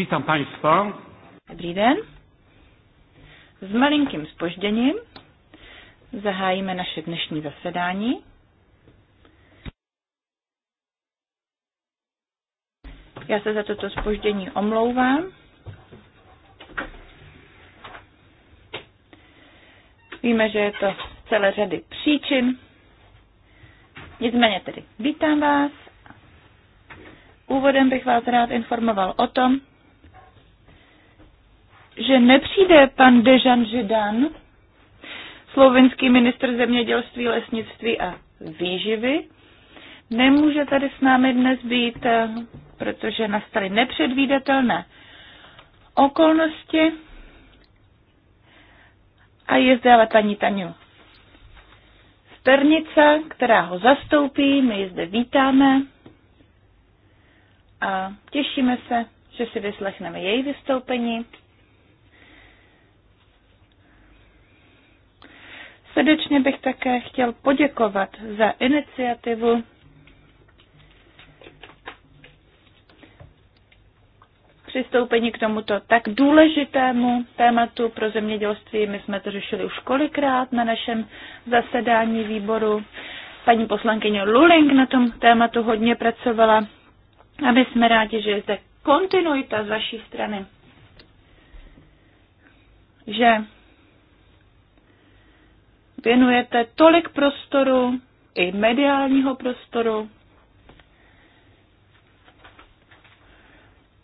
Witam Państwa. Dobrý den. S malinkým spožděním zahájíme naše dnešní zasedání. Já se za toto spoždění omlouvám. Víme, že je to celé řady příčin. Nicméně tedy vítám vás Úvodem bych vás rád informoval o tom, že nepřijde pan Dejan Židan, slovenský minister zemědělství, lesnictví a výživy. Nemůže tady s námi dnes být, eh, protože nastaly nepředvídatelné okolnosti. A je zde ale paní Taňu Sternice, která ho zastoupí. My ji zde vítáme a těšíme se, že si vyslechneme její vystoupení. Srdečně bych také chtěl poděkovat za iniciativu přistoupení k tomuto tak důležitému tématu pro zemědělství. My jsme to řešili už kolikrát na našem zasedání výboru. Paní poslankyně Luling na tom tématu hodně pracovala a my jsme rádi, že je zde kontinuita z vaší strany. Že věnujete tolik prostoru, i mediálního prostoru,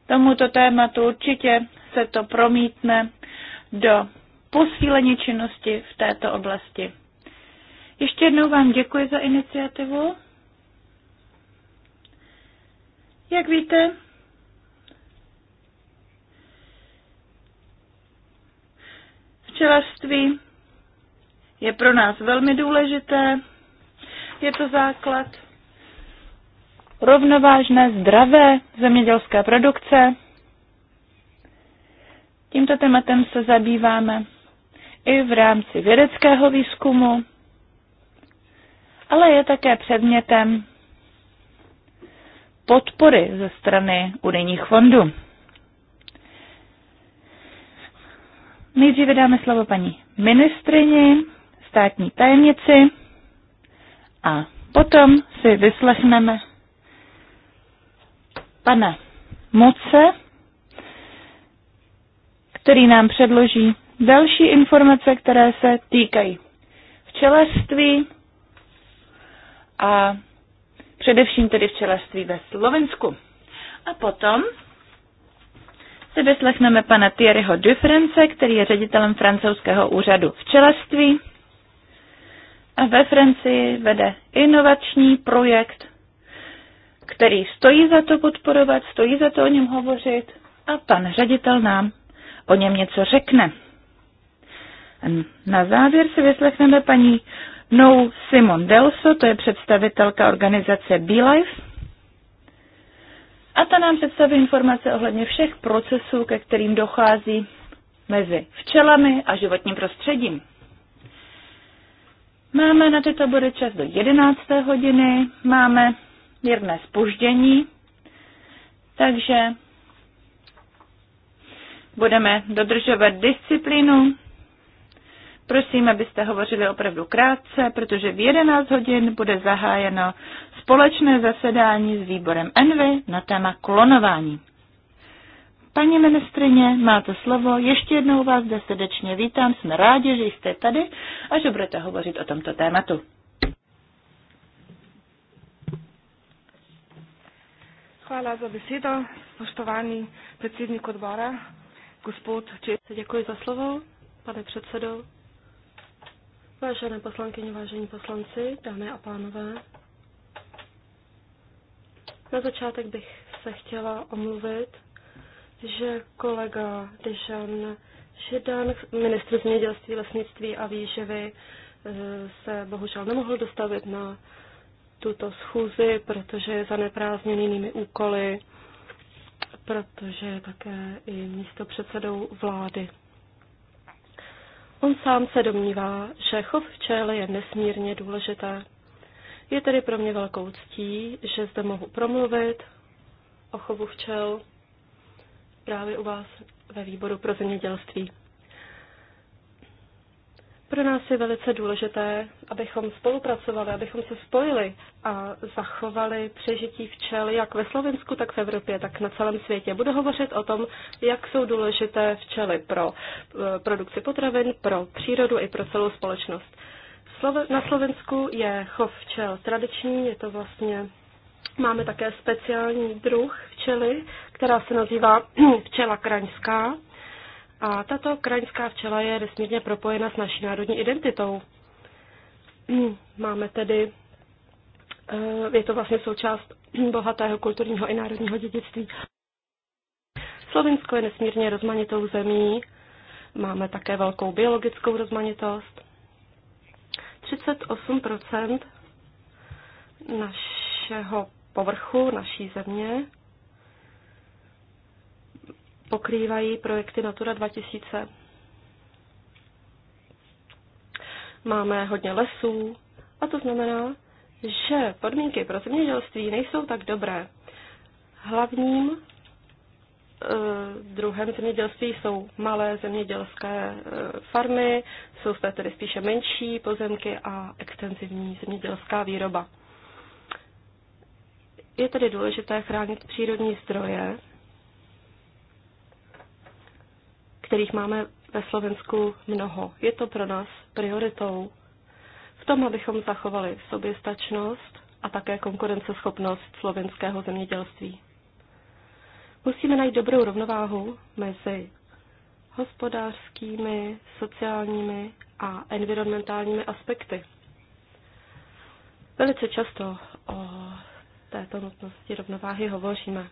tomuto tématu. Určitě se to promítne do posílení činnosti v této oblasti. Ještě jednou vám děkuji za iniciativu. Jak víte, včelařství je pro nás velmi důležité. Je to základ rovnovážné, zdravé zemědělské produkce. Tímto tématem se zabýváme i v rámci vědeckého výzkumu, ale je také předmětem podpory ze strany unijních fondů. Nejdříve dáme slovo paní ministrině státní tajemnici a potom si vyslechneme pana Moce, který nám předloží další informace, které se týkají včelařství a především tedy včelařství ve Slovensku. A potom si vyslechneme pana Thierryho Dufrence, který je ředitelem francouzského úřadu včelařství a ve Francii vede inovační projekt, který stojí za to podporovat, stojí za to o něm hovořit a pan ředitel nám o něm něco řekne. Na závěr si vyslechneme paní Nou Simon Delso, to je představitelka organizace BeLife. A ta nám představí informace ohledně všech procesů, ke kterým dochází mezi včelami a životním prostředím. Máme na tyto body čas do 11. hodiny, máme mírné spoždění, takže budeme dodržovat disciplínu. Prosím, abyste hovořili opravdu krátce, protože v 11 hodin bude zahájeno společné zasedání s výborem Envy na téma klonování. Paní ministrině, máte slovo. Ještě jednou vás zde srdečně vítám. Jsme rádi, že jste tady a že budete hovořit o tomto tématu. Hvala za besedo, spoštovani predsednik odbora, gospod Čece. Děkuji za slovo, pane předsedo. Vážené poslankyně, vážení poslanci, dámy a pánové, na začátek bych se chtěla omluvit že kolega Dešan Šedan, ministr zemědělství, lesnictví a výživy, eh, se bohužel nemohl dostavit na tuto schůzi, protože je zaneprázdněn jinými úkoly, protože je také i místo předsedou vlády. On sám se domnívá, že chov včely je nesmírně důležité. Je tedy pro mě velkou ctí, že zde mohu promluvit o chovu včel právě u vás ve výboru pro zemědělství. Pro nás je velice důležité, abychom spolupracovali, abychom se spojili a zachovali přežití včel jak ve Slovensku, tak v Evropě, tak na celém světě. Budu hovořit o tom, jak jsou důležité včely pro eh, produkci potravin, pro přírodu i pro celou společnost. Na Slovensku je chov včel tradiční, je to vlastně Máme také speciální druh včely, která se nazývá včela kraňská. A tato kraňská včela je nesmírně propojena s naší národní identitou. Máme tedy, eh, je to vlastně součást bohatého kulturního i národního dědictví. Slovinsko je nesmírně rozmanitou zemí, máme také velkou biologickou rozmanitost. 38 našeho povrchu naší země pokrývají projekty Natura 2000. Máme hodně lesů a to znamená, že podmínky pro zemědělství nejsou tak dobré. Hlavním e, druhem zemědělství jsou malé zemědělské e, farmy, jsou zde tedy spíše menší pozemky a extenzivní zemědělská výroba. Je tedy důležité chránit přírodní zdroje, kterých máme ve Slovensku mnoho. Je to pro nás prioritou v tom, abychom zachovali soběstačnost a také konkurenceschopnost slovenského zemědělství. Musíme najít dobrou rovnováhu mezi hospodářskými, sociálními a environmentálními aspekty. Velice často o této nutnosti rovnováhy hovoříme.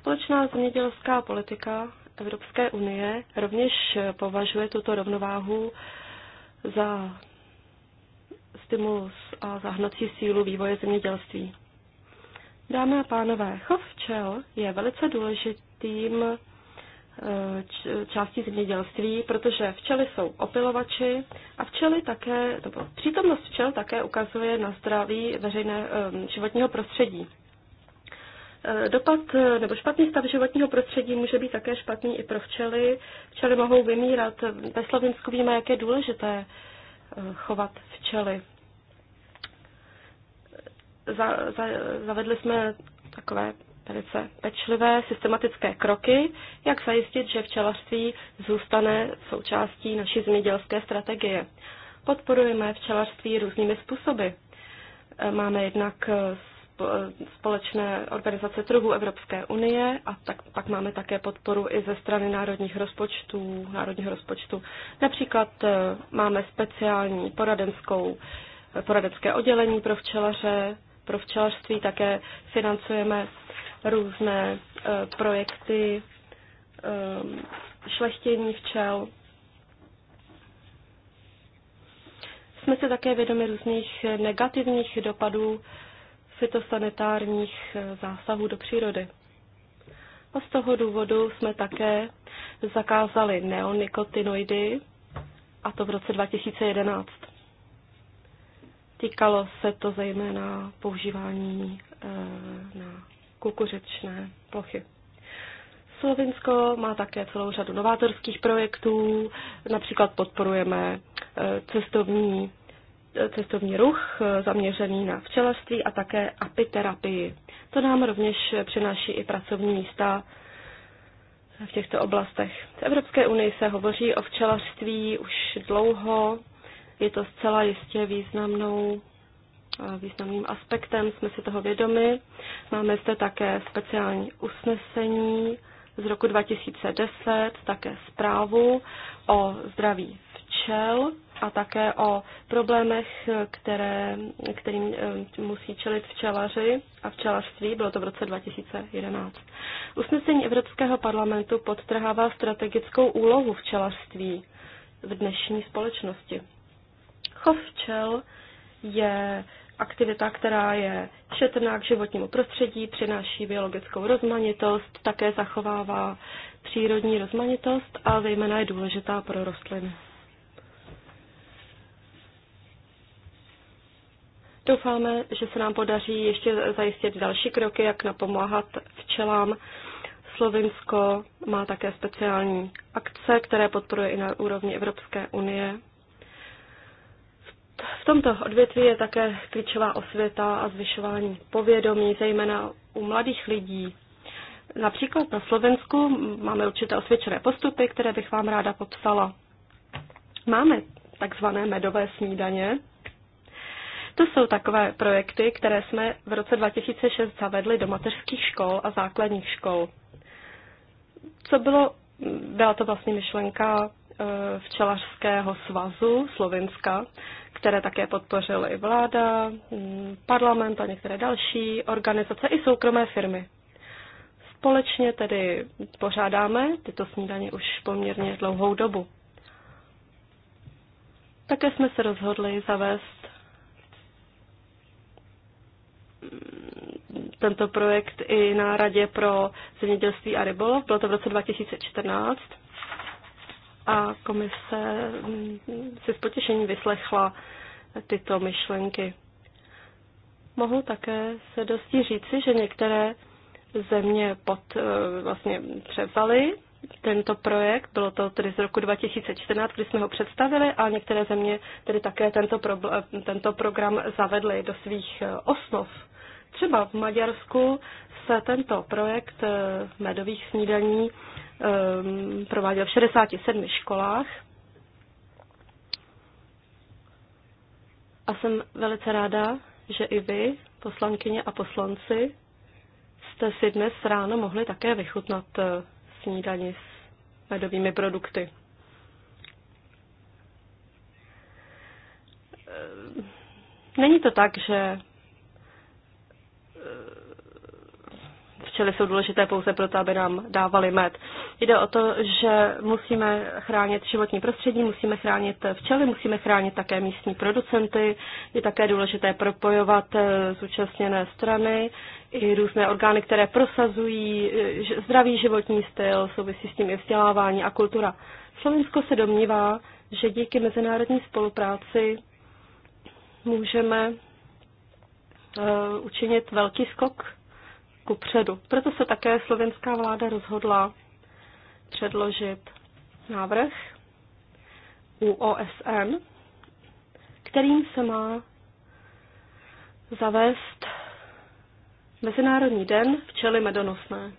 Společná zemědělská politika Evropské unie rovněž považuje tuto rovnováhu za stimulus a za hnací sílu vývoje zemědělství. Dámy a pánové, chov včel je velice důležitým části zemědělství, protože včely jsou opilovači a včely také, nebo přítomnost včel také ukazuje na zdraví veřejné životního prostředí. E, dopad e, nebo špatný stav životního prostředí může být také špatný i pro včely. Včely mohou vymírat. Ve Slovensku víme, jak je důležité e, chovat včely. zavedli jsme takové velice pečlivé, systematické kroky, jak zajistit, že včelařství zůstane součástí naší zemědělské strategie. Podporujeme včelařství různými způsoby. E, máme jednak e, e, společné organizace trhu Evropské unie a tak, pak máme také podporu i ze strany národních rozpočtů, národního rozpočtu. Například máme speciální poradenskou, poradenské oddělení pro včelaře, pro včelařství také financujeme různé eh, projekty eh, šlechtění včel. Jsme se také vědomi různých negativních dopadů fitosanitárních eh, zásahů do přírody. A z toho důvodu jsme také zakázali neonikotinoidy, a to v roce 2011. Týkalo se to zejména používání na kukuřičné plochy. Slovinsko má také celou řadu novátorských projektů, například podporujeme e, cestovní, e, cestovní ruch e, zaměřený na včelství a také apiterapii. To nám rovněž přináší i pracovní místa v těchto oblastech. V Evropské unii se hovoří o včelařství už dlouho, je to zcela jistě významnou významným aspektem, jsme si toho vědomi. Máme zde také speciální usnesení z roku 2010, také zprávu o zdraví včel a také o problémech, které, kterým eh, musí čelit včelaři a včelařství. Bylo to v roce 2011. Usnesení Evropského parlamentu podtrhává strategickou úlohu včelařství v dnešní společnosti. Chov včel je aktivita, která je šetrná k životnímu prostředí, přináší biologickou rozmanitost, také zachovává přírodní rozmanitost a zejména je důležitá pro rostliny. Doufáme, že se nám podaří ještě zajistit další kroky, jak napomáhat včelám. Slovinsko má také speciální akce, které podporuje i na úrovni Evropské unie. V tomto odvětví je také klíčová osvěta a zvyšování povědomí, zejména u mladých lidí. Například na Slovensku máme určité osvědčené postupy, které bych vám ráda popsala. Máme takzvané medové snídaně. To jsou takové projekty, které jsme v roce 2006 zavedli do mateřských škol a základních škol. Co bylo, byla to vlastně myšlenka eh, včelařského svazu Slovenska, které také podpořily i vláda, parlament a některé další organizace i soukromé firmy. Společně tedy pořádáme tyto snídaně už poměrně dlouhou dobu. Také jsme se rozhodli zavést mm, tento projekt i na Radě pro zemědělství a rybolov. Bylo to v roce 2014 a komise mm, si s potěšením vyslechla tyto myšlenky. Mohu také se dosti říci, že některé země pod, eh, vlastně převzaly tento projekt, bylo to tedy z roku 2014, kdy jsme ho představili a některé země tedy také tento, pro, tento program zavedly do svých eh, osnov. Třeba v Maďarsku se tento projekt eh, medových snídaní Ehm, prováděl v 67 školách. A jsem velice ráda, že i vy, poslankyně a poslanci, jste si dnes ráno mohli také vychutnat eh, snídani s medovými produkty. Ehm, není to tak, že eh, včely jsou důležité pouze proto, aby nám dávali med. Jde o to, že musíme chránit životní prostředí, musíme chránit včely, musíme chránit také místní producenty. Je také důležité propojovat eh, zúčastněné strany i různé orgány, které prosazují eh, zdravý životní styl, souvisí s tím i vzdělávání a kultura. Slovensko se domnívá, že díky mezinárodní spolupráci můžeme eh, učinit velký skok kupředu. Proto se také slovenská vláda rozhodla předložit návrh u OSN, kterým se má zavést Mezinárodní den včely medonosné.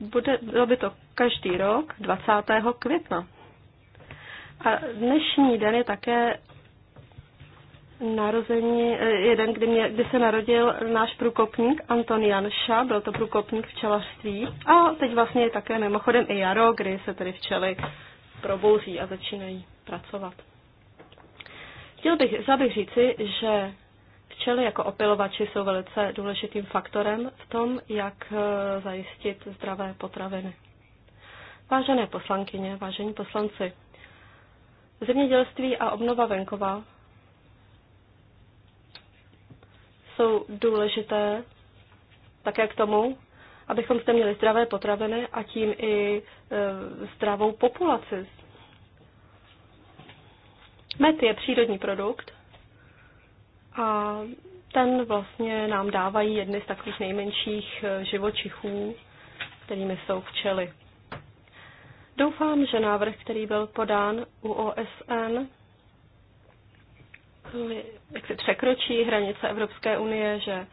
Bude, bylo by to každý rok 20. května. A dnešní den je také narození, eh, jeden, kdy, mě, kdy se narodil náš průkopník Anton Janša, byl to průkopník včelařství a teď vlastně je také mimochodem i jaro, kdy se tedy včely probouzí a začínají pracovat. Chtěl bych, bych říci, že včely jako opilovači jsou velice důležitým faktorem v tom, jak eh, zajistit zdravé potraviny. Vážené poslankyně, vážení poslanci, zemědělství a obnova venkova jsou důležité také k tomu, abychom zde měli zdravé potraviny a tím i e, zdravou populaci. Met je přírodní produkt a ten vlastně nám dávají jedny z takových nejmenších e, živočichů, kterými jsou včely. Doufám, že návrh, který byl podán u OSN, jak se překročí hranice Evropské unie, že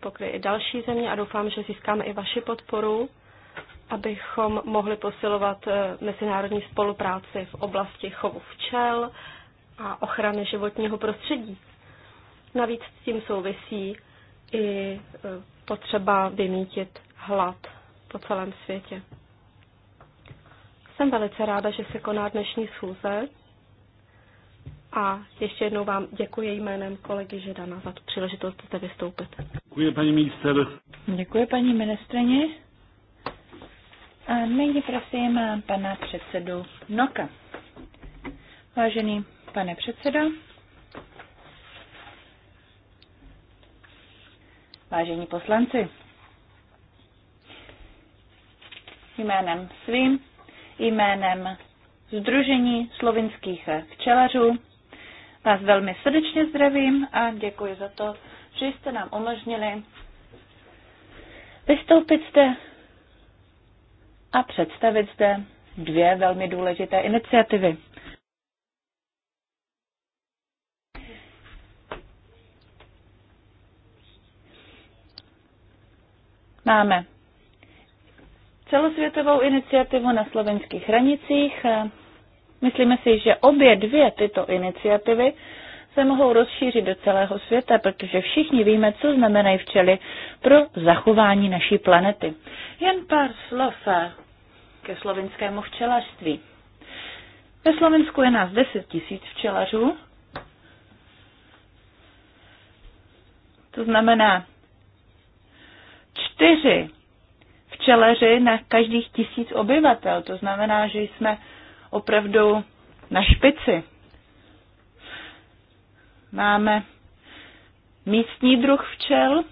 pokryje i další země a doufám, že získáme i vaši podporu, abychom mohli posilovat eh, mezinárodní spolupráci v oblasti chovu včel a ochrany životního prostředí. Navíc s tím souvisí i eh, potřeba vymítit hlad po celém světě. Jsem velice ráda, že se koná dnešní schůze a ještě jednou vám děkuji jménem kolegy Žedana za tu příležitost zde vystoupit. Děkuji, paní minister. Děkuji, paní ministrině. A nyní prosím pana předsedu Noka. Vážený pane předsedo, vážení poslanci, jménem svým, jménem Združení slovinských včelařů vás velmi srdečně zdravím a děkuji za to, že jste nám umožnili vystoupit zde a představit zde dvě velmi důležité iniciativy. Máme celosvětovou iniciativu na slovenských hranicích, Myslíme si, že obě dvě tyto iniciativy se mohou rozšířit do celého světa, protože všichni víme, co znamenají včely pro zachování naší planety. Jen pár slov ke slovinskému včelařství. Ve Slovensku je nás 10 tisíc včelařů. To znamená čtyři včeleři na každých tisíc obyvatel. To znamená, že jsme opravdu na špici. Máme místní druh včel,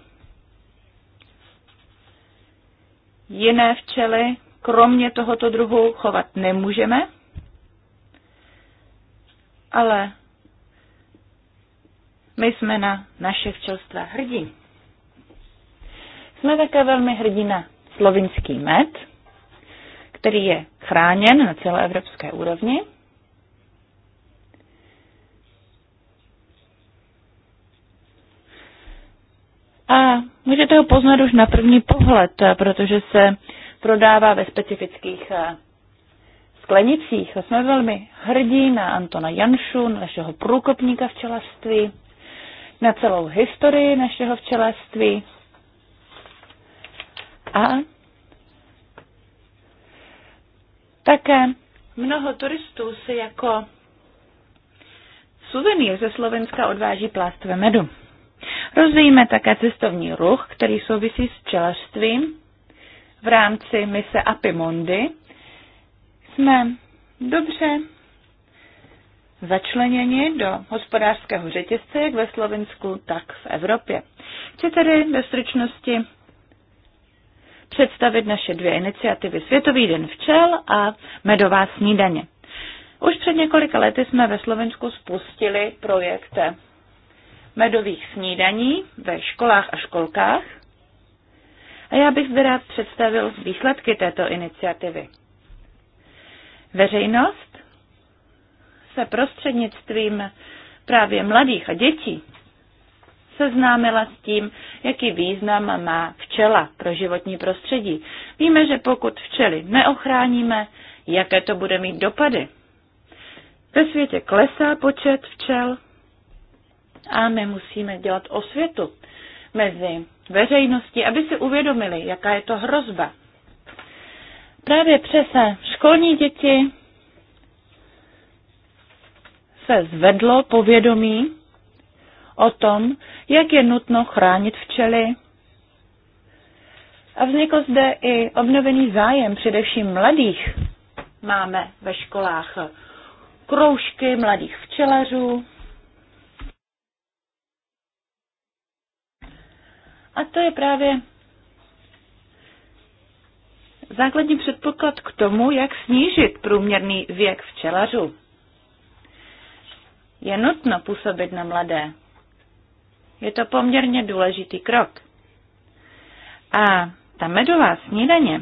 jiné včely, kromě tohoto druhu, chovat nemůžeme, ale my jsme na naše včelstva hrdí. Jsme také velmi hrdí na slovinský med, který je chráněn na celé evropské úrovni. A můžete ho poznat už na první pohled, protože se prodává ve specifických eh, sklenicích. jsme velmi hrdí na Antona Janšu, na našeho průkopníka včelařství, na celou historii našeho včelařství. A také mnoho turistů si jako suvenýr ze Slovenska odváží plástve medu. Rozvíjíme také cestovní ruch, který souvisí s čelařstvím. V rámci mise Apimondy jsme dobře začleněni do hospodářského řetězce jak ve Slovensku, tak v Evropě. Chci tedy ve stručnosti představit naše dvě iniciativy Světový den včel a Medová snídaně. Už před několika lety jsme ve Slovensku spustili projekt medových snídaní ve školách a školkách. A já bych zde rád představil výsledky této iniciativy. Veřejnost se prostřednictvím právě mladých a dětí seznámila s tím, jaký význam má včela pro životní prostředí. Víme, že pokud včely neochráníme, jaké to bude mít dopady. Ve světě klesá počet včel a my musíme dělat osvětu mezi veřejností, aby si uvědomili, jaká je to hrozba. Právě přes školní děti se zvedlo povědomí o tom, jak je nutno chránit včely. A vznikl zde i obnovený zájem především mladých. Máme ve školách kroužky mladých včelařů. A to je právě základní předpoklad k tomu, jak snížit průměrný věk včelařů. Je nutno působit na mladé. Je to poměrně důležitý krok. A ta medová snídaně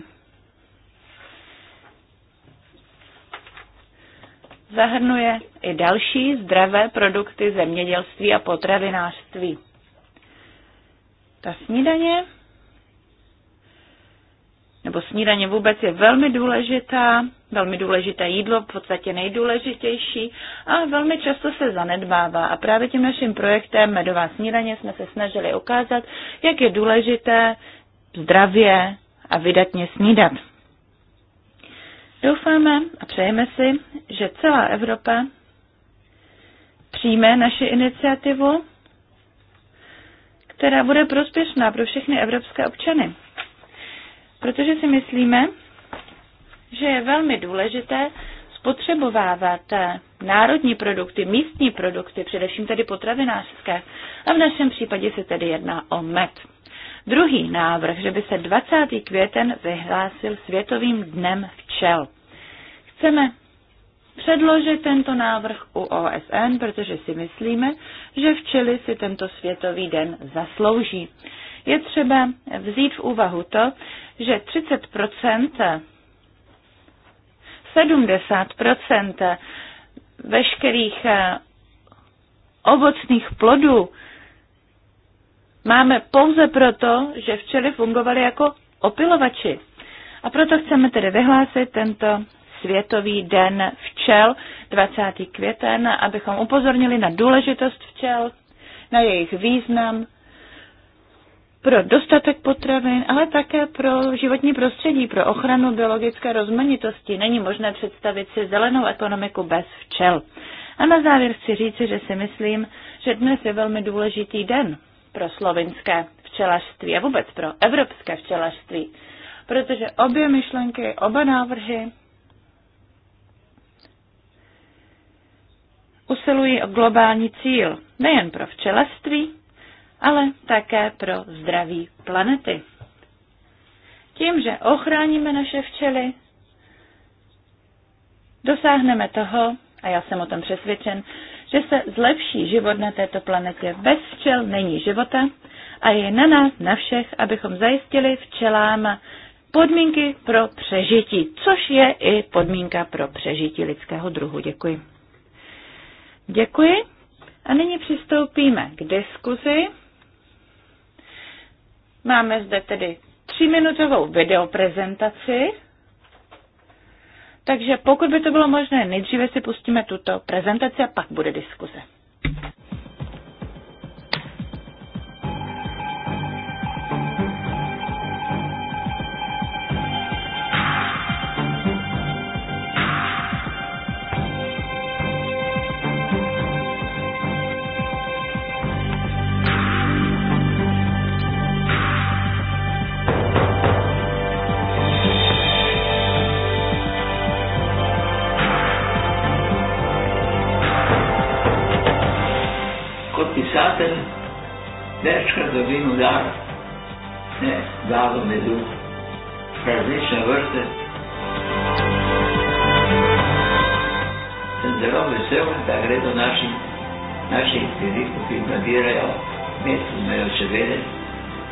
zahrnuje i další zdravé produkty zemědělství a potravinářství. Ta snídaně nebo snídaně vůbec je velmi důležitá, velmi důležité jídlo, v podstatě nejdůležitější a velmi často se zanedbává. A právě tím naším projektem Medová snídaně jsme se snažili ukázat, jak je důležité zdravě a vydatně snídat. Doufáme a přejeme si, že celá Evropa přijme naši iniciativu, která bude prospěšná pro všechny evropské občany protože si myslíme, že je velmi důležité spotřebovávat eh, národní produkty, místní produkty, především tedy potravinářské. A v našem případě se tedy jedná o med. Druhý návrh, že by se 20. květen vyhlásil Světovým dnem včel. Chceme předložit tento návrh u OSN, protože si myslíme, že včely si tento světový den zaslouží. Je třeba vzít v úvahu to, že 30 70 veškerých eh, ovocných plodů máme pouze proto, že včely fungovaly jako opilovači. A proto chceme tedy vyhlásit tento Světový den včel 20. květen, abychom upozornili na důležitost včel, na jejich význam pro dostatek potravin, ale také pro životní prostředí, pro ochranu biologické rozmanitosti. Není možné představit si zelenou ekonomiku bez včel. A na závěr chci říci, že si myslím, že dnes je velmi důležitý den pro slovinské včelařství a vůbec pro evropské včelařství, protože obě myšlenky, oba návrhy usilují o globální cíl, nejen pro včelařství, ale také pro zdraví planety. Tím, že ochráníme naše včely, dosáhneme toho, a já jsem o tom přesvědčen, že se zlepší život na této planetě. Bez včel není života a je na nás, na všech, abychom zajistili včelám podmínky pro přežití, což je i podmínka pro přežití lidského druhu. Děkuji. Děkuji. A nyní přistoupíme k diskuzi. Máme zde tedy tříminutovou videoprezentaci, takže pokud by to bylo možné, nejdříve si pustíme tuto prezentaci a pak bude diskuze. podmínku dát, ne, dát do medu različne vrste. Sem zelo vesel, da gredo naši, naših kreditov, ki nadirajo mesto, imajo še vedeti,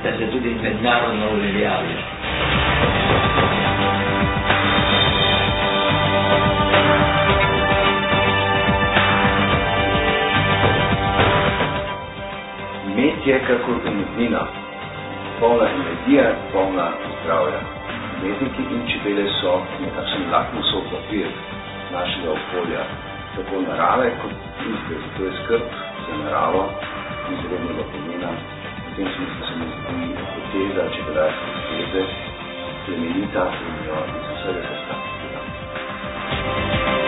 da se tudi mednarodno uveljavijo. je kako umetnina, polna energije, polna zdravja. Medniki in čebele so nekakšen lakmusov papir našega okolja, tako narave kot tiste, zato je skrb za naravo izrednega pomena. V tem smislu se mi zdi poteza čebelarske zveze plemenita in jo iz vsega srca you.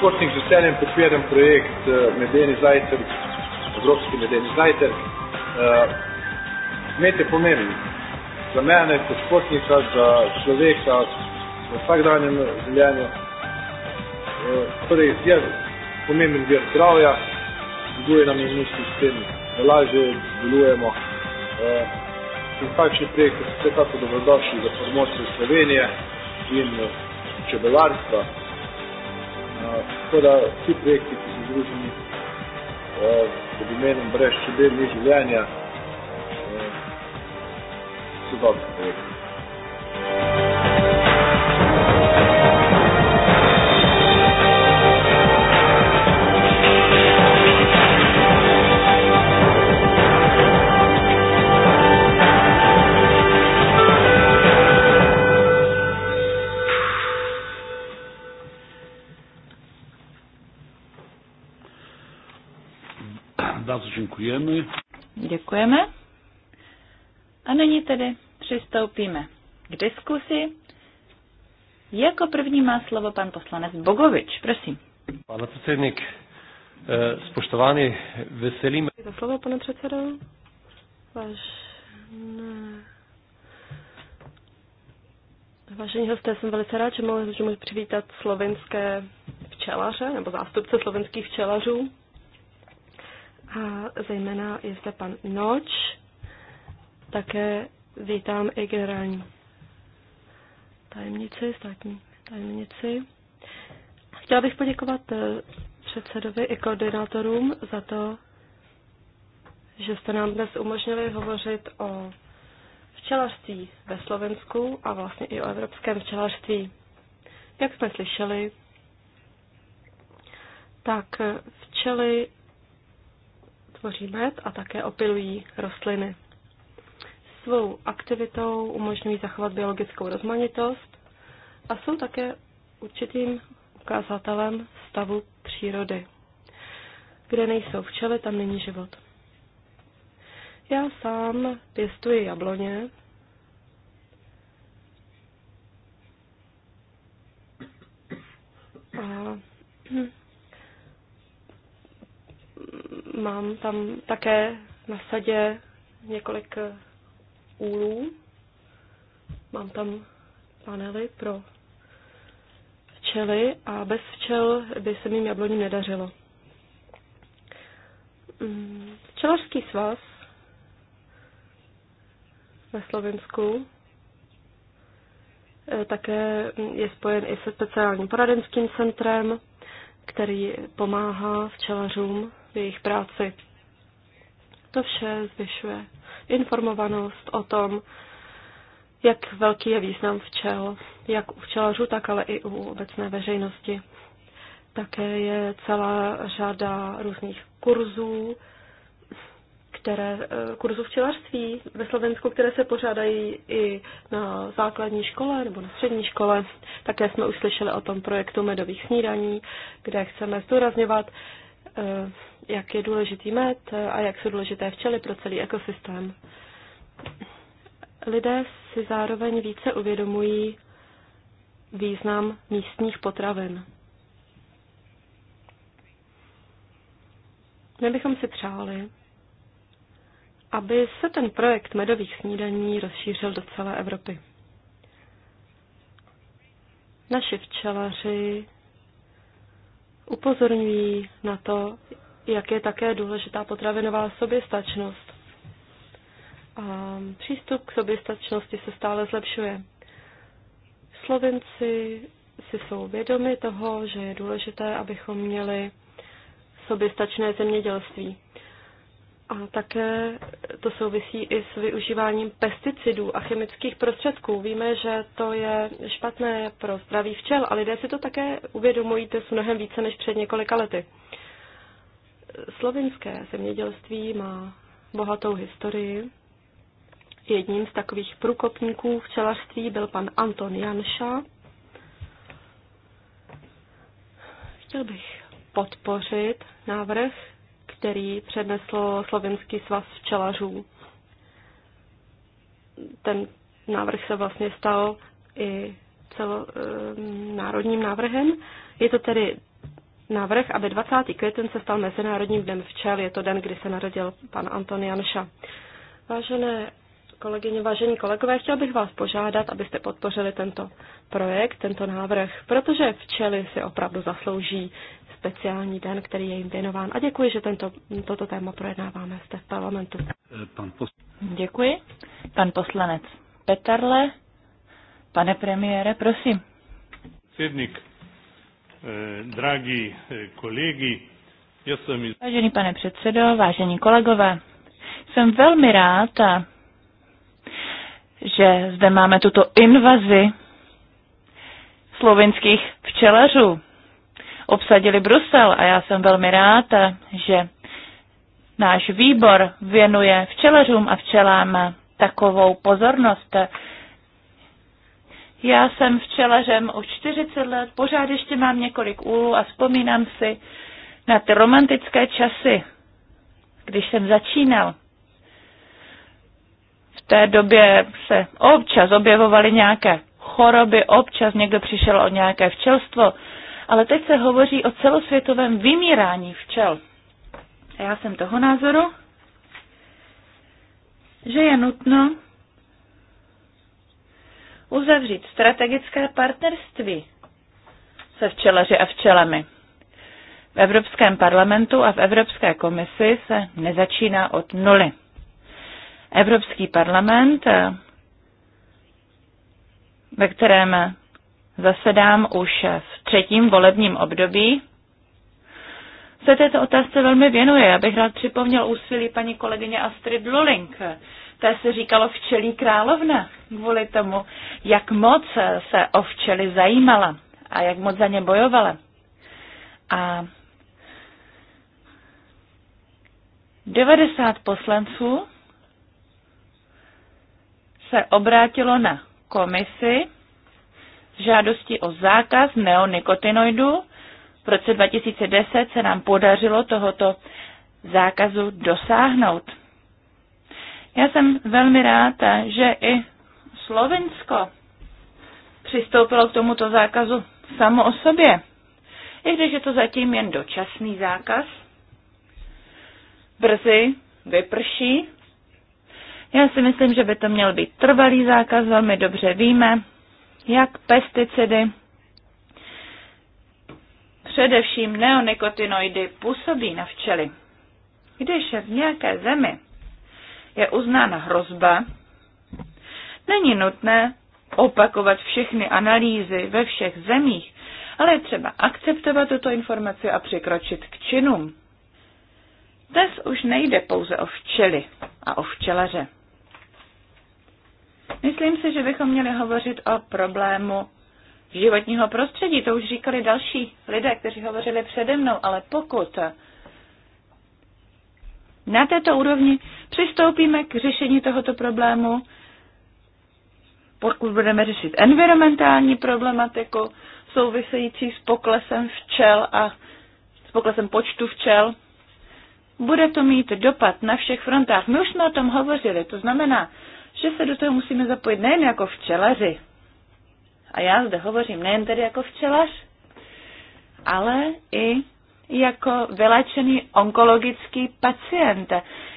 športnik z veseljem podpiram projekt eh, Medeni zajcer, Evropski medeni zajcer. Eh, Kmet je pomemben. Za mene, kot športnika, za človeka, v vsakdanjem življenju. Eh, torej, je pomemben vir zdravja, zbuduje nam imunski sistem, da lažje delujemo. In takšni projekti so vsekako dobrodošli za promocijo Slovenije in čebelarstva. Tako da vsi projekti, ki so združeni pod imenom Brez čebel ni življenja, so dobri projekti. Děkujeme. Děkujeme. A nyní tedy přistoupíme k diskusi. Jako první má slovo pan poslanec Bogovič. Prosím. Pane předsednik, eh, spoštovány, veselím. Za slovo, pane předsedo. Váš, Vážení hosté, jsem velice rád, že mohu, že můžu přivítat slovenské včelaře nebo zástupce slovenských včelařů. A zejména je zde pan Noč. Také vítám i generální tajemnici, státní tajemnici. Chtěla bych poděkovat eh, předsedovi i koordinátorům za to, že jste nám dnes umožnili hovořit o včelařství ve Slovensku a vlastně i o evropském včelařství. Jak jsme slyšeli, tak eh, včely tvoří med a také opilují rostliny. Svou aktivitou umožňují zachovat biologickou rozmanitost a jsou také určitým ukazatelem stavu přírody. Kde nejsou včely, tam není život. Já sám pěstuji jabloně. A hm, mám tam také na sadě několik úlů. Mám tam panely pro včely a bez včel by se mým jabloním nedařilo. Mm, včelařský svaz ve Slovensku e, také je spojen i se speciálním poradenským centrem, který pomáhá včelařům jejich práci. To vše zvyšuje informovanost o tom, jak velký je význam včel, jak u včelařů, tak ale i u obecné veřejnosti. Také je celá řada různých kurzů, které, eh, kurzu včelařství ve Slovensku, které se pořádají i na základní škole nebo na střední škole. Také jsme už slyšeli o tom projektu medových snídaní, kde chceme zdůrazňovat, Eh, jak je důležitý med a jak jsou důležité včely pro celý ekosystém. Lidé si zároveň více uvědomují význam místních potravin. My bychom si přáli, aby se ten projekt medových snídaní rozšířil do celé Evropy. Naši včelaři upozorňují na to, jak je také důležitá potravinová soběstačnost. A přístup k soběstačnosti se stále zlepšuje. Slovenci si jsou vědomi toho, že je důležité, abychom měli soběstačné zemědělství. A také to souvisí i s využíváním pesticidů a chemických prostředků. Víme, že to je špatné pro zdraví včel a lidé si to také uvědomují dnes mnohem více než před několika lety. Slovinské zemědělství má bohatou historii. Jedním z takových průkopníků včelařství byl pan Anton Janša. Chtěl bych podpořit návrh který přednesl Slovenský svaz včelařů. Ten návrh se vlastně stal i celonárodním návrhem. Je to tedy návrh, aby 20. květen se stal Mezinárodním dnem včel. Je to den, kdy se narodil pan Anton Janša. Vážené kolegyně, vážení kolegové, chtěl bych vás požádat, abyste podpořili tento projekt, tento návrh, protože včely si opravdu zaslouží speciální den, který je jim věnován. A děkuji, že tento, toto téma projednáváme zde v parlamentu. Pan posl- děkuji. Pan poslanec Petarle. Pane premiére, prosím. eh, dragi eh, kolegy, já jsem... Vážený pane předsedo, vážení kolegové, jsem velmi rád, že zde máme tuto invazi slovinských včelařů obsadili Brusel a já jsem velmi rád, že náš výbor věnuje včelařům a včelám takovou pozornost. Já jsem včelařem už 40 let, pořád ještě mám několik úlů a vzpomínám si na ty romantické časy, když jsem začínal. V té době se občas objevovaly nějaké choroby, občas někdo přišel o nějaké včelstvo, ale teď se hovoří o celosvětovém vymírání včel. A já jsem toho názoru, že je nutno uzavřít strategické partnerství se včelaři a včelami. V Evropském parlamentu a v Evropské komisi se nezačíná od nuly. Evropský parlament, ve kterém zasedám už v třetím volebním období, se této otázce velmi věnuje. Já bych rád připomněl úsilí paní kolegyně Astrid Luling. Té se říkalo včelí královna kvůli tomu, jak moc se o včely zajímala a jak moc za ně bojovala. A 90 poslanců se obrátilo na komisi žádosti o zákaz neonikotinoidů. V roce 2010 se nám podařilo tohoto zákazu dosáhnout. Já jsem velmi ráda, že i Slovensko přistoupilo k tomuto zákazu samo o sobě. I když je to zatím jen dočasný zákaz, brzy vyprší. Já si myslím, že by to měl být trvalý zákaz, velmi dobře víme, jak pesticidy, především neonikotinoidy, působí na včely. Když v nějaké zemi je uznána hrozba, není nutné opakovat všechny analýzy ve všech zemích, ale je třeba akceptovat tuto informaci a překročit k činům. Dnes už nejde pouze o včely a o včelaře. Myslím si, že bychom měli hovořit o problému životního prostředí. To už říkali další lidé, kteří hovořili přede mnou, ale pokud na této úrovni přistoupíme k řešení tohoto problému, pokud budeme řešit environmentální problematiku související s poklesem včel a s poklesem počtu včel, bude to mít dopad na všech frontách. My už jsme o tom hovořili, to znamená, že se do toho musíme zapojit nejen jako včelaři, a já zde hovořím nejen tedy jako včelař, ale i jako vylečený onkologický pacient,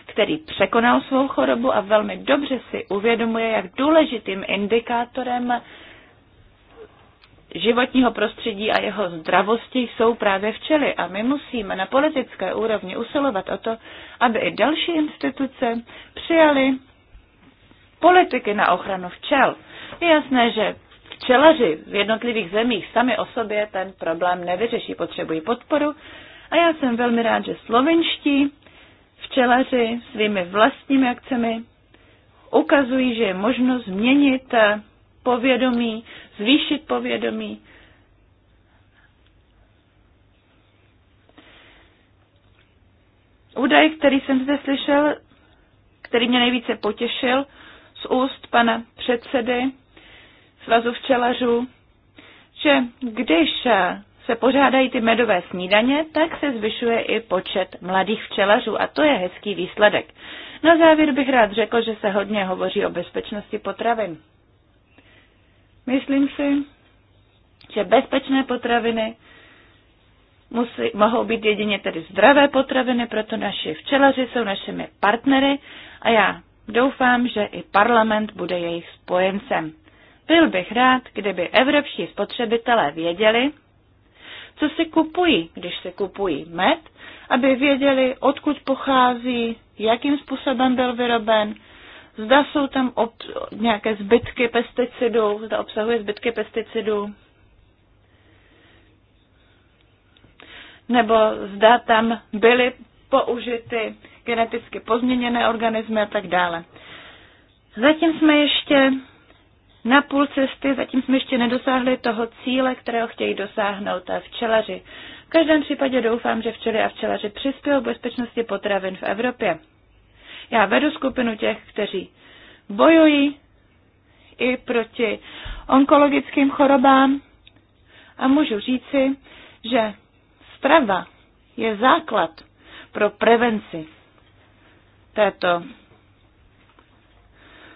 který překonal svou chorobu a velmi dobře si uvědomuje, jak důležitým indikátorem životního prostředí a jeho zdravosti jsou právě včely. A my musíme na politické úrovni usilovat o to, aby i další instituce přijaly politiky na ochranu včel. Je jasné, že včelaři v jednotlivých zemích sami o sobě ten problém nevyřeší, potřebují podporu. A já jsem velmi rád, že slovenští včelaři svými vlastními akcemi ukazují, že je možno změnit eh, povědomí, zvýšit povědomí. Údaj, který jsem zde slyšel, který mě nejvíce potěšil, z úst pana předsedy Svazu včelařů, že když se pořádají ty medové snídaně, tak se zvyšuje i počet mladých včelařů a to je hezký výsledek. Na závěr bych rád řekl, že se hodně hovoří o bezpečnosti potravin. Myslím si, že bezpečné potraviny musí, mohou být jedině tedy zdravé potraviny, proto naši včelaři jsou našimi partnery a já Doufám, že i parlament bude jejich spojencem. Byl bych rád, kdyby evropští spotřebitelé věděli, co si kupují, když si kupují med, aby věděli, odkud pochází, jakým způsobem byl vyroben, zda jsou tam ob- nějaké zbytky pesticidů, zda obsahuje zbytky pesticidů, nebo zda tam byly použity geneticky pozměněné organismy a tak dále. Zatím jsme ještě na půl cesty, zatím jsme ještě nedosáhli toho cíle, kterého chtějí dosáhnout a včelaři. V každém případě doufám, že včely a včelaři přispějí k bezpečnosti potravin v Evropě. Já vedu skupinu těch, kteří bojují i proti onkologickým chorobám a můžu říci, že strava je základ pro prevenci této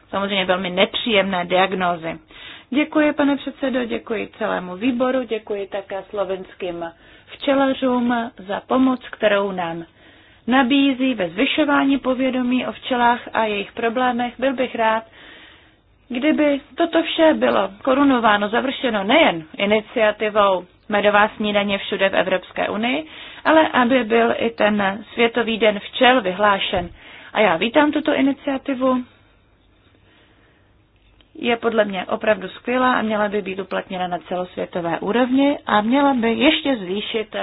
samozřejmě velmi nepříjemné diagnózy. Děkuji, pane předsedo, děkuji celému výboru, děkuji také slovenským včelařům za pomoc, kterou nám nabízí ve zvyšování povědomí o včelách a jejich problémech. Byl bych rád, kdyby toto vše bylo korunováno, završeno nejen iniciativou Medová snídaně všude v Evropské unii, ale aby byl i ten Světový den včel vyhlášen. A já vítám tuto iniciativu. Je podle mě opravdu skvělá a měla by být uplatněna na celosvětové úrovni a měla by ještě zvýšit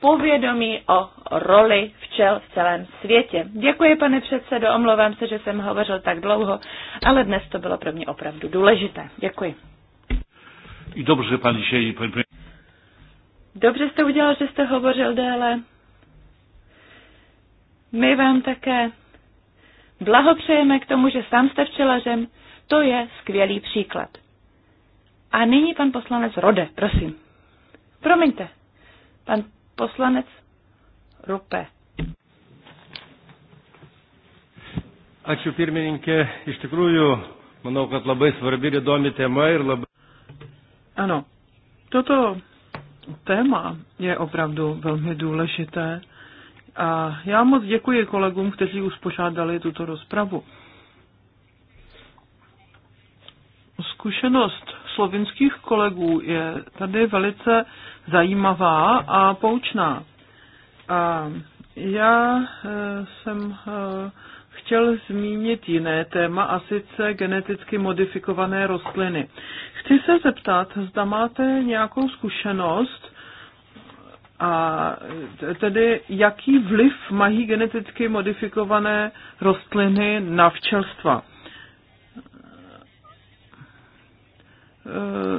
povědomí o roli včel v celém světě. Děkuji, pane předsedo, omlouvám se, že jsem hovořil tak dlouho, ale dnes to bylo pro mě opravdu důležité. Děkuji. I dobře, pan že... Dobře jste udělal, že jste hovořil déle. My vám také blahopřejeme k tomu, že sám jste včelařem. To je skvělý příklad. A nyní pan poslanec Rode, prosím. Promiňte, pan poslanec Rupe. Ačiū pirmininkė, iš tikrųjų, manau, kad labai svarbi ir įdomi tema ir labai. Ano, toto téma je opravdu velmi důležité a já moc děkuji kolegům, kteří uspořádali tuto rozpravu. Zkušenost slovinských kolegů je tady velice zajímavá a poučná. A já eh, jsem eh, chtěl zmínit jiné téma, a sice geneticky modifikované rostliny. Chci se zeptat, zda máte nějakou zkušenost, a tedy jaký vliv mají geneticky modifikované rostliny na včelstva? Eh,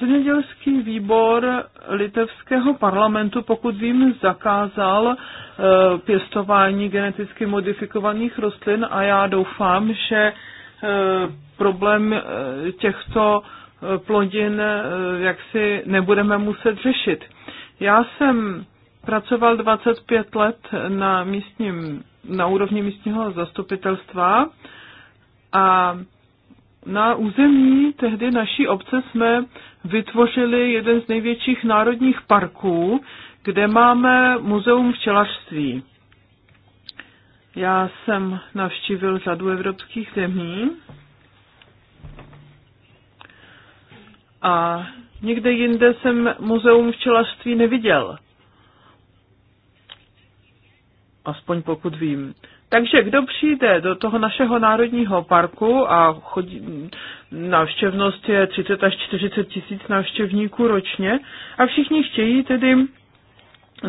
zemědělský výbor litevského parlamentu, pokud vím, zakázal eh, pěstování geneticky modifikovaných rostlin a já doufám, že eh, problém těchto plodin jaksi nebudeme muset řešit. Já jsem pracoval 25 let na, místním, na úrovni místního zastupitelstva a na území tehdy naší obce jsme vytvořili jeden z největších národních parků, kde máme muzeum včelařství. Já jsem navštívil řadu evropských zemí a nikde jinde jsem muzeum včelařství neviděl. Aspoň pokud vím. Takže kdo přijde do toho našeho národního parku a chodí, návštěvnost je 30 až 40 tisíc návštěvníků ročně a všichni chtějí tedy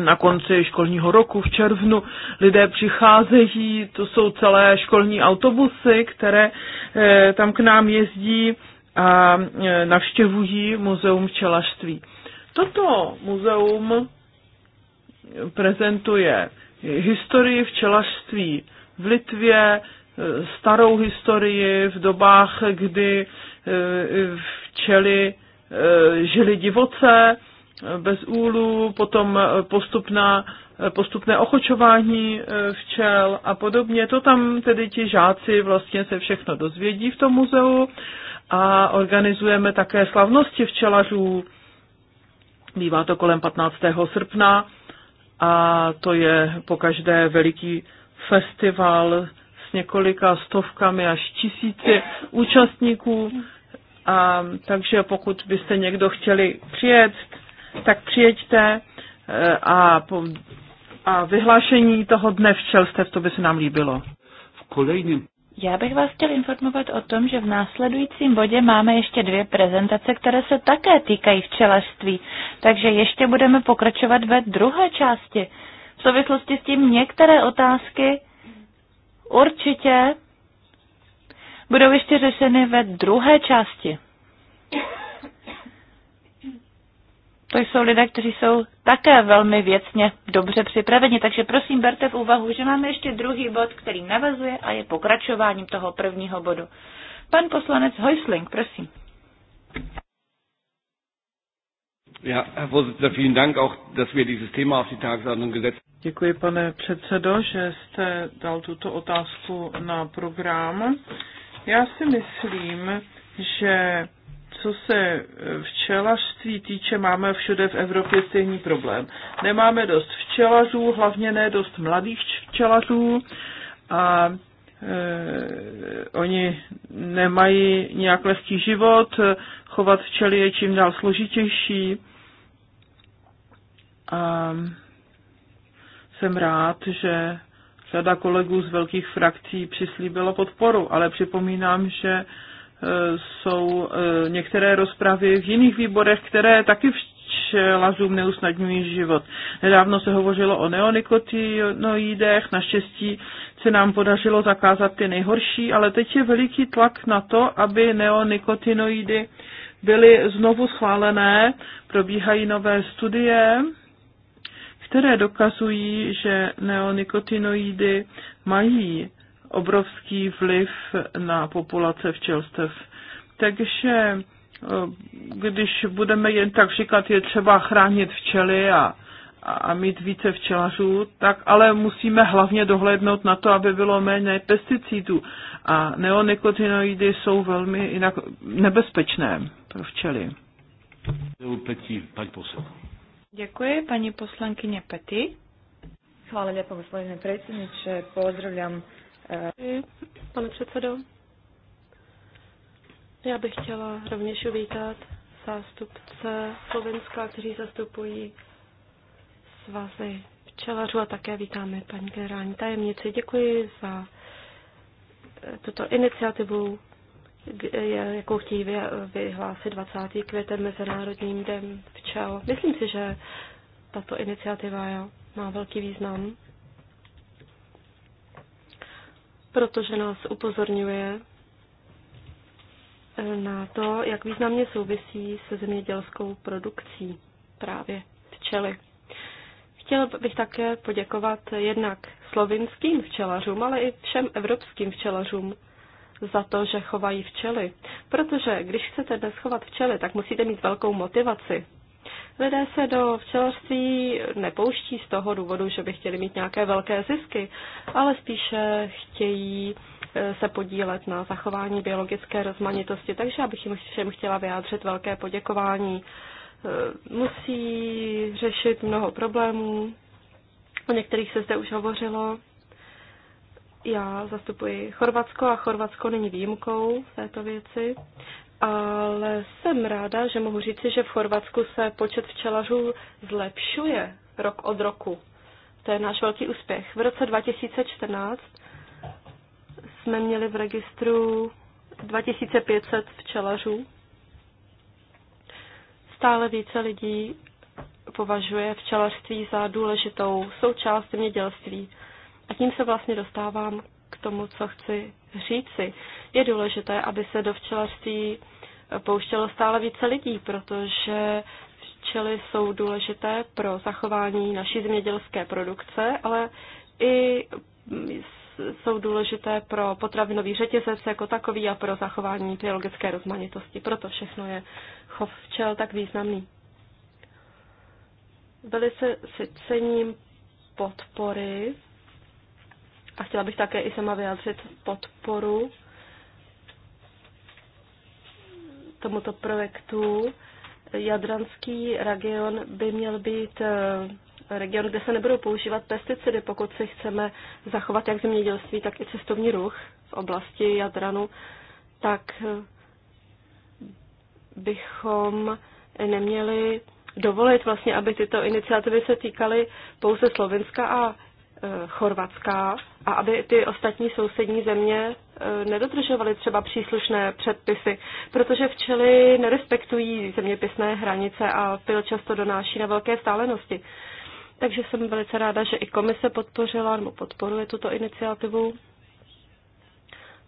na konci školního roku v červnu lidé přicházejí, to jsou celé školní autobusy, které e, tam k nám jezdí a e, navštěvují muzeum včelařství. Toto muzeum prezentuje historii včelařství v Litvě eh, starou historii v dobách, kdy eh, včely eh, žili divoce, bez úlu, potom postupná, postupné ochočování včel a podobně. To tam tedy ti žáci vlastně se všechno dozvědí v tom muzeu a organizujeme také slavnosti včelařů. Bývá to kolem 15. srpna a to je po každé veliký festival s několika stovkami až tisíci účastníků. A, takže pokud byste někdo chtěli přijet, tak přijeďte e, a, a vyhlášení toho dne včelstev, to by se nám líbilo. V kolejním. já bych vás chtěl informovat o tom, že v následujícím bodě máme ještě dvě prezentace, které se také týkají včelařství, takže ještě budeme pokračovat ve druhé části souvislosti s tím některé otázky určitě budou ještě řešeny ve druhé části. To jsou lidé, kteří jsou také velmi věcně dobře připraveni. Takže prosím, berte v úvahu, že máme ještě druhý bod, který navazuje a je pokračováním toho prvního bodu. Pan poslanec Hojsling, prosím. Ja, Herr Vorsitzender, vielen Dank auch, dass wir dieses Thema auf die Tagesordnung gesetzt haben. Děkuji, pane předsedo, že jste dal tuto otázku na program. Já si myslím, že co se včelařství týče, máme všude v Evropě stejný problém. Nemáme dost včelařů, hlavně ne dost mladých včelařů a e, oni nemají nějak lehký život, chovat včely je čím dál složitější a jsem rád, že řada kolegů z velkých frakcí přislíbila podporu, ale připomínám, že e, jsou e, některé rozpravy v jiných výborech, které taky včelařům neusnadňují život. Nedávno se hovořilo o neonikotinoidech, naštěstí se nám podařilo zakázat ty nejhorší, ale teď je veliký tlak na to, aby neonikotinoidy byly znovu schválené, probíhají nové studie, které dokazují, že neonikotinoidy mají obrovský vliv na populace včelstev. Takže eh, když budeme jen tak říkat, je třeba chránit včely a, a mít více včelařů, tak ale musíme hlavně dohlédnout na to, aby bylo méně pesticidů. A neonikotinoidy jsou velmi jinak nebezpečné pro včely. Petí, posel. Děkuji, paní poslankyně Pety. Hvala lijepo, gospodine predsjedniče. Pozdravljam. Pane předsedo, já bych chtěla rovněž uvítat zástupce Slovenska, kteří zastupují svazy včelařů a také vítáme paní generální tajemnici. Děkuji za tuto iniciativu jakou chtějí vyhlásit 20. květen Mezinárodním dnem včel. Myslím si, že tato iniciativa jo, má velký význam, protože nás upozorňuje eh, na to, jak významně souvisí se zemědělskou produkcí právě včely. Chtěl bych také poděkovat jednak slovinským včelařům, ale i všem evropským včelařům, za to, že chovají včely. Protože když chcete dnes chovat včely, tak musíte mít velkou motivaci. Lidé se do včelařství nepouští z toho důvodu, že by chtěli mít nějaké velké zisky, ale spíše chtějí e, se podílet na zachování biologické rozmanitosti. Takže já bych jim všem chtěla vyjádřit velké poděkování. E, musí řešit mnoho problémů, o některých se zde už hovořilo. Já zastupuji Chorvatsko a Chorvatsko není výjimkou v této věci, ale jsem ráda, že mohu říci, že v Chorvatsku se počet včelařů zlepšuje rok od roku. To je náš velký úspěch. V roce 2014 jsme měli v registru 2500 včelařů. Stále více lidí považuje včelařství za důležitou součást zemědělství. A tím se vlastně dostávám k tomu, co chci říci. Je důležité, aby se do včelařství pouštělo stále více lidí, protože včely jsou důležité pro zachování naší zemědělské produkce, ale i jsou důležité pro potravinový řetězec jako takový a pro zachování biologické rozmanitosti. Proto všechno je chov včel tak významný. Velice si cením podpory a chtěla bych také i sama vyjádřit podporu tomuto projektu. Jadranský region by měl být eh, region, kde se nebudou používat pesticidy, pokud si chceme zachovat jak zemědělství, tak i cestovní ruch v oblasti Jadranu, tak eh, bychom neměli dovolit vlastně, aby tyto iniciativy se týkaly pouze Slovenska a Eh, Chorvatska a aby ty ostatní sousední země eh, nedodržovaly třeba příslušné předpisy, protože včely nerespektují zeměpisné hranice a pil často donáší na velké stálenosti. Takže jsem velice ráda, že i komise podpořila nebo podporuje tuto iniciativu.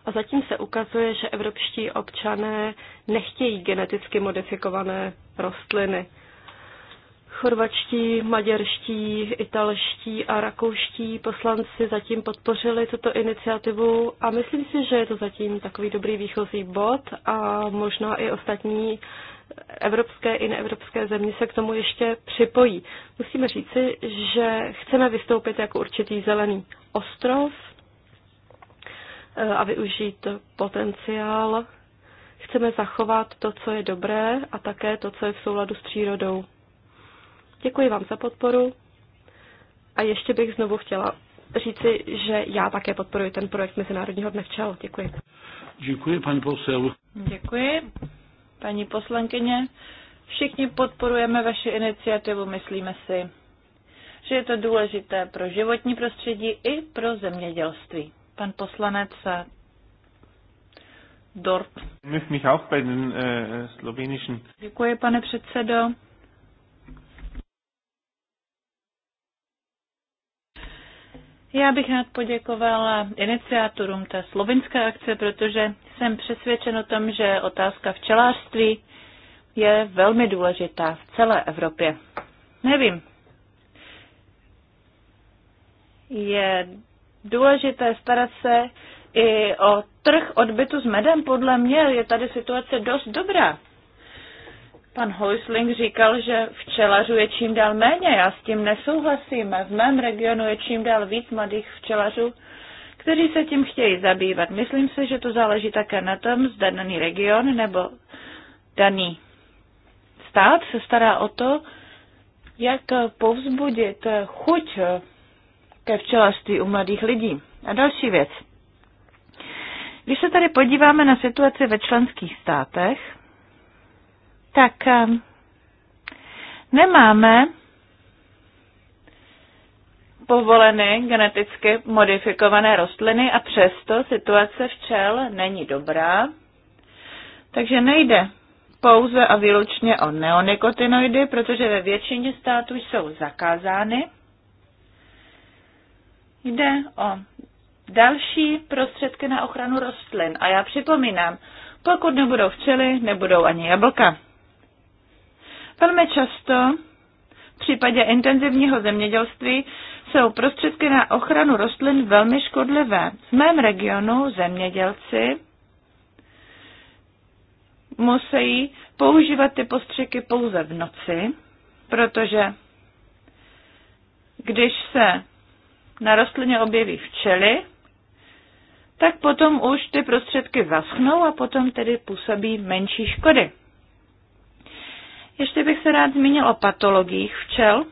A zatím se ukazuje, že evropští občané nechtějí geneticky modifikované rostliny. Chorvačtí, maďarští, italští a rakouští poslanci zatím podpořili tuto iniciativu a myslím si, že je to zatím takový dobrý výchozí bod a možná i ostatní evropské i neevropské země se k tomu ještě připojí. Musíme říci, že chceme vystoupit jako určitý zelený ostrov eh, a využít potenciál. Chceme zachovat to, co je dobré a také to, co je v souladu s přírodou. Děkuji vám za podporu a ještě bych znovu chtěla říci, že já také podporuji ten projekt Mezinárodního dne včel. Děkuji. Děkuji, paní posel. Děkuji, paní poslankyně. Všichni podporujeme vaši iniciativu, myslíme si, že je to důležité pro životní prostředí i pro zemědělství. Pan poslanec eh, Dort. Eh, Děkuji, pane předsedo. Já bych rád poděkovala iniciátorům té slovinské akce, protože jsem přesvědčen o tom, že otázka včelářství je velmi důležitá v celé Evropě. Nevím. Je důležité starat se i o trh odbytu s medem. Podle mě je tady situace dost dobrá. Pan Hoisling říkal, že včelařů je čím dál méně. Já s tím nesouhlasím. V mém regionu je čím dál víc mladých včelařů, kteří se tím chtějí zabývat. Myslím si, že to záleží také na tom, zda daný region nebo daný stát se stará o to, jak povzbudit chuť ke včelařství u mladých lidí. A další věc. Když se tady podíváme na situaci ve členských státech, tak ehm, nemáme povoleny geneticky modifikované rostliny a přesto situace včel není dobrá. Takže nejde pouze a výlučně o neonikotinoidy, protože ve většině států jsou zakázány. Jde o další prostředky na ochranu rostlin. A já připomínám, pokud nebudou včely, nebudou ani jablka. Velmi často v případě intenzivního zemědělství jsou prostředky na ochranu rostlin velmi škodlivé. V mém regionu zemědělci musí používat ty postřiky pouze v noci, protože když se na rostlině objeví včely, tak potom už ty prostředky zaschnou a potom tedy působí menší škody. Ještě bych se rád zmínil o patologiích včel.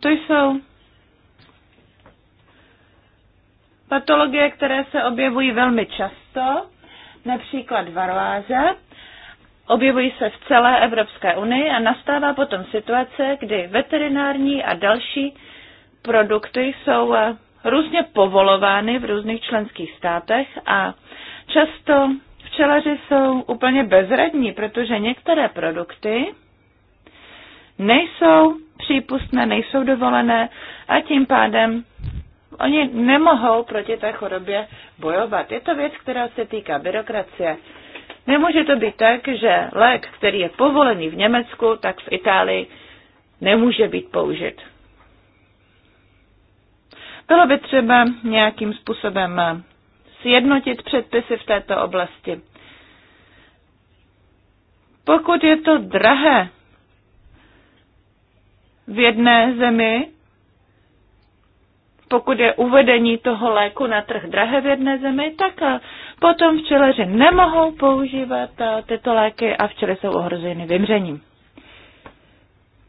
To jsou patologie, které se objevují velmi často, například varláze. Objevují se v celé Evropské unii a nastává potom situace, kdy veterinární a další produkty jsou eh, různě povolovány v různých členských státech a často včelaři jsou úplně bezradní, protože některé produkty nejsou přípustné, nejsou dovolené a tím pádem oni nemohou proti té chorobě bojovat. Je to věc, která se týká byrokracie. Nemůže to být tak, že lék, který je povolený v Německu, tak v Itálii nemůže být použit. Bylo by třeba nějakým způsobem sjednotit předpisy v této oblasti. Pokud je to drahé v jedné zemi, pokud je uvedení toho léku na trh drahé v jedné zemi, tak eh, potom včeleři nemohou používat eh, tyto léky a včely jsou ohroženy vymřením.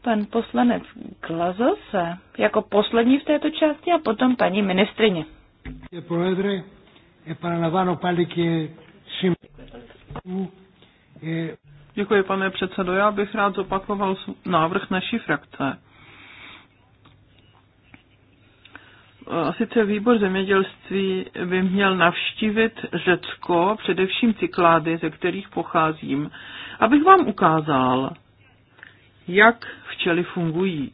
Pan poslanec Glazose jako poslední v této části a potom paní ministrině. Je Επαναλαμβάνω πάλι και Děkuji, pane předsedo. Já bych rád zopakoval návrh naší frakce. E, sice výbor zemědělství by měl navštívit Řecko, především cyklády, ze kterých pocházím, abych vám ukázal, jak včely fungují.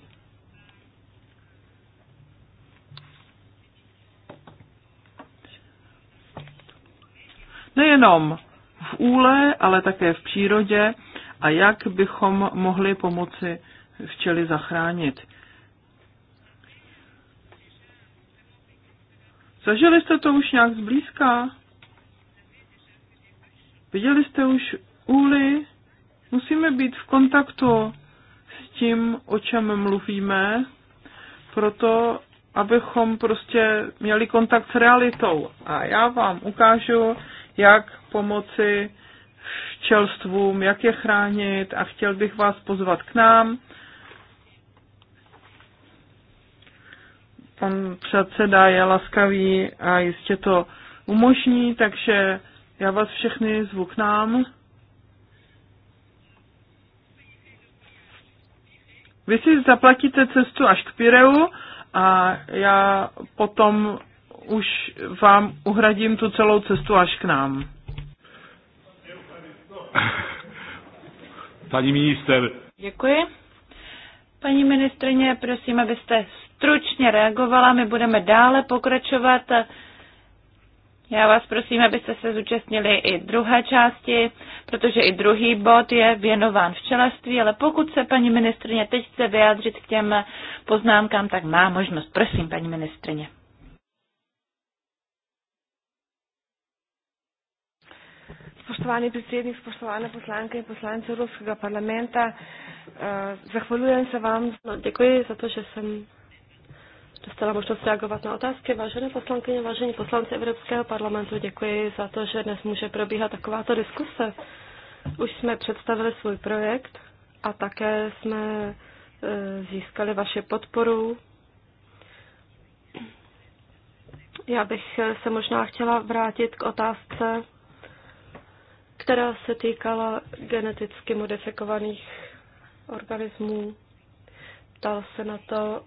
nejenom v úle, ale také v přírodě a jak bychom mohli pomoci včely zachránit. Zažili jste to už nějak zblízka? Viděli jste už úly? Musíme být v kontaktu s tím, o čem mluvíme, proto abychom prostě měli kontakt s realitou. A já vám ukážu jak pomoci včelstvům, jak je chránit a chtěl bych vás pozvat k nám. Pan předseda je laskavý a jistě to umožní, takže já vás všechny zvu k nám. Vy si zaplatíte cestu až k Pireu a já potom už vám uhradím tu celou cestu až k nám. Paní minister. Děkuji. Paní ministrině, prosím, abyste stručně reagovala. My budeme dále pokračovat. Já vás prosím, abyste se zúčastnili i druhé části, protože i druhý bod je věnován včelařství, ale pokud se paní ministrině teď chce vyjádřit k těm poznámkám, tak má možnost. Prosím, paní ministrině. Spoštovani predsednik, spoštovane poslanke in poslanci Evropskega parlamenta, eh, zahvaljujem se vám. No, děkuji za to, že jsem dostala možnost reagovat na otázky. Vážené poslankyně, vážení poslanci Evropského parlamentu, děkuji za to, že dnes může probíhat takováto diskuse. Už jsme představili svůj projekt a také jsme eh, získali vaši podporu. Já bych se možná chtěla vrátit k otázce která se týkala geneticky modifikovaných organismů. Ptal se na to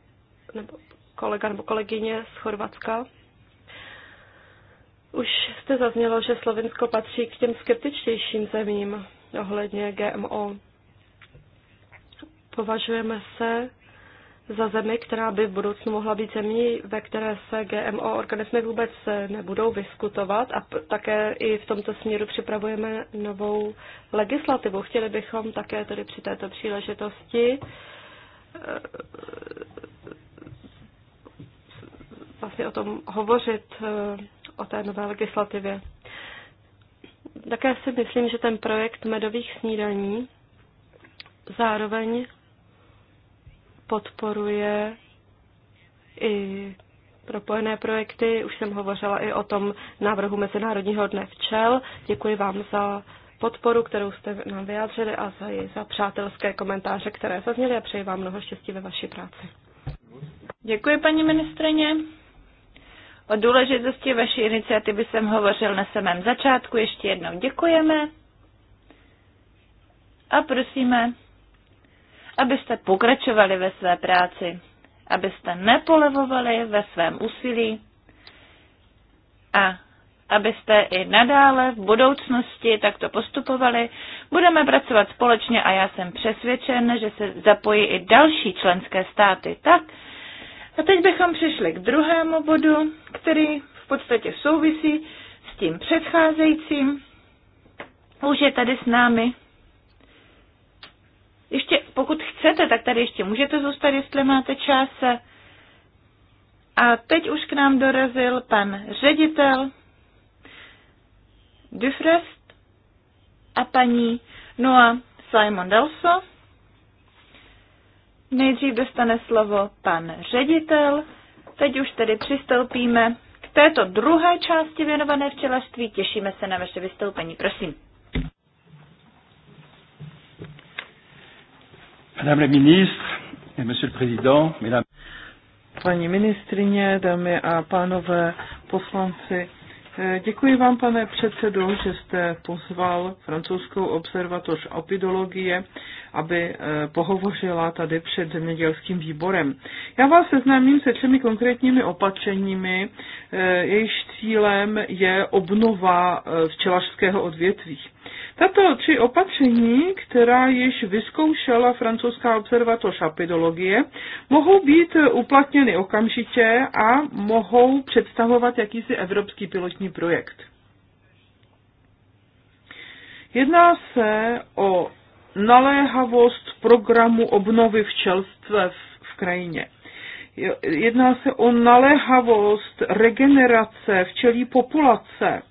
nebo kolega nebo kolegyně z Chorvatska. Už jste zaznělo, že Slovensko patří k těm skeptičtějším zemím ohledně GMO. Považujeme se za zemi, která by v budoucnu mohla být zemí, ve které se GMO organismy vůbec nebudou vyskutovat, a také i v tomto směru připravujeme novou legislativu. Chtěli bychom také tedy při této příležitosti eh, vlastně o tom hovořit, eh, o té nové legislativě. Také si myslím, že ten projekt medových snídaní zároveň podporuje i propojené projekty. Už jsem hovořila i o tom návrhu Mezinárodního dne včel. Děkuji vám za podporu, kterou jste nám vyjádřili a za, za přátelské komentáře, které zazněly a přeji vám mnoho štěstí ve vaší práci. Děkuji, paní ministrině. O důležitosti vaší iniciativy jsem hovořil na samém začátku. Ještě jednou děkujeme a prosíme abyste pokračovali ve své práci, abyste nepolevovali ve svém úsilí a abyste i nadále v budoucnosti takto postupovali. Budeme pracovat společně a já jsem přesvědčen, že se zapojí i další členské státy. Tak a teď bychom přišli k druhému bodu, který v podstatě souvisí s tím předcházejícím. Už je tady s námi ještě, pokud chcete, tak tady ještě můžete zůstat, jestli máte čas. A teď už k nám dorazil pan ředitel Dufrest a paní Noa Simon Delso. Nejdřív dostane slovo pan ředitel, teď už tedy přistoupíme k této druhé části věnované včelařství. Těšíme se na vaše vystoupení, prosím. Madame la ministre, monsieur le président, mesdames... Paní ministrině, dámy a pánové poslanci, eh, děkuji vám, pane předsedo, že jste pozval francouzskou observatoř opidologie, aby eh, pohovořila tady před zemědělským výborem. Já vás seznámím se třemi konkrétními opatřeními, eh, jejichž cílem je obnova včelařského odvětví. Tato tři opatření, která již vyzkoušela francouzská observatoř apidologie, mohou být uplatněny okamžitě a mohou představovat jakýsi evropský pilotní projekt. Jedná se o naléhavost programu obnovy včelstva v krajině. Jedná se o naléhavost regenerace včelí populace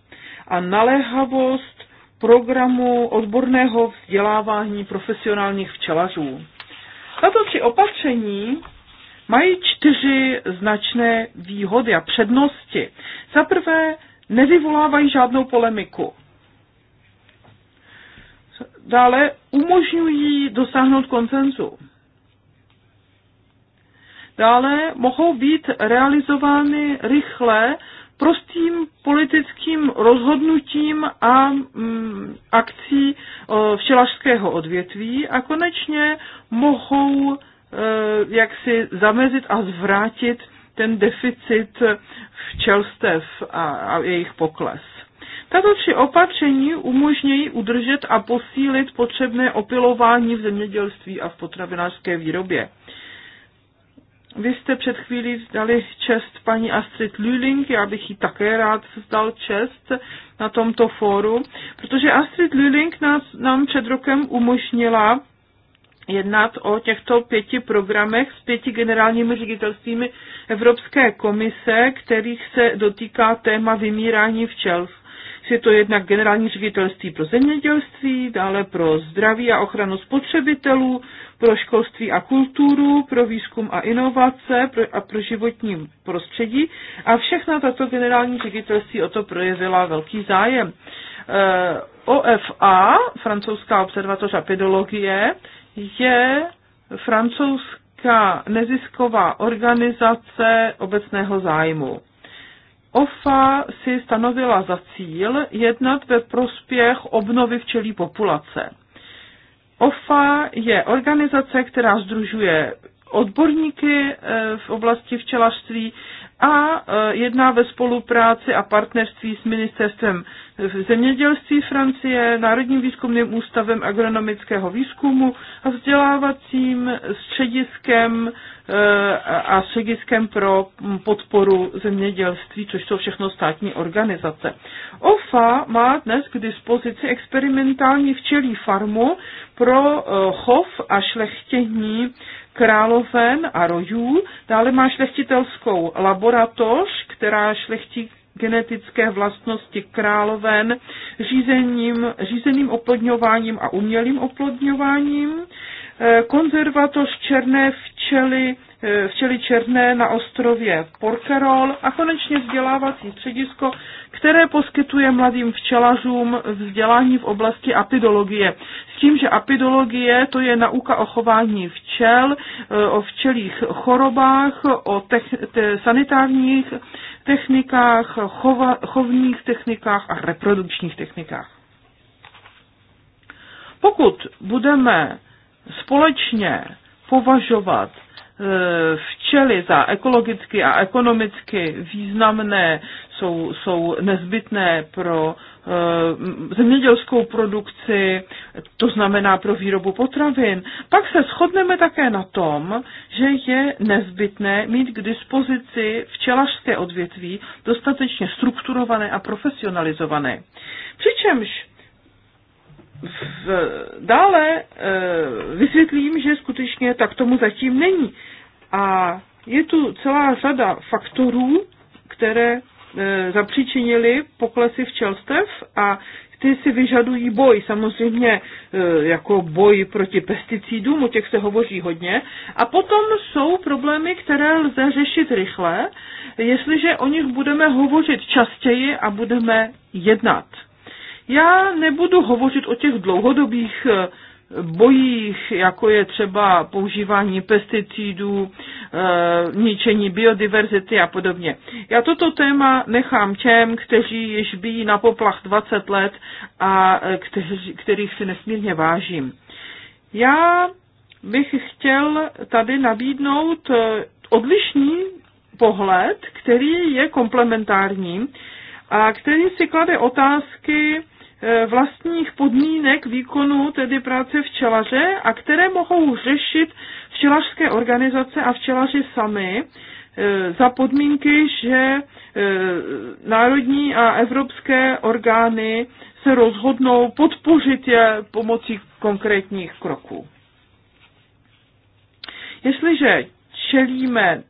a naléhavost programu odborného vzdělávání profesionálních včelařů. Tato tři opatření mají čtyři značné výhody a přednosti. Za prvé, nevyvolávají žádnou polemiku. Dále umožňují dosáhnout konsenzu. Dále mohou být realizovány rychle prostým politickým rozhodnutím a mm, akcí včelařského odvětví a konečně mohou e, jaksi zamezit a zvrátit ten deficit včelstev a, a jejich pokles. Tato tři opatření umožňují udržet a posílit potřebné opilování v zemědělství a v potravinářské výrobě. Vy jste před chvílí vzdali čest paní Astrid Lüling, já bych jí také rád vzdal čest na tomto fóru, protože Astrid Lüling nás, nám před rokem umožnila jednat o těchto pěti programech s pěti generálními ředitelstvími Evropské komise, kterých se dotýká téma vymírání včelstva je to jednak generální ředitelství pro zemědělství, dále pro zdraví a ochranu spotřebitelů, pro školství a kulturu, pro výzkum a inovace pro, a pro životní prostředí. A všechna tato generální ředitelství o to projevila velký zájem. E, eh, OFA, francouzská observatoř pedologie, je francouzská nezisková organizace obecného zájmu OFA si stanovila za cíl jednat ve prospěch obnovy včelí populace. OFA je organizace, která združuje odborníky eh, v oblasti včelařství, a e, jedná ve spolupráci a partnerství s ministerstvem zemědělství Francie, Národním výzkumným ústavem agronomického výzkumu a vzdělávacím střediskem e, a střediskem pro podporu zemědělství, což jsou všechno státní organizace. OFA má dnes k dispozici experimentální včelí farmu pro e, chov a šlechtění královen a rojů. Dále má šlechtitelskou laboratoř, která šlechtí genetické vlastnosti královen řízením, řízeným oplodňováním a umělým oplodňováním, eh, konzervatoř černé včely E, včely černé na ostrově Porkerol a konečně vzdělávací středisko, které poskytuje mladým včelařům vzdělání v oblasti apidologie. S tím, že apidologie to je nauka o chování včel, e, o včelých chorobách, o sanitárních technikách, chova- chovních technikách a reprodukčních technikách. Pokud budeme společně považovat Eh, včely za ekologicky a ekonomicky významné jsou, jsou nezbytné pro eh, zemědělskou produkci, to znamená pro výrobu potravin. Pak se shodneme také na tom, že je nezbytné mít k dispozici včelařské odvětví dostatečně strukturované a profesionalizované. Přičemž v, dále e, vysvětlím, že skutečně tak tomu zatím není. A je tu celá řada faktorů, které e, zapříčinily poklesy včelstev a ty si vyžadují boj, samozřejmě e, jako boj proti pesticidům, o těch se hovoří hodně. A potom jsou problémy, které lze řešit rychle, jestliže o nich budeme hovořit častěji a budeme jednat. Já nebudu hovořit o těch dlouhodobých eh, bojích, jako je třeba používání pesticidů, eh, ničení biodiverzity a podobně. Já toto téma nechám těm, kteří již bíjí na poplach 20 let a eh, kteří, kterých si nesmírně vážím. Já bych chtěl tady nabídnout odlišný pohled, který je komplementární a který si klade otázky, E, vlastních podmínek výkonu tedy práce včelaře a které mohou řešit včelařské organizace a včelaři sami e, za podmínky, že e, národní a evropské orgány se rozhodnou podpořit je pomocí konkrétních kroků. Jestliže čelíme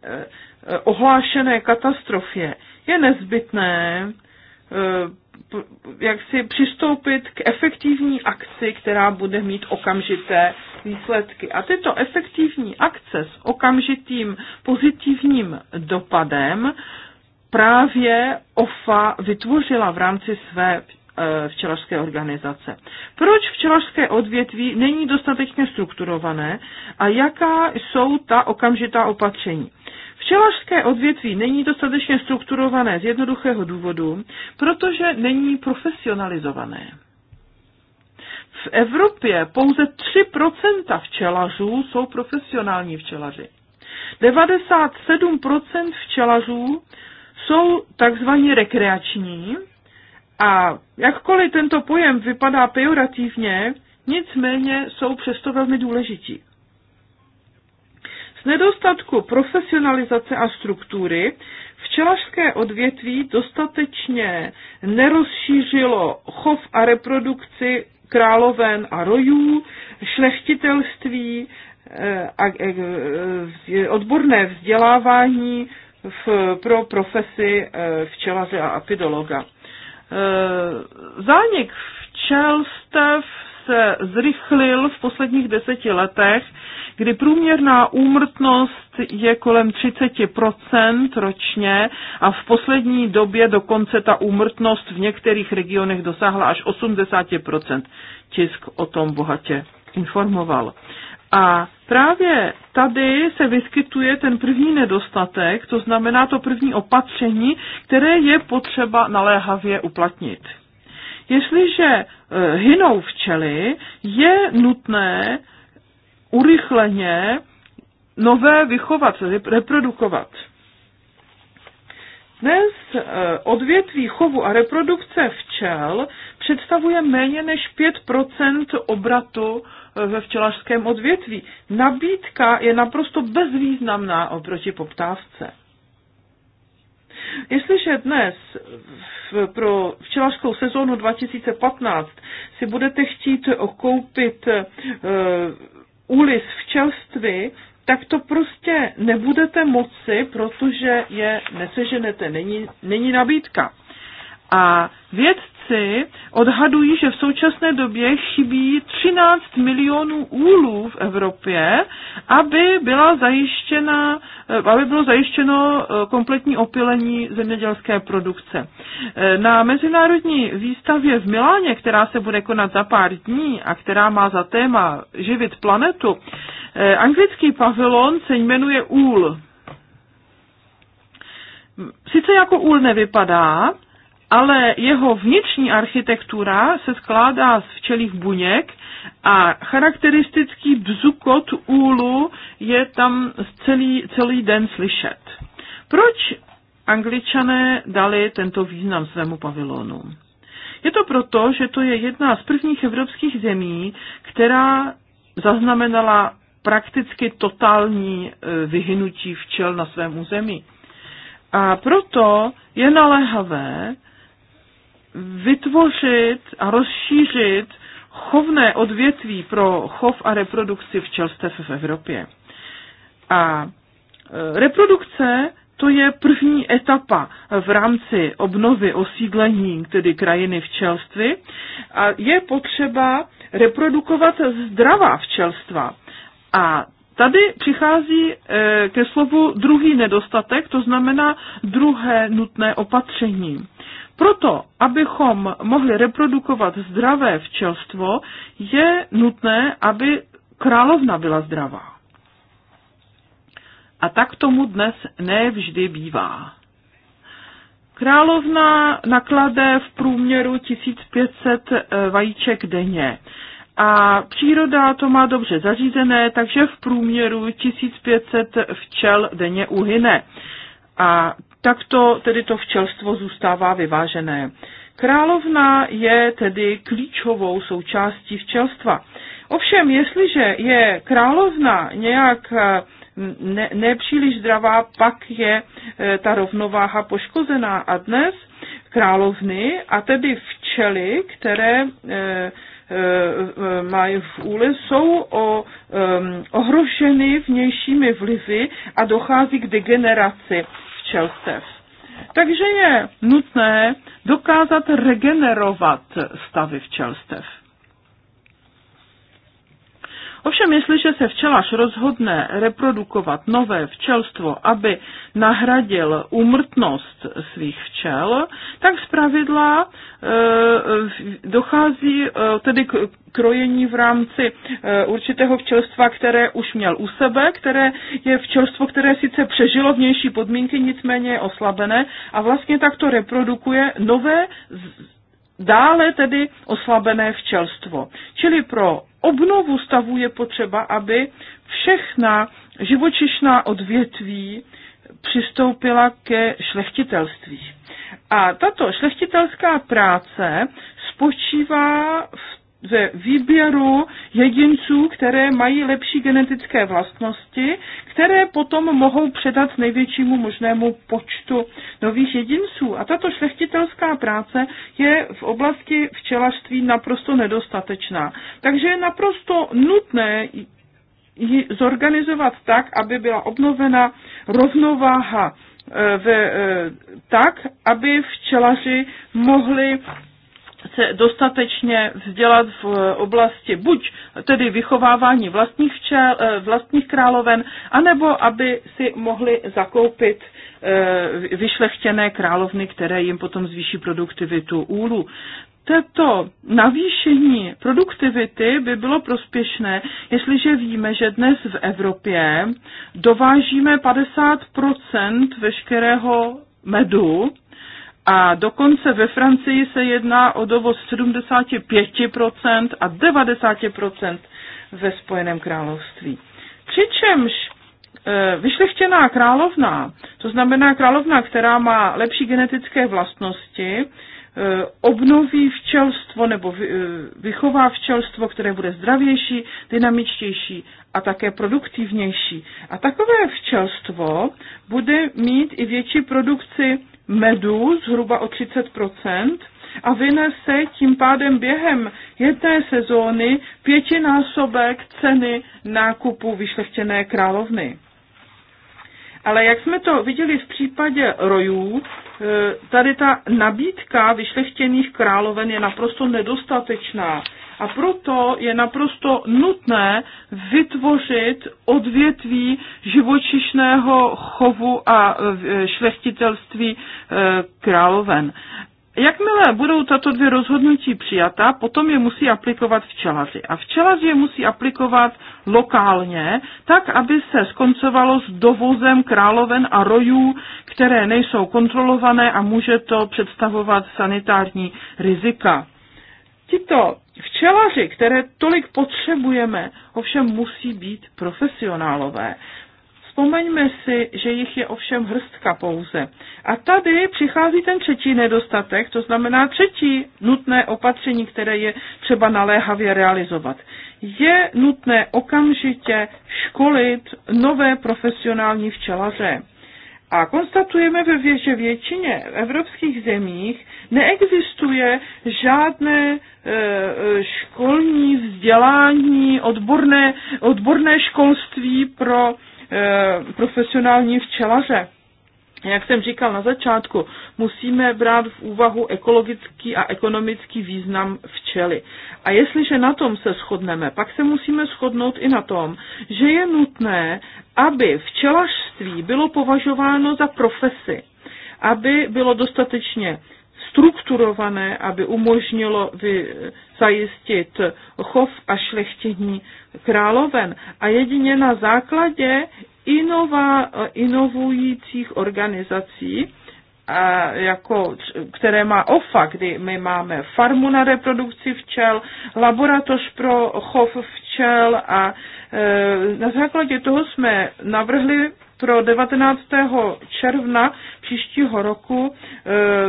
ohlášené katastrofě, je nezbytné jak si přistoupit k efektivní akci, která bude mít okamžité výsledky. A tyto efektivní akce s okamžitým pozitivním dopadem právě OFA vytvořila v rámci své eh, včelařské organizace. Proč včelařské odvětví není dostatečně strukturované a jaká jsou ta okamžitá opatření? Včelařské odvětví není dostatečně strukturované z jednoduchého důvodu, protože není profesionalizované. V Evropě pouze 3% včelařů jsou profesionální včelaři. 97% včelařů jsou takzvaní rekreační a jakkoliv tento pojem vypadá pejorativně, nicméně jsou přesto velmi důležití nedostatku profesionalizace a struktury včelařské odvětví dostatečně nerozšířilo chov a reprodukci královen a rojů, šlechtitelství, eh, a eh, eh, odborné vzdělávání v, pro profesi včelaře a apidologa. Zánik včelstev se zrychlil v posledních deseti letech kdy průměrná úmrtnost je kolem 30% ročně a v poslední době dokonce ta úmrtnost v některých regionech dosáhla až 80%. Tisk o tom bohatě informoval. A právě tady se vyskytuje ten první nedostatek, to znamená to první opatření, které je potřeba naléhavě uplatnit. Jestliže eh, hynou včely, je nutné urychleně nové vychovat, reprodukovat. Dnes eh, odvětví chovu a reprodukce včel představuje méně než 5 obratu eh, ve včelařském odvětví. Nabídka je naprosto bezvýznamná oproti poptávce. Jestliže dnes v, pro včelařskou sezónu 2015 si budete chtít koupit eh, ulis včelství, tak to prostě nebudete moci, protože je neseženete, není, není nabídka. A vědci vědci odhadují, že v současné době chybí 13 milionů úlů v Evropě, aby, byla zajištěna, eh, aby bylo zajištěno eh, kompletní opilení zemědělské produkce. Eh, na mezinárodní výstavě v Miláně, která se bude konat za pár dní a která má za téma živit planetu, anglický pavilon se jmenuje úl. Sice jako úl nevypadá, ale jeho vnitřní architektura se skládá z včelých buněk a charakteristický bzukot úlu je tam celý, celý den slyšet. Proč angličané dali tento význam svému pavilonu? Je to proto, že to je jedna z prvních evropských zemí, která zaznamenala prakticky totální e, vyhynutí včel na svém území. A proto je naléhavé, vytvořit a rozšířit chovné odvětví pro chov a reprodukci včelstev v Evropě. A e, reprodukce to je první etapa v rámci obnovy osídlení, tedy krajiny včelství, a je potřeba reprodukovat zdravá včelstva. A tady přichází e, ke slovu druhý nedostatek, to znamená druhé nutné opatření. Proto, abychom mohli reprodukovat zdravé včelstvo, je nutné, aby královna byla zdravá. A tak tomu dnes nevždy bývá. Královna naklade v průměru 1500 eh, vajíček denně. A příroda to má dobře zařízené, takže v průměru 1500 včel denně uhyne. A takto tedy to včelstvo zůstává vyvážené. Královna je tedy klíčovou součástí včelstva. Ovšem, jestliže je královna nějak eh, ne, nepříliš zdravá, pak je e, ta rovnováha poškozená. A dnes královny, a tedy včely, které e, e, mají v úle, jsou o, e, ohroženy vnějšími vlivy a dochází k degeneraci včelstev. Takže je nutné dokázat regenerovat stavy včelstev. Ovšem, jestliže se včelař rozhodne reprodukovat nové včelstvo, aby nahradil úmrtnost svých včel, tak zpravidla e, dochází e, tedy k krojení v rámci e, určitého včelstva, které už měl u sebe, které je včelstvo, které sice přežilo vnější podmínky, nicméně je oslabené a vlastně takto reprodukuje nové z, dále tedy oslabené včelstvo. Čili pro obnovu stavu je potřeba, aby všechna živočišná odvětví přistoupila ke šlechtitelství. A tato šlechtitelská práce spočívá v ze výběru jedinců, které mají lepší genetické vlastnosti, které potom mohou předat největšímu možnému počtu nových jedinců. A tato šlechtitelská práce je v oblasti včelařství naprosto nedostatečná. Takže je naprosto nutné ji zorganizovat tak, aby byla obnovena rovnováha e, ve, e, tak, aby včelaři mohli se dostatečně vzdělat v oblasti buď tedy vychovávání vlastních, včel, eh, vlastních královen, anebo aby si mohli zakoupit eh, vyšlechtěné královny, které jim potom zvýší produktivitu úlu. Toto navýšení produktivity by bylo prospěšné, jestliže víme, že dnes v Evropě dovážíme 50 veškerého medu a dokonce ve Francii se jedná o dovoz 75% a 90% ve Spojeném království. Přičemž e, vyšlechtěná královna, to znamená královna, která má lepší genetické vlastnosti, e, obnoví včelstvo nebo e, vychová včelstvo, které bude zdravější, dynamičtější a také produktivnější. A takové včelstvo bude mít i větší produkci medu zhruba o 30 a vynese tím pádem během jedné sezóny pětinásobek ceny nákupu vyšlechtěné královny. Ale jak jsme to viděli v případě rojů, e, tady ta nabídka vyšlechtěných královen je naprosto nedostatečná. A proto je naprosto nutné vytvořit odvětví živočišného chovu a e, šlechtitelství e, královen. Jakmile budou tato dvě rozhodnutí přijata, potom je musí aplikovat včelaři. A včelaři je musí aplikovat lokálně, tak, aby se skoncovalo s dovozem královen a rojů, které nejsou kontrolované a může to představovat sanitární rizika. Tito Včelaři, které tolik potřebujeme, ovšem musí být profesionálové. Vzpomeňme si, že jich je ovšem hrstka pouze. A tady přichází ten třetí nedostatek, to znamená třetí nutné opatření, které je třeba naléhavě realizovat. Je nutné okamžitě školit nové profesionální včelaře a konstatujeme, že většině evropských zemích neexistuje žádné e, školní vzdělání, odborné, odborné školství pro e, profesionální včelaře. Jak jsem říkal na začátku, musíme brát v úvahu ekologický a ekonomický význam včely. A jestliže na tom se shodneme, pak se musíme shodnout i na tom, že je nutné, aby včelařství bylo považováno za profesi, aby bylo dostatečně strukturované, aby umožnilo vy, zajistit chov a šlechtění královen. A jedině na základě inova, inovujících organizací, a jako, které má OFA, kdy my máme farmu na reprodukci včel, laboratoř pro chov včel a e, na základě toho jsme navrhli pro 19. června příštího roku e,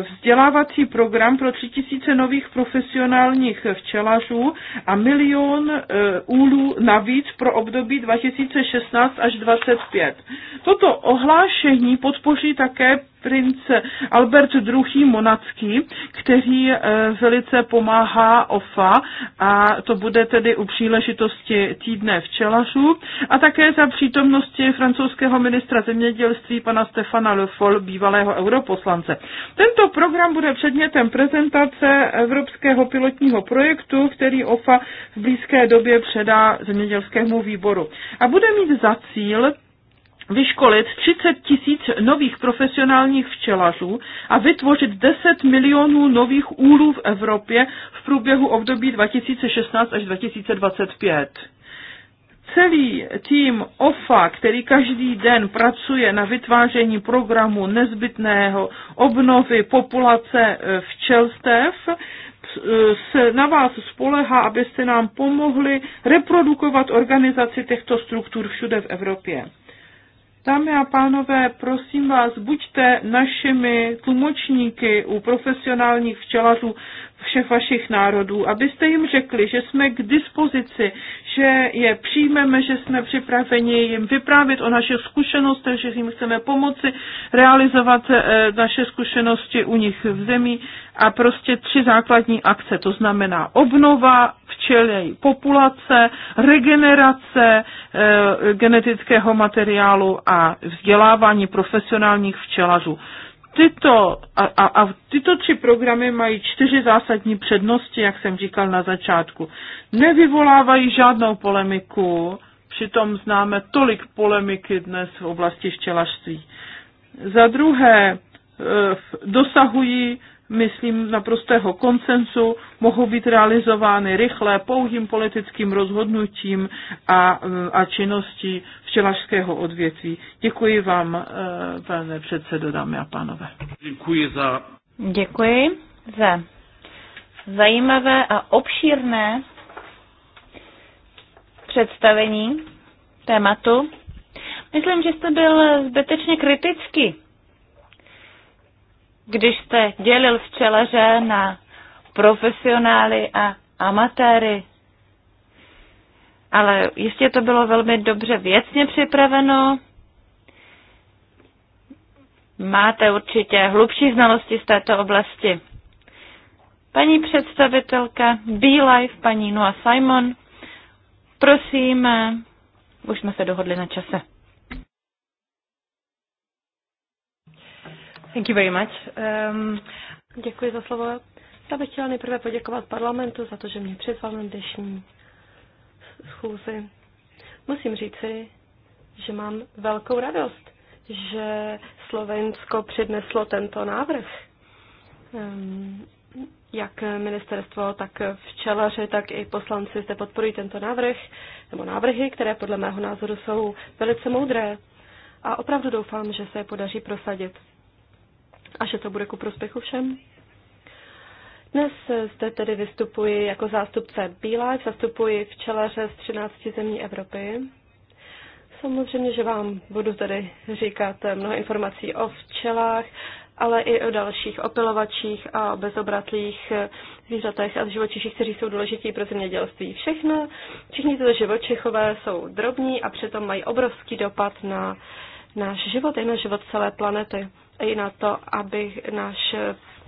vzdělávací program pro 3000 nových profesionálních včelařů a milion e, úlů navíc pro období 2016 až 2025. Toto ohlášení podpoří také princ Albert II. Monacký, který e, velice pomáhá OFA a to bude tedy u příležitosti týdne včelařů a také za přítomnosti francouzského ministra zemědělství pana Stefana Le Foll, bývalého europoslance. Tento program bude předmětem prezentace evropského pilotního projektu, který OFA v blízké době předá zemědělskému výboru. A bude mít za cíl vyškolit 30 tisíc nových profesionálních včelařů a vytvořit 10 milionů nových úlů v Evropě v průběhu období 2016 až 2025. Celý tým OFA, který každý den pracuje na vytváření programu nezbytného obnovy populace eh, včelstev, eh, se na vás spolehá, abyste nám pomohli reprodukovat organizaci těchto struktur všude v Evropě. Dámy a pánové, prosím vás, buďte našimi tlumočníky u profesionálních včelařů všech vašich národů, abyste jim řekli, že jsme k dispozici, že je přijmeme, že jsme připraveni jim vyprávět o našich zkušenostech, že jim chceme pomoci realizovat eh, naše zkušenosti u nich v zemi a prostě tři základní akce, to znamená obnova včelí populace, regenerace eh, genetického materiálu a vzdělávání profesionálních včelařů tyto, a, a, a tyto tři programy mají čtyři zásadní přednosti, jak jsem říkal na začátku. Nevyvolávají žádnou polemiku, přitom známe tolik polemiky dnes v oblasti štělařství. Za druhé, eh, dosahují myslím, naprostého konsensu, mohou být realizovány rychle pouhým politickým rozhodnutím a, a činností včelařského odvětví. Děkuji vám, eh, pane předsedo, dámy a pánové. Děkuji za... Děkuji za zajímavé a obšírné představení tématu. Myslím, že jste byl zbytečně kritický když jste dělil včelaře na profesionály a amatéry. Ale jistě to bylo velmi dobře věcně připraveno. Máte určitě hlubší znalosti z této oblasti. Paní představitelka life paní Noa Simon, prosím, eh, už jsme se dohodli na čase. Thank you very much. Um... Děkuji za slovo. Já bych chtěla nejprve poděkovat parlamentu za to, že mě přizval na dnešní schůzi. Musím říci, že mám velkou radost, že Slovensko předneslo tento návrh. Um, jak ministerstvo, tak včelaři, tak i poslanci zde podporují tento návrh, nebo návrhy, které podle mého názoru jsou velice moudré. A opravdu doufám, že se je podaří prosadit a že to bude ku prospěchu všem. Dnes zde tedy vystupuji jako zástupce Bílá, zastupuji včelaře z 13 zemí Evropy. Samozřejmě, že vám budu tady říkat mnoho informací o včelách, ale i o dalších opilovačích a bezobratlých zvířatech a živočiších, kteří jsou důležití pro zemědělství. Všechno, všichni tyto živočichové jsou drobní a přitom mají obrovský dopad na náš život i na život celé planety i na to, aby náš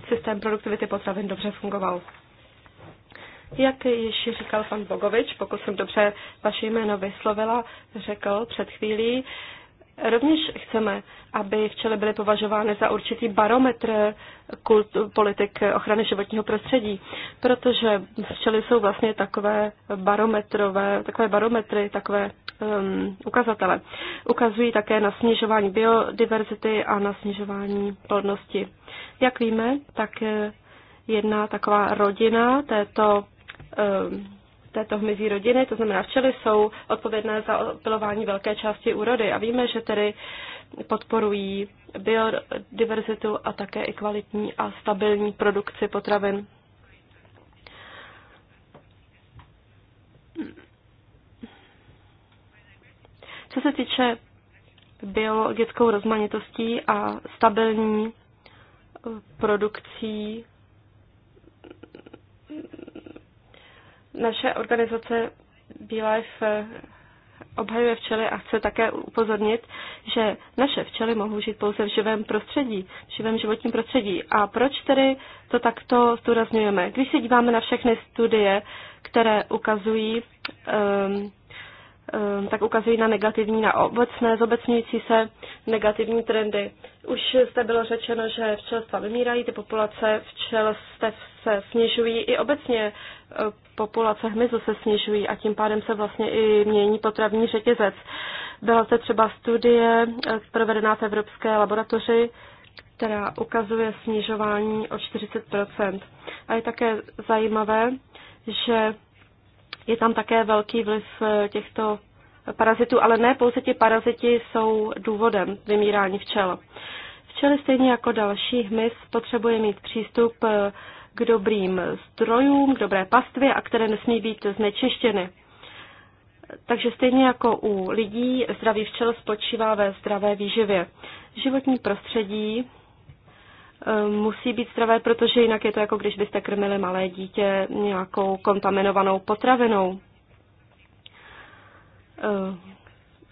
systém produktivity potravin dobře fungoval. Jak již říkal pan Bogovič, pokud jsem dobře vaše jméno vyslovila, řekl před chvílí, Rovněž chceme, aby včely byly považovány za určitý barometr kult, politik ochrany životního prostředí, protože včely jsou vlastně takové barometrové, takové barometry, takové um, ukazatele. Ukazují také na snižování biodiverzity a na snižování plodnosti. Jak víme, tak eh, jedna taková rodina této, um, této hmyzí rodiny, to znamená včely, jsou odpovědné za opilování velké části úrody a víme, že tedy podporují biodiverzitu a také i kvalitní a stabilní produkci potravin. Co se týče biologickou rozmanitostí a stabilní eh, produkcí, naše organizace BeLife eh, obhajuje včely a chce také upozornit, že naše včely mohou žít pouze v živém prostředí, v živém životním prostředí. A proč tedy to takto zdůrazňujeme? Když se díváme na všechny studie, které ukazují um, Ehm, tak ukazují na negativní, na obecné, zobecňující se negativní trendy. Už zde bylo řečeno, že včelstva vymírají, ty populace včelstev se snižují, i obecně e, populace hmyzu se snižují a tím pádem se vlastně i mění potravní řetězec. Byla zde třeba studie e, provedená v Evropské laboratoři, která ukazuje snižování o 40 A je také zajímavé, že je tam také velký vliv eh, těchto parazitů, ale ne pouze ti paraziti jsou důvodem vymírání včel. Včely stejně jako další hmyz potřebuje mít přístup eh, k dobrým zdrojům, k dobré pastvě a které nesmí být znečištěny. Takže stejně jako u lidí, zdravý včel spočívá ve zdravé výživě. Životní prostředí Eh, musí být zdravé, protože jinak je to jako když byste krmili malé dítě nějakou kontaminovanou potravinou.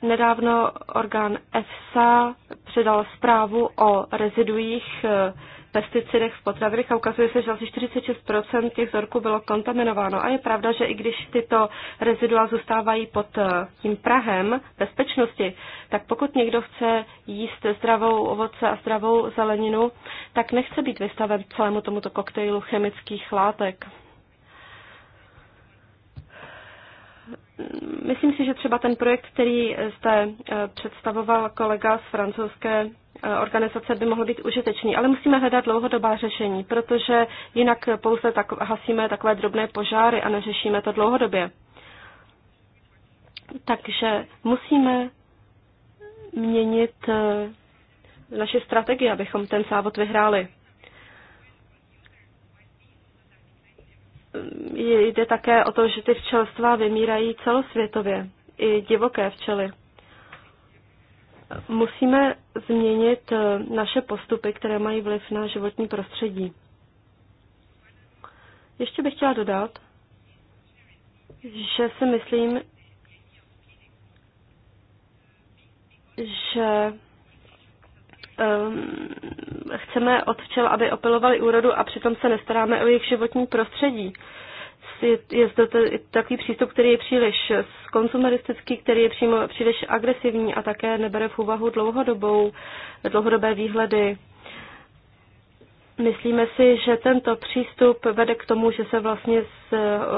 Eh, nedávno orgán EFSA předal zprávu o reziduích eh, pesticidech v potravinách a ukazuje se, že asi 46% těch vzorků bylo kontaminováno. A je pravda, že i když tyto rezidua zůstávají pod eh, tím prahem bezpečnosti, tak pokud někdo chce jíst zdravou ovoce a zdravou zeleninu, tak nechce být vystaven celému tomuto koktejlu chemických látek. Myslím si, že třeba ten projekt, který jste eh, představoval kolega z francouzské Eh, organizace by mohl být užitečný, ale musíme hledat dlouhodobá řešení, protože jinak pouze tak, hasíme takové drobné požáry a neřešíme to dlouhodobě. Takže musíme měnit eh, naše strategie, abychom ten závod vyhráli. Jde také o to, že ty včelstva vymírají celosvětově, i divoké včely. Musíme změnit eh, naše postupy, které mají vliv na životní prostředí. Ještě bych chtěla dodat, že si myslím, že um, chceme od včel, aby opilovali úrodu a přitom se nestaráme o jejich životní prostředí je, je zde takový přístup, který je příliš konsumeristický, který je přímo, příliš agresivní a také nebere v úvahu dlouhodobou, dlouhodobé výhledy. Myslíme si, že tento přístup vede k tomu, že se vlastně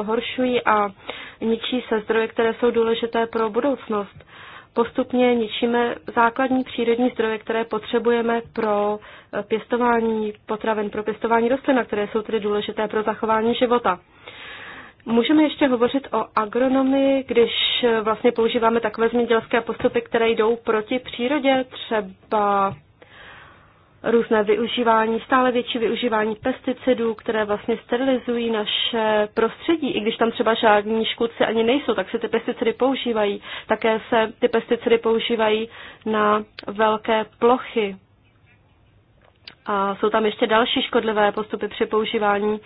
zhoršují a ničí se zdroje, které jsou důležité pro budoucnost. Postupně ničíme základní přírodní zdroje, které potřebujeme pro pěstování potravin, pro pěstování rostlin, které jsou tedy důležité pro zachování života. Můžeme ještě hovořit o agronomii, když eh, vlastně používáme takové zemědělské postupy, které jdou proti přírodě, třeba různé využívání, stále větší využívání pesticidů, které vlastně sterilizují naše prostředí. I když tam třeba žádní škůdci ani nejsou, tak se ty pesticidy používají. Také se ty pesticidy používají na velké plochy. A jsou tam ještě další škodlivé postupy při používání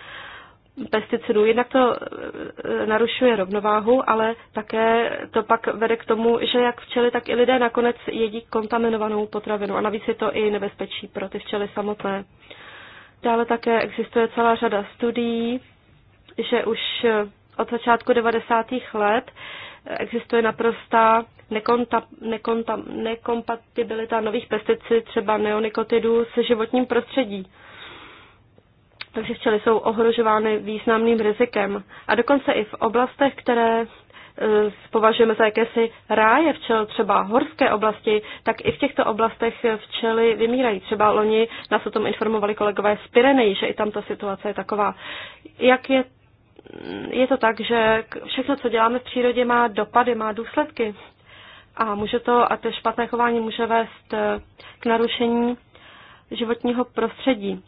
pesticidů. Jednak to eh, narušuje rovnováhu, ale také to pak vede k tomu, že jak včely, tak i lidé nakonec jedí kontaminovanou potravinu. A navíc je to i nebezpečí pro ty včely samotné. Dále také existuje celá řada studií, že už eh, od začátku 90. let existuje naprostá nekonta, nekonta, nekompatibilita nových pesticidů, třeba neonikotidů, se životním prostředí takže včely jsou ohrožovány významným rizikem. A dokonce i v oblastech, které e, považujeme za jakési ráje včel, třeba horské oblasti, tak i v těchto oblastech včely vymírají. Třeba loni nás o tom informovali kolegové z Pirenej, že i tam ta situace je taková. Jak je, je to tak, že všechno, co děláme v přírodě, má dopady, má důsledky. A může to, a to špatné chování může vést e, k narušení životního prostředí.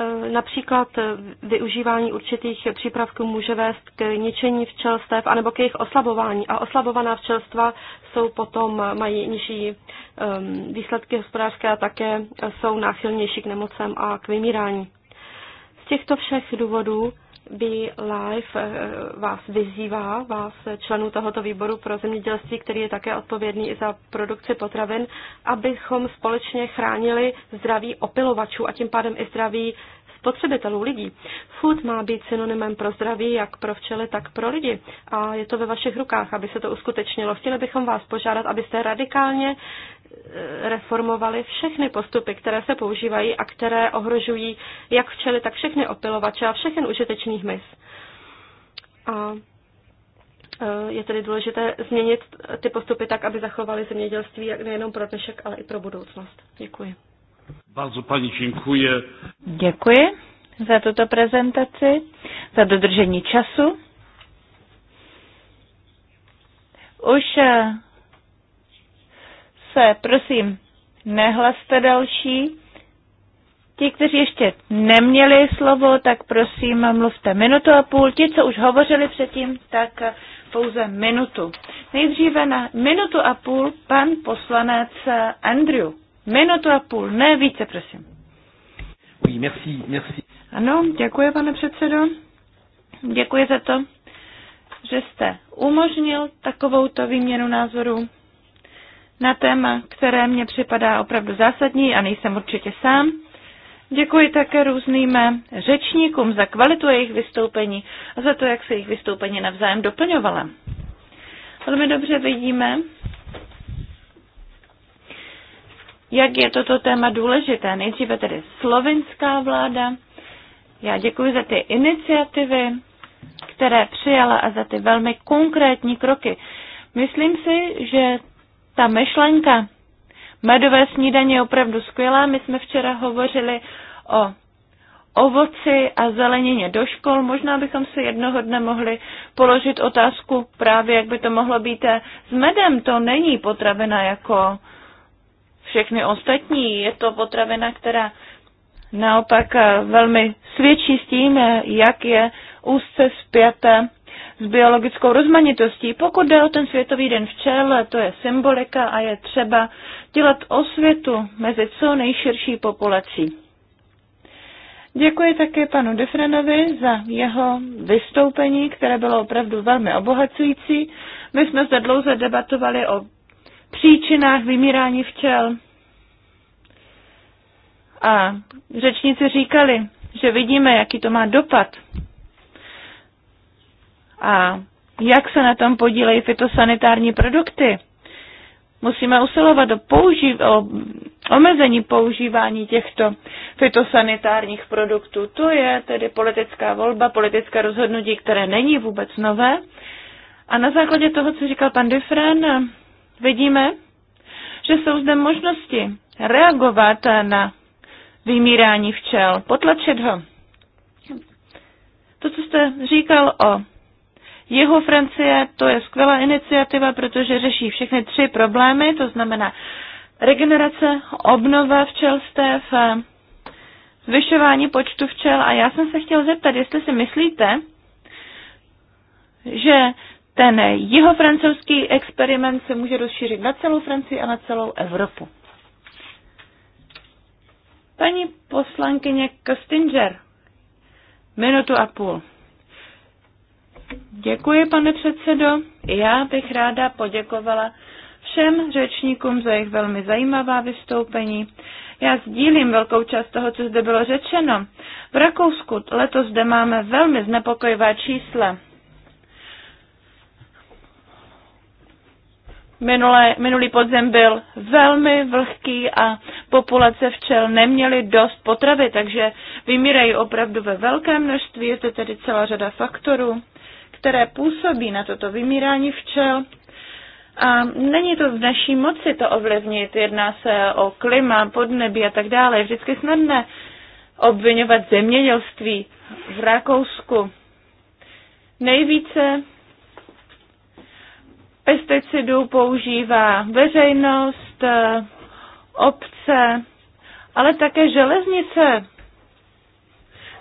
Eh, například eh, využívání určitých přípravků může vést k ničení včelstev anebo k jejich oslabování. A oslabovaná včelstva jsou potom, eh, mají nižší ehm, výsledky hospodářské a také jsou náchylnější k nemocem a k vymírání. Z těchto všech důvodů Be Life eh, vás vyzývá, vás eh, členů tohoto výboru pro zemědělství, který je také odpovědný i za produkci potravin, abychom společně chránili zdraví opilovačů a tím pádem i zdraví spotřebitelů, lidí. Food má být synonymem pro zdraví, jak pro včely, tak pro lidi. A je to ve vašich rukách, aby se to uskutečnilo. Chtěli bychom vás požádat, abyste radikálně eh, reformovali všechny postupy, které se používají a které ohrožují jak včely, tak všechny opilovače a všechny užitečných mys. A eh, je tedy důležité změnit ty postupy tak, aby zachovali zemědělství nejenom pro dnešek, ale i pro budoucnost. Děkuji. Bardzo pani děkuji. Děkuji za tuto prezentaci, za dodržení času. Už eh, se, prosím, nehlaste další. Ti, kteří ještě neměli slovo, tak prosím, mluvte minutu a půl. Ti, co už hovořili předtím, tak eh, pouze minutu. Nejdříve na minutu a půl pan poslanec eh, Andrew. Minutu a půl, ne více, prosím. Oui, merci, merci. Ano, děkuji, pane předsedo. Děkuji za to, že jste umožnil takovouto výměnu názorů na téma, které mně připadá opravdu zásadní a nejsem určitě sám. Děkuji také různým řečníkům za kvalitu jejich vystoupení a za to, jak se jejich vystoupení navzájem doplňovala. Velmi dobře vidíme, jak je toto téma důležité. Nejdříve tedy slovinská vláda. Já děkuji za ty iniciativy, které přijala a za ty velmi konkrétní kroky. Myslím si, že ta myšlenka medové snídaně je opravdu skvělá. My jsme včera hovořili o ovoci a zelenině do škol. Možná bychom si jednoho dne mohli položit otázku právě, jak by to mohlo být s medem. To není potravina jako všechny ostatní. Je to potravina, která naopak eh, velmi svědčí s tím, eh, jak je úzce zpěta s biologickou rozmanitostí. Pokud jde o ten Světový den včel, eh, to je symbolika a je třeba dělat osvětu mezi co nejširší populací. Děkuji také panu Defrenovi za jeho vystoupení, které bylo opravdu velmi obohacující. My jsme zde dlouze debatovali o příčinách vymírání včel, a řečníci říkali, že vidíme, jaký to má dopad a jak se na tom podílejí fitosanitární produkty. Musíme usilovat o, použi- o omezení používání těchto fitosanitárních produktů. To je tedy politická volba, politické rozhodnutí, které není vůbec nové. A na základě toho, co říkal pan Dufren, vidíme, že jsou zde možnosti reagovat na vymírání včel, potlačit ho. To, co jste říkal o jeho Francie, to je skvělá iniciativa, protože řeší všechny tři problémy, to znamená regenerace, obnova včelstev, zvyšování počtu včel. A já jsem se chtěl zeptat, jestli si myslíte, že ten jeho francouzský experiment se může rozšířit na celou Francii a na celou Evropu. Paní poslankyně Kostinger, minutu a půl. Děkuji, pane předsedo. Já bych ráda poděkovala všem řečníkům za jejich velmi zajímavá vystoupení. Já sdílím velkou část toho, co zde bylo řečeno. V Rakousku letos zde máme velmi znepokojivá čísla. Minulé, minulý podzem byl velmi vlhký a populace včel neměly dost potravy, takže vymírají opravdu ve velkém množství. Je to tedy celá řada faktorů, které působí na toto vymírání včel. A není to v naší moci to ovlivnit, jedná se o klima, podnebí a tak dále. Je vždycky snadné obvinovat zemědělství v Rakousku. Nejvíce pesticidů používá veřejnost, eh, obce, ale také železnice,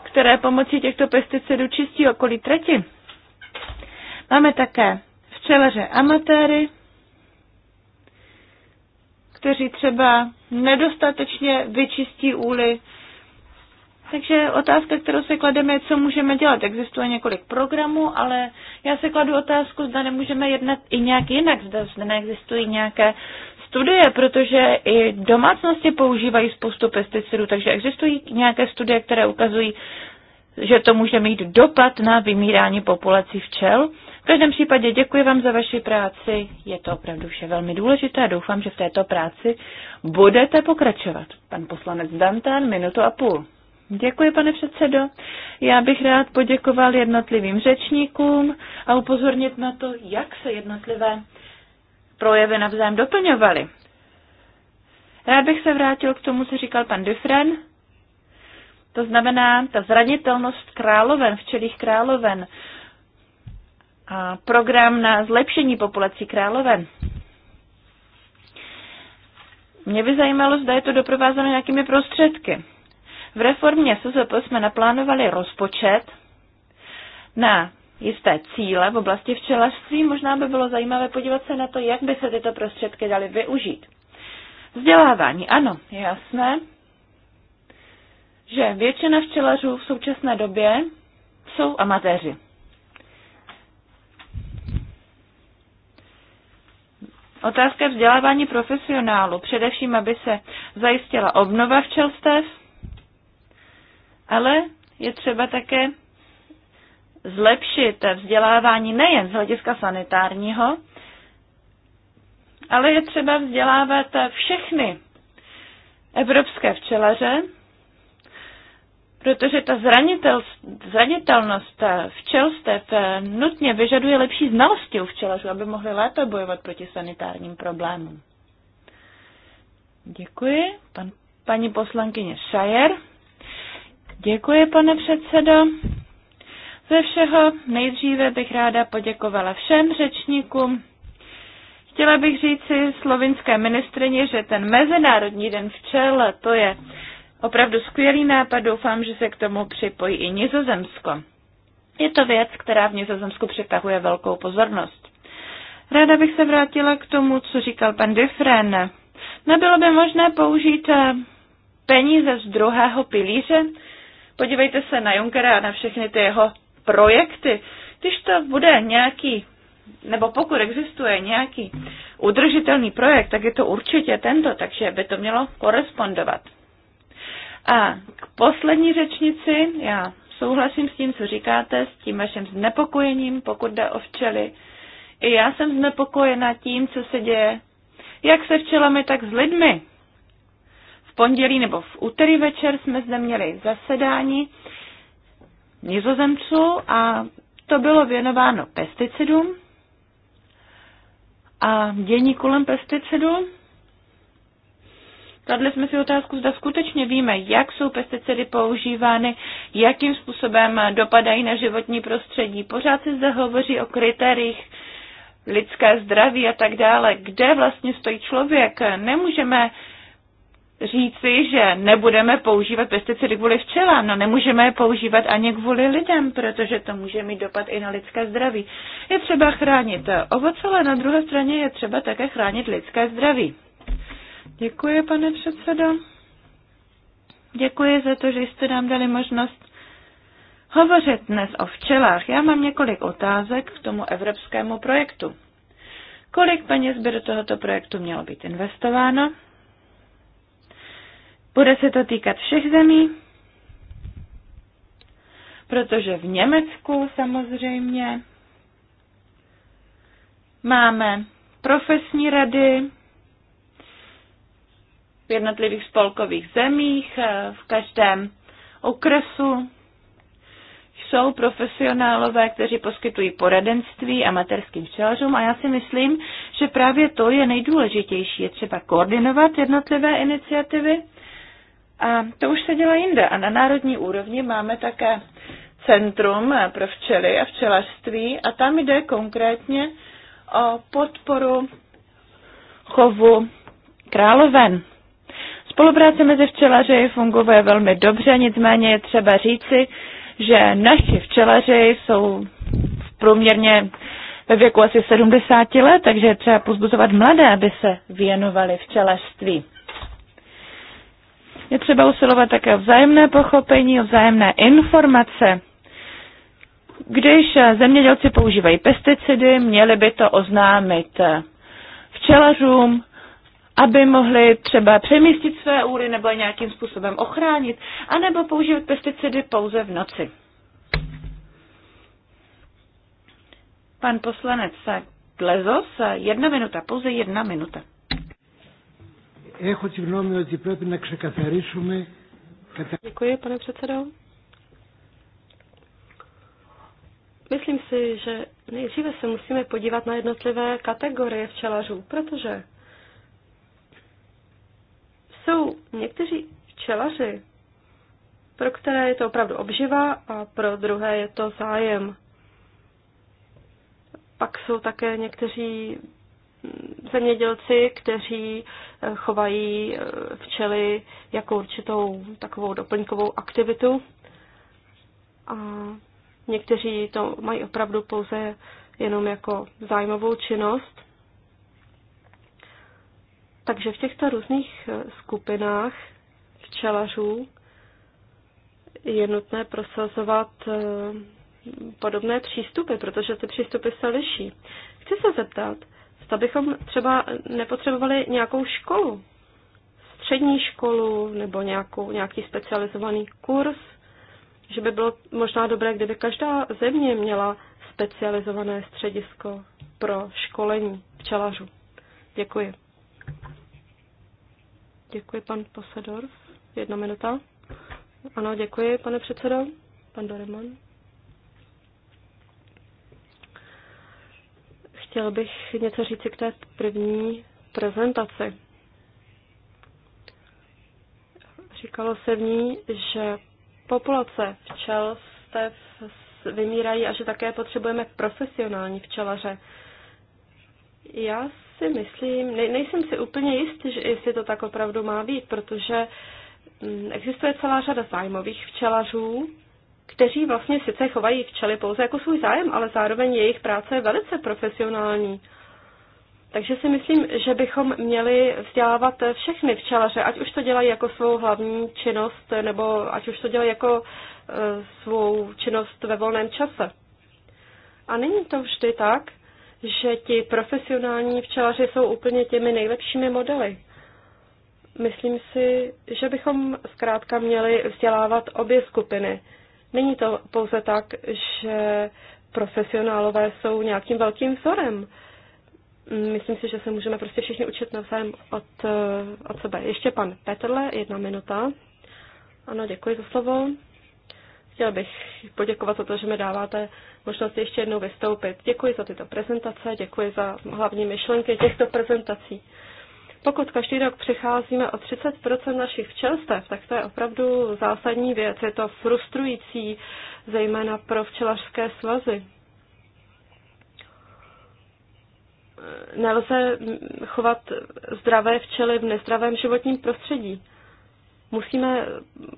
které pomocí těchto pesticidů čistí okolí trati. Máme také včelaře amatéry, kteří třeba nedostatečně vyčistí úly takže otázka, kterou se klademe, je, co můžeme dělat. Existuje několik programů, ale já se kladu otázku, zda nemůžeme jednat i nějak jinak, zda zde neexistují nějaké studie, protože i domácnosti používají spoustu pesticidů, takže existují nějaké studie, které ukazují, že to může mít dopad na vymírání populací včel. V každém případě děkuji vám za vaši práci, je to opravdu vše velmi důležité a doufám, že v této práci budete pokračovat. Pan poslanec Dantan, minutu a půl. Děkuji, pane předsedo. Já bych rád poděkoval jednotlivým řečníkům a upozornit na to, jak se jednotlivé projevy navzájem doplňovaly. Rád bych se vrátil k tomu, co říkal pan Dufren. To znamená, ta zranitelnost královen, včelých královen. A program na zlepšení populací královen. Mě by zajímalo, zda je to doprovázeno nějakými prostředky. V reformě SZP jsme naplánovali rozpočet na jisté cíle v oblasti včelařství. Možná by bylo zajímavé podívat se na to, jak by se tyto prostředky daly využít. Vzdělávání, ano, je jasné, že většina včelařů v současné době jsou amatéři. Otázka vzdělávání profesionálu, především aby se zajistila obnova včelstev, ale je třeba také zlepšit vzdělávání nejen z hlediska sanitárního, ale je třeba vzdělávat všechny evropské včelaře, protože ta zranitel, zranitelnost včelstev nutně vyžaduje lepší znalosti u včelařů, aby mohli lépe bojovat proti sanitárním problémům. Děkuji. Pan, paní poslankyně Šajer. Děkuji, pane předsedo. Ze všeho nejdříve bych ráda poděkovala všem řečníkům. Chtěla bych říci slovinské ministrině, že ten Mezinárodní den včel, to je opravdu skvělý nápad, doufám, že se k tomu připojí i Nizozemsko. Je to věc, která v Nizozemsku přitahuje velkou pozornost. Ráda bych se vrátila k tomu, co říkal pan Dufren. Nebylo by možné použít eh, peníze z druhého pilíře, Podívejte se na Junckera a na všechny ty jeho projekty. Když to bude nějaký, nebo pokud existuje nějaký udržitelný projekt, tak je to určitě tento, takže by to mělo korespondovat. A k poslední řečnici, já souhlasím s tím, co říkáte, s tím vaším znepokojením, pokud jde o včely. I já jsem znepokojena tím, co se děje, jak se včelami, tak s lidmi pondělí nebo v úterý večer jsme zde měli zasedání nizozemců a to bylo věnováno pesticidům a dění kolem pesticidů. Kladli jsme si otázku, zda skutečně víme, jak jsou pesticidy používány, jakým způsobem dopadají na životní prostředí. Pořád se zde hovoří o kritériích lidské zdraví a tak dále. Kde vlastně stojí člověk? Nemůžeme říci, že nebudeme používat pesticidy kvůli včelám. No nemůžeme je používat ani kvůli lidem, protože to může mít dopad i na lidské zdraví. Je třeba chránit ovoce, ale na druhé straně je třeba také chránit lidské zdraví. Děkuji, pane předsedo. Děkuji za to, že jste nám dali možnost hovořit dnes o včelách. Já mám několik otázek k tomu evropskému projektu. Kolik peněz by do tohoto projektu mělo být investováno? Bude se to týkat všech zemí, protože v Německu samozřejmě máme profesní rady v jednotlivých spolkových zemích, eh, v každém okresu jsou profesionálové, kteří poskytují poradenství amatérským včelařům a já si myslím, že právě to je nejdůležitější. Je třeba koordinovat jednotlivé iniciativy a to už se dělá jinde. A na národní úrovni máme také centrum pro včely a včelařství a tam jde konkrétně o podporu chovu královen. Spolupráce mezi včelaři funguje velmi dobře, nicméně je třeba říci, že naši včelaři jsou v průměrně ve věku asi 70 let, takže je třeba pozbuzovat mladé, aby se věnovali včelařství. Je třeba usilovat také o vzájemné pochopení, o vzájemné informace. Když zemědělci používají pesticidy, měli by to oznámit včelařům, aby mohli třeba přemístit své úry nebo je nějakým způsobem ochránit, anebo používat pesticidy pouze v noci. Pan poslanec Glezos, jedna minuta, pouze jedna minuta. Έχω τη γνώμη ότι πρέπει να ξεκαθαρίσουμε Děkuji, pane předsedo. Myslím si, že nejdříve se musíme podívat na jednotlivé kategorie včelařů, protože jsou někteří včelaři, pro které je to opravdu obživa a pro druhé je to zájem. Pak jsou také někteří zemědělci, kteří eh, chovají eh, včely jako určitou takovou doplňkovou aktivitu. A někteří to mají opravdu pouze jenom jako zájmovou činnost. Takže v těchto různých eh, skupinách včelařů je nutné prosazovat podobné přístupy, protože ty přístupy se liší. Chci se zeptat, Zda bychom třeba nepotřebovali nějakou školu, střední školu nebo nějakou, nějaký specializovaný kurz, že by bylo možná dobré, kdyby každá země měla specializované středisko pro školení včelařů. Děkuji. Děkuji, pan posedor. Jedna minuta. Ano, děkuji, pane předsedo. Pan Doreman. Chtěl bych něco říci k té první prezentaci. Říkalo se v ní, že populace včel stev vymírají a že také potřebujeme profesionální včelaře. Já si myslím, ne, nejsem si úplně jistý, že jestli to tak opravdu má být, protože mm, existuje celá řada zájmových včelařů, kteří vlastně sice chovají včely pouze jako svůj zájem, ale zároveň jejich práce je velice profesionální. Takže si myslím, že bychom měli vzdělávat všechny včelaře, ať už to dělají jako svou hlavní činnost, nebo ať už to dělají jako e, svou činnost ve volném čase. A není to vždy tak, že ti profesionální včelaři jsou úplně těmi nejlepšími modely. Myslím si, že bychom zkrátka měli vzdělávat obě skupiny Není to pouze tak, že profesionálové jsou nějakým velkým vzorem. Myslím si, že se můžeme prostě všichni učit navzájem od, eh, od sebe. Ještě pan Petrle, jedna minuta. Ano, děkuji za slovo. Chtěl bych poděkovat za to, že mi dáváte možnost ještě jednou vystoupit. Děkuji za tyto prezentace, děkuji za hlavní myšlenky těchto prezentací. Pokud každý rok přicházíme o 30% našich včelstev, tak to je opravdu zásadní věc. Je to frustrující, zejména pro včelařské svazy. Nelze chovat zdravé včely v nezdravém životním prostředí. Musíme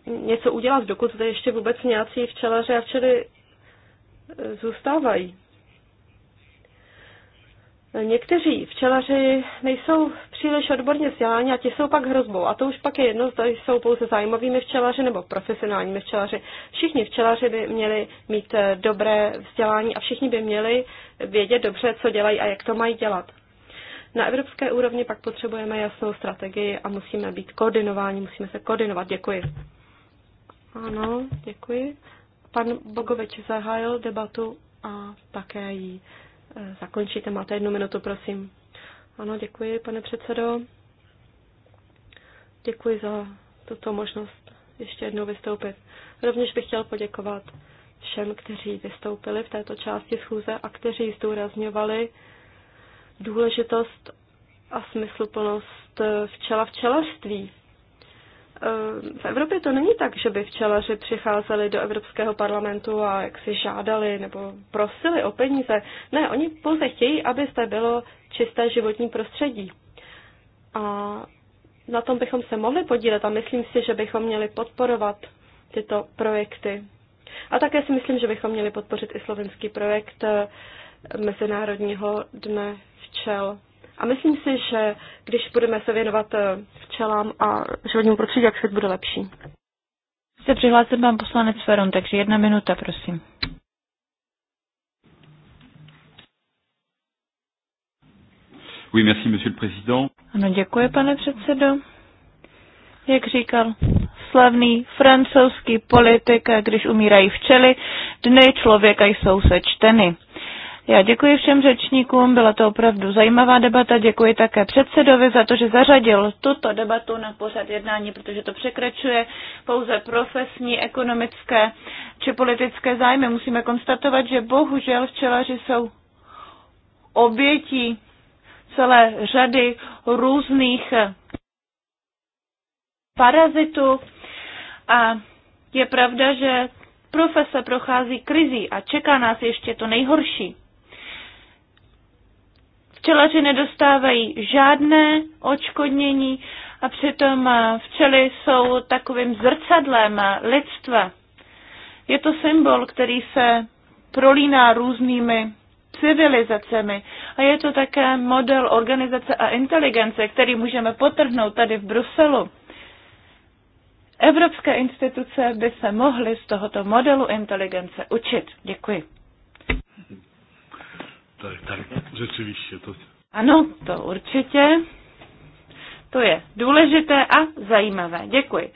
něco udělat, dokud zde ještě vůbec nějací včelaři a včely zůstávají. Někteří včelaři nejsou příliš odborně vzděláni a ti jsou pak hrozbou. A to už pak je jedno, zda jsou pouze zájmovými včelaři nebo profesionálními včelaři. Všichni včelaři by měli mít eh, dobré vzdělání a všichni by měli vědět dobře, co dělají a jak to mají dělat. Na evropské úrovni pak potřebujeme jasnou strategii a musíme být koordinováni, musíme se koordinovat. Děkuji. Ano, děkuji. Pan Bogoveč zahájil debatu a také ji zakončíte. Máte jednu minutu, prosím. Ano, děkuji, pane předsedo. Děkuji za tuto možnost ještě jednou vystoupit. Rovněž bych chtěl poděkovat všem, kteří vystoupili v této části schůze a kteří zdůrazňovali důležitost a smysluplnost včela včelařství. Eh, v Evropě to není tak, že by včelaři přicházeli do Evropského parlamentu a jak si žádali nebo prosili o peníze. Ne, oni pouze chtějí, aby zde bylo čisté životní prostředí. A na tom bychom se mohli podílet a myslím si, že bychom měli podporovat tyto projekty. A také si myslím, že bychom měli podpořit i slovenský projekt eh, Mezinárodního dne včel. A myslím si, že když budeme se věnovat eh, včelám a životnímu prostředí, jak svět bude lepší. Se přihlásil pan poslanec Feron, takže jedna minuta, prosím. Oui, merci, monsieur le président. Ano, děkuji, pane předsedo. Jak říkal slavný francouzský politik, když umírají včely, dny člověka jsou sečteny. Já děkuji všem řečníkům, byla to opravdu zajímavá debata. Děkuji také předsedovi za to, že zařadil tuto debatu na pořad jednání, protože to překračuje pouze profesní, ekonomické či politické zájmy. Musíme konstatovat, že bohužel včelaři jsou obětí celé řady různých parazitů a je pravda, že profese prochází krizí a čeká nás ještě to nejhorší včelaři nedostávají žádné očkodnění a přitom eh, včely jsou takovým zrcadlem lidstva. Je to symbol, který se prolíná různými civilizacemi a je to také model organizace a inteligence, který můžeme potrhnout tady v Bruselu. Evropské instituce by se mohly z tohoto modelu inteligence učit. Děkuji tak, tak, řečivíště to. Ano, to určitě. To je důležité a zajímavé. Děkuji.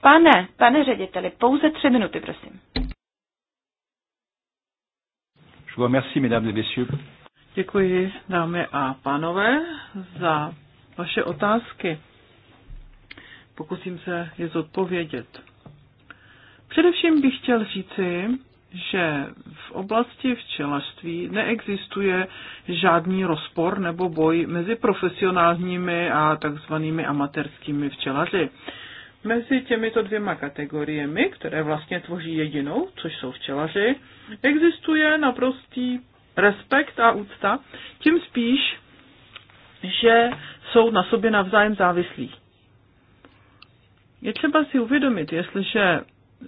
Pane, pane řediteli, pouze tři minuty, prosím. Děkuji, dámy a pánové, za vaše otázky. Pokusím se je zodpovědět. Především bych chtěl říci, že v oblasti včelařství neexistuje žádný rozpor nebo boj mezi profesionálními a takzvanými amatérskými včelaři. Mezi těmito dvěma kategoriemi, které vlastně tvoří jedinou, což jsou včelaři, existuje naprostý respekt a úcta, tím spíš, že jsou na sobě navzájem závislí. Je třeba si uvědomit, jestliže Eh,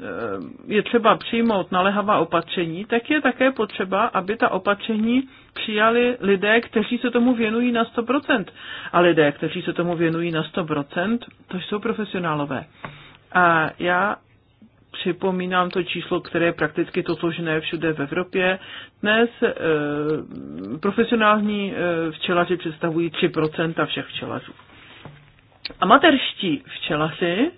je třeba přijmout naléhavá opatření, tak je také potřeba, aby ta opatření přijali lidé, kteří se tomu věnují na 100%. A lidé, kteří se tomu věnují na 100%, to jsou profesionálové. A já připomínám to číslo, které je prakticky totožné všude v Evropě. Dnes e, profesionální e, včelaři představují 3% všech včelařů. Amatérští včelaři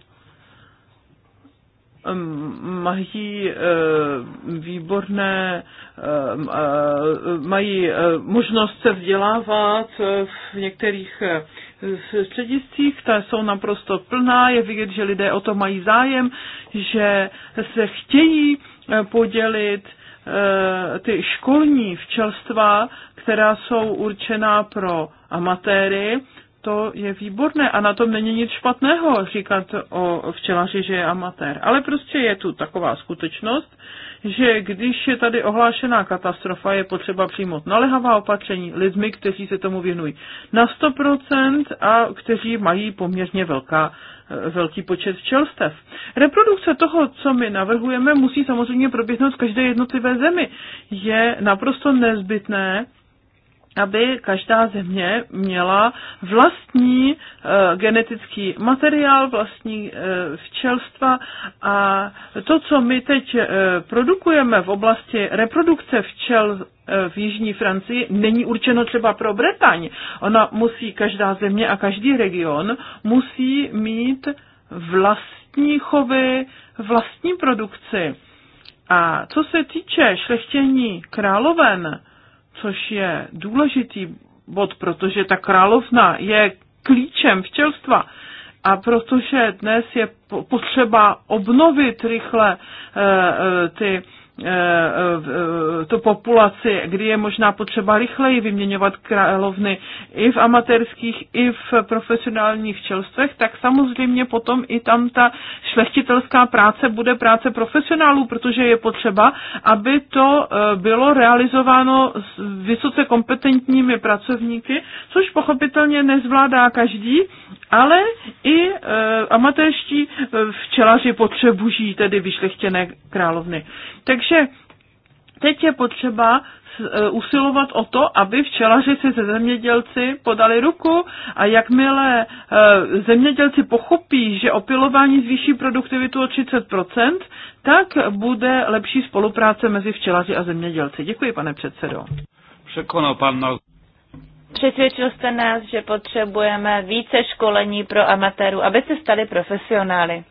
Ehm, mají ehm, výborné, ehm, mají možnost se vzdělávat v některých střediscích, ta jsou naprosto plná, je vidět, že lidé o to mají zájem, že se chtějí podělit ty školní včelstva, která jsou určená pro amatéry to je výborné a na tom není nic špatného říkat o včelaři, že je amatér. Ale prostě je tu taková skutečnost, že když je tady ohlášená katastrofa, je potřeba přijmout naléhavá opatření lidmi, kteří se tomu věnují na 100% a kteří mají poměrně velká, eh, velký počet včelstev. Reprodukce toho, co my navrhujeme, musí samozřejmě proběhnout v každé jednotlivé zemi. Je naprosto nezbytné, aby každá země měla vlastní e, genetický materiál, vlastní e, včelstva a to, co my teď e, produkujeme v oblasti reprodukce včel e, v Jižní Francii, není určeno třeba pro Bretaň. Ona musí, každá země a každý region musí mít vlastní chovy, vlastní produkci. A co se týče šlechtění královen, což je důležitý bod, protože ta královna je klíčem včelstva. A protože dnes je potřeba obnovit rychle eh, eh, ty Eh, tu populaci, kdy je možná potřeba rychleji vyměňovat královny i v amatérských, i v profesionálních čelstvech, tak samozřejmě potom i tam ta šlechtitelská práce bude práce profesionálů, protože je potřeba, aby to eh, bylo realizováno s vysoce kompetentními pracovníky, což pochopitelně nezvládá každý, ale i eh, amatérští včelaři potřebují tedy vyšlechtěné královny. Takže takže teď je potřeba e, usilovat o to, aby včelaři si se zemědělci podali ruku a jakmile e, zemědělci pochopí, že opilování zvýší produktivitu o 30%, tak bude lepší spolupráce mezi včelaři a zemědělci. Děkuji, pane předsedo. Překonal pan nás. Přesvědčil jste nás, že potřebujeme více školení pro amatérů, aby se stali profesionály.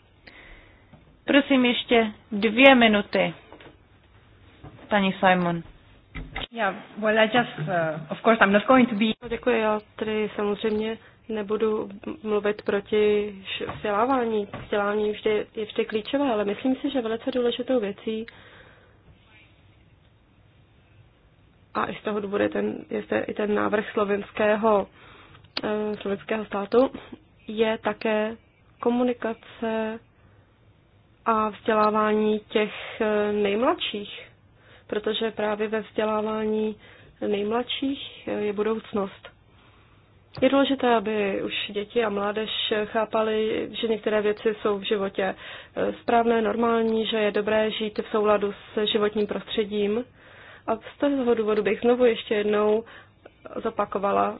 Prosím ještě dvě minuty Paní Simon. Yeah, well, I just, uh, of course, I'm not going to be... No, děkuji, já tedy samozřejmě nebudu mluvit proti vzdělávání. Vzdělávání vždy, je vždy klíčové, ale myslím si, že velice důležitou věcí a i z toho důvodu je, ten, je zde i ten návrh slovenského, uh, eh, slovenského státu, je také komunikace a vzdělávání těch eh, nejmladších protože právě ve vzdělávání nejmladších je budoucnost. Je důležité, aby už děti a mládež chápali, že některé věci jsou v životě eh, správné, normální, že je dobré žít v souladu s životním prostředím. A z toho důvodu bych znovu ještě jednou zopakovala,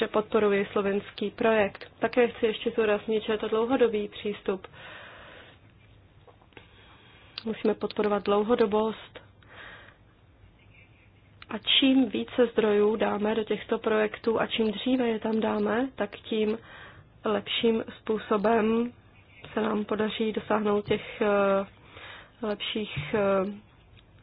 že podporuji slovenský projekt. Také chci ještě zúraznit, že je to dlouhodobý přístup. Musíme podporovat dlouhodobost a čím více zdrojů dáme do těchto projektů a čím dříve je tam dáme, tak tím lepším způsobem se nám podaří dosáhnout těch eh, lepších eh,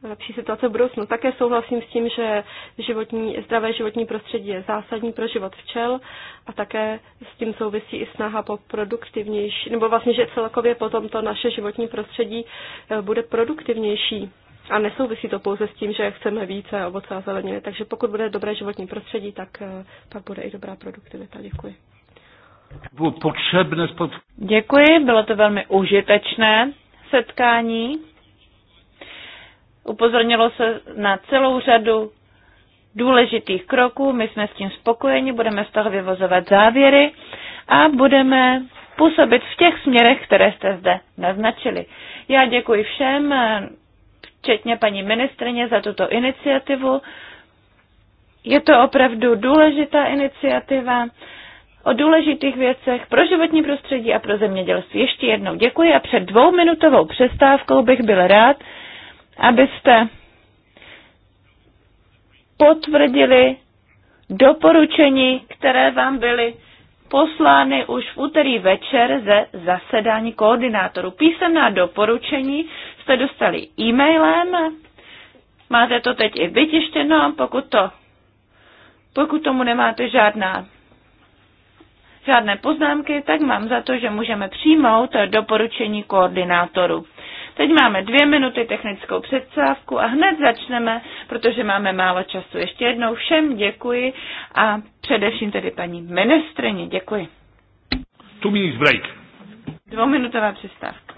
lepší situace v budoucnu. Také souhlasím s tím, že životní, zdravé životní prostředí je zásadní pro život včel a také s tím souvisí i snaha po produktivnější, nebo vlastně, že celkově potom to naše životní prostředí eh, bude produktivnější. A nesouvisí to pouze s tím, že chceme více ovoce a zeleniny. Takže pokud bude dobré životní prostředí, tak eh, pak bude i dobrá produktivita. Děkuji. Bylo potřebné spod... Děkuji, bylo to velmi užitečné setkání. Upozornilo se na celou řadu důležitých kroků, my jsme s tím spokojeni, budeme z toho vyvozovat závěry a budeme působit v těch směrech, které jste zde naznačili. Já děkuji všem včetně paní ministrině za tuto iniciativu. Je to opravdu důležitá iniciativa o důležitých věcech pro životní prostředí a pro zemědělství. Ještě jednou děkuji a před dvouminutovou přestávkou bych byl rád, abyste potvrdili doporučení, které vám byly poslány už v úterý večer ze zasedání koordinátorů. Písemná doporučení jste dostali e-mailem, máte to teď i vytištěno, pokud to, pokud tomu nemáte žádná žádné poznámky, tak mám za to, že můžeme přijmout doporučení koordinátoru. Teď máme dvě minuty technickou předsávku a hned začneme, protože máme málo času. Ještě jednou všem děkuji a především tedy paní ministrině děkuji. Two minutes break. Dvouminutová přestávka.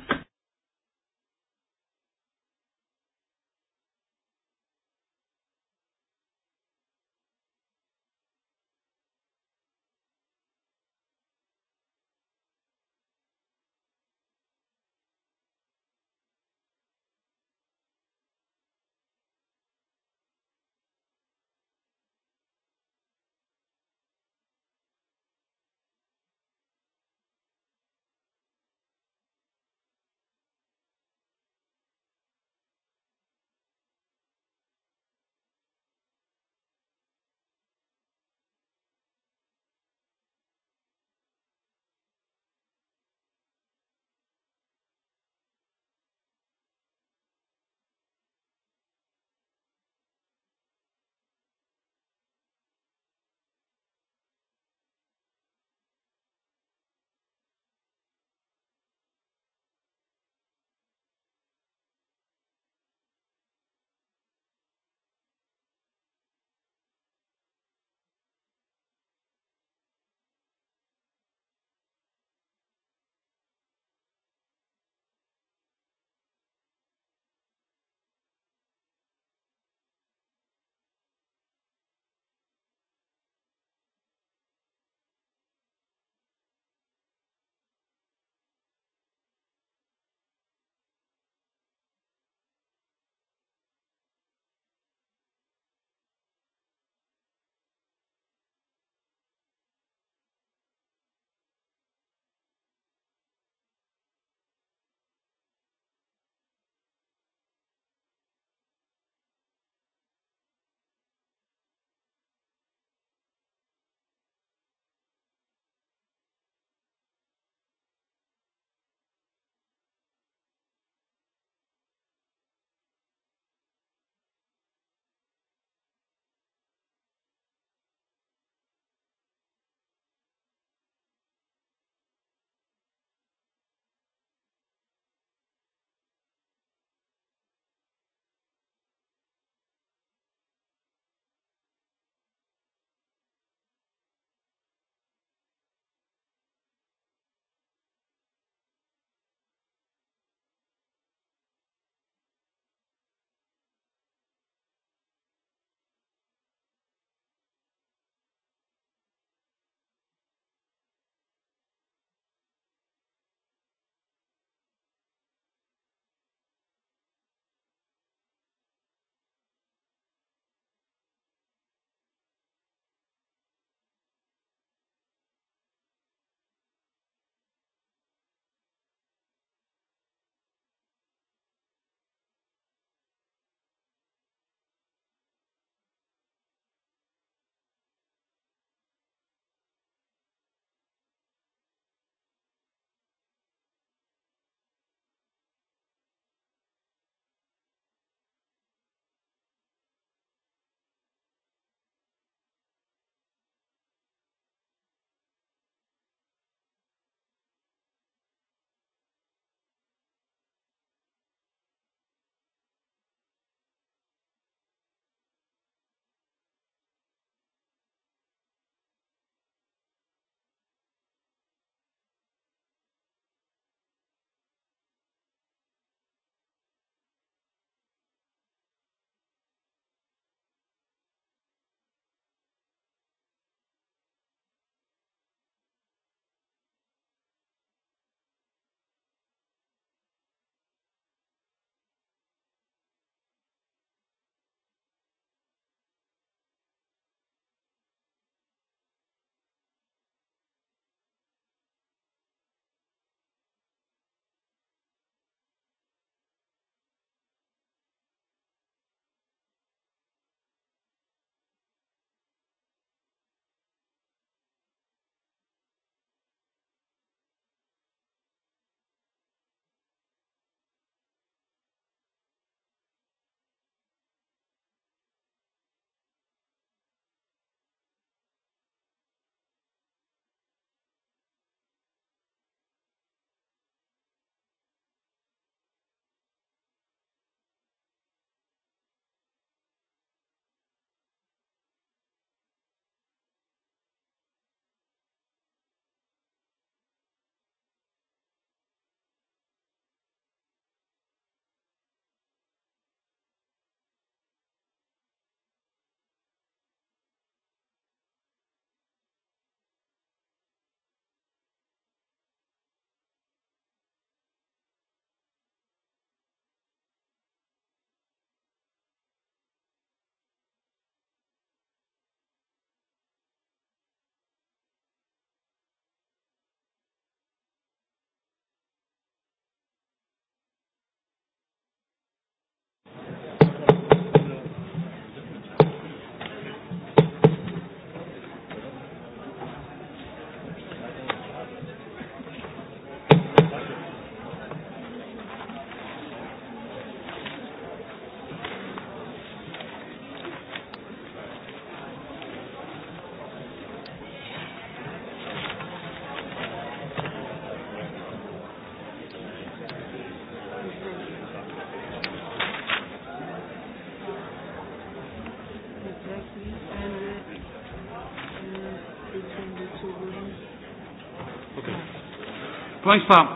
Państwa,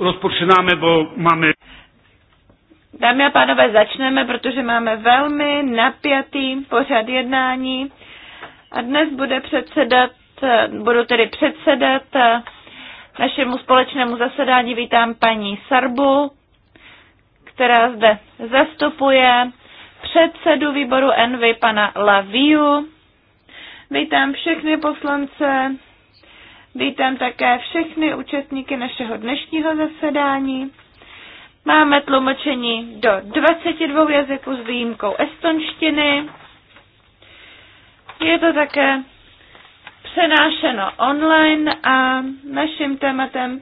rozpoczynamy, bo mamy... Dámy a pánové, začneme, protože máme velmi napjatý pořad jednání a dnes bude předsedat, budu tedy předsedat našemu společnému zasedání. Vítám paní Sarbu, která zde zastupuje předsedu výboru Envy pana Laviu. Vítám všechny poslance Vítám také všechny účastníky našeho dnešního zasedání. Máme tlumočení do 22 jazyků s výjimkou estonštiny. Je to také přenášeno online a naším tématem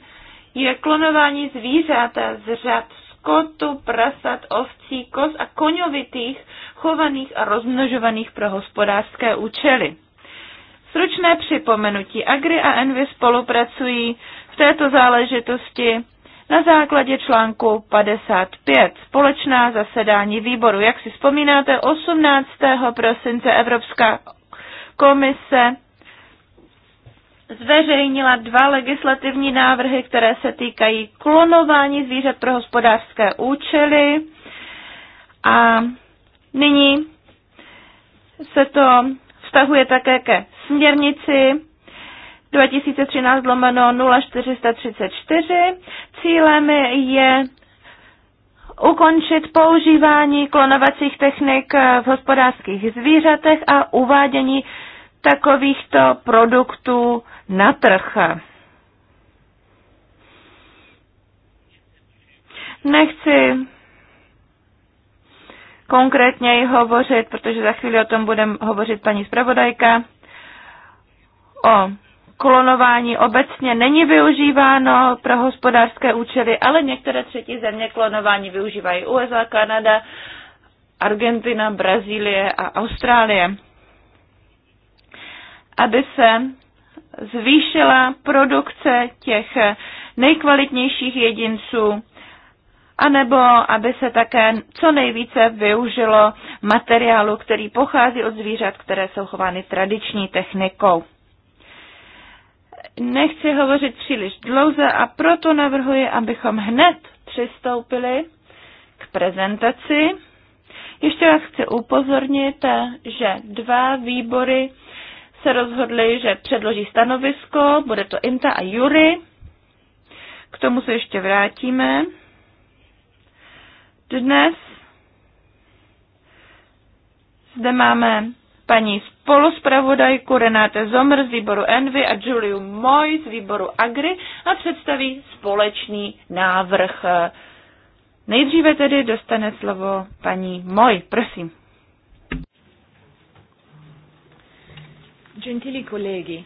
je klonování zvířat z řad skotu, prasat, ovcí, koz a koňovitých chovaných a rozmnožovaných pro hospodářské účely. Stručné připomenutí. Agri a Envy spolupracují v této záležitosti na základě článku 55. Společná zasedání výboru. Jak si vzpomínáte, 18. prosince Evropská komise zveřejnila dva legislativní návrhy, které se týkají klonování zvířat pro hospodářské účely. A nyní se to vztahuje také ke směrnici 2013 lomeno 0434. Cílem je ukončit používání klonovacích technik v hospodářských zvířatech a uvádění takovýchto produktů na trh. Nechci konkrétněji hovořit, protože za chvíli o tom bude hovořit paní zpravodajka o klonování obecně není využíváno pro hospodářské účely, ale některé třetí země klonování využívají USA, Kanada, Argentina, Brazílie a Austrálie. Aby se zvýšila produkce těch nejkvalitnějších jedinců, anebo aby se také co nejvíce využilo materiálu, který pochází od zvířat, které jsou chovány tradiční technikou nechci hovořit příliš dlouze a proto navrhuji, abychom hned přistoupili k prezentaci. Ještě vás chci upozornit, že dva výbory se rozhodly, že předloží stanovisko, bude to Inta a Jury. K tomu se ještě vrátíme. Dnes zde máme paní spoluspravodajku Renáte Zomr z výboru Envy a Juliu Moj z výboru Agri a představí společný návrh. Nejdříve tedy dostane slovo paní Moj, prosím. Gentili kolegy,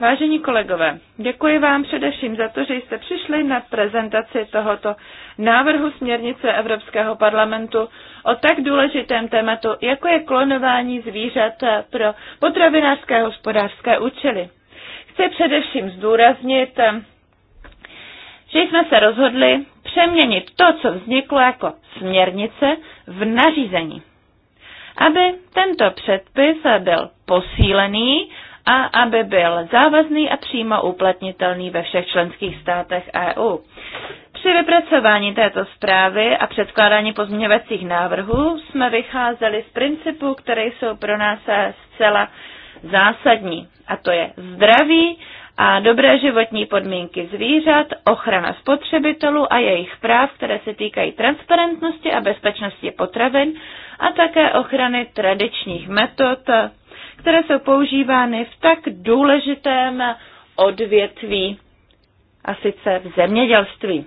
Vážení kolegové, děkuji vám především za to, že jste přišli na prezentaci tohoto návrhu směrnice Evropského parlamentu o tak důležitém tématu, jako je klonování zvířat pro potravinářské hospodářské účely. Chci především zdůraznit, že jsme se rozhodli přeměnit to, co vzniklo jako směrnice, v nařízení. Aby tento předpis byl posílený, a aby byl závazný a přímo uplatnitelný ve všech členských státech EU. Při vypracování této zprávy a předkládání pozměňovacích návrhů jsme vycházeli z principů, které jsou pro nás zcela zásadní, a to je zdraví a dobré životní podmínky zvířat, ochrana spotřebitelů a jejich práv, které se týkají transparentnosti a bezpečnosti potravin a také ochrany tradičních metod které jsou používány v tak důležitém odvětví, a sice v zemědělství.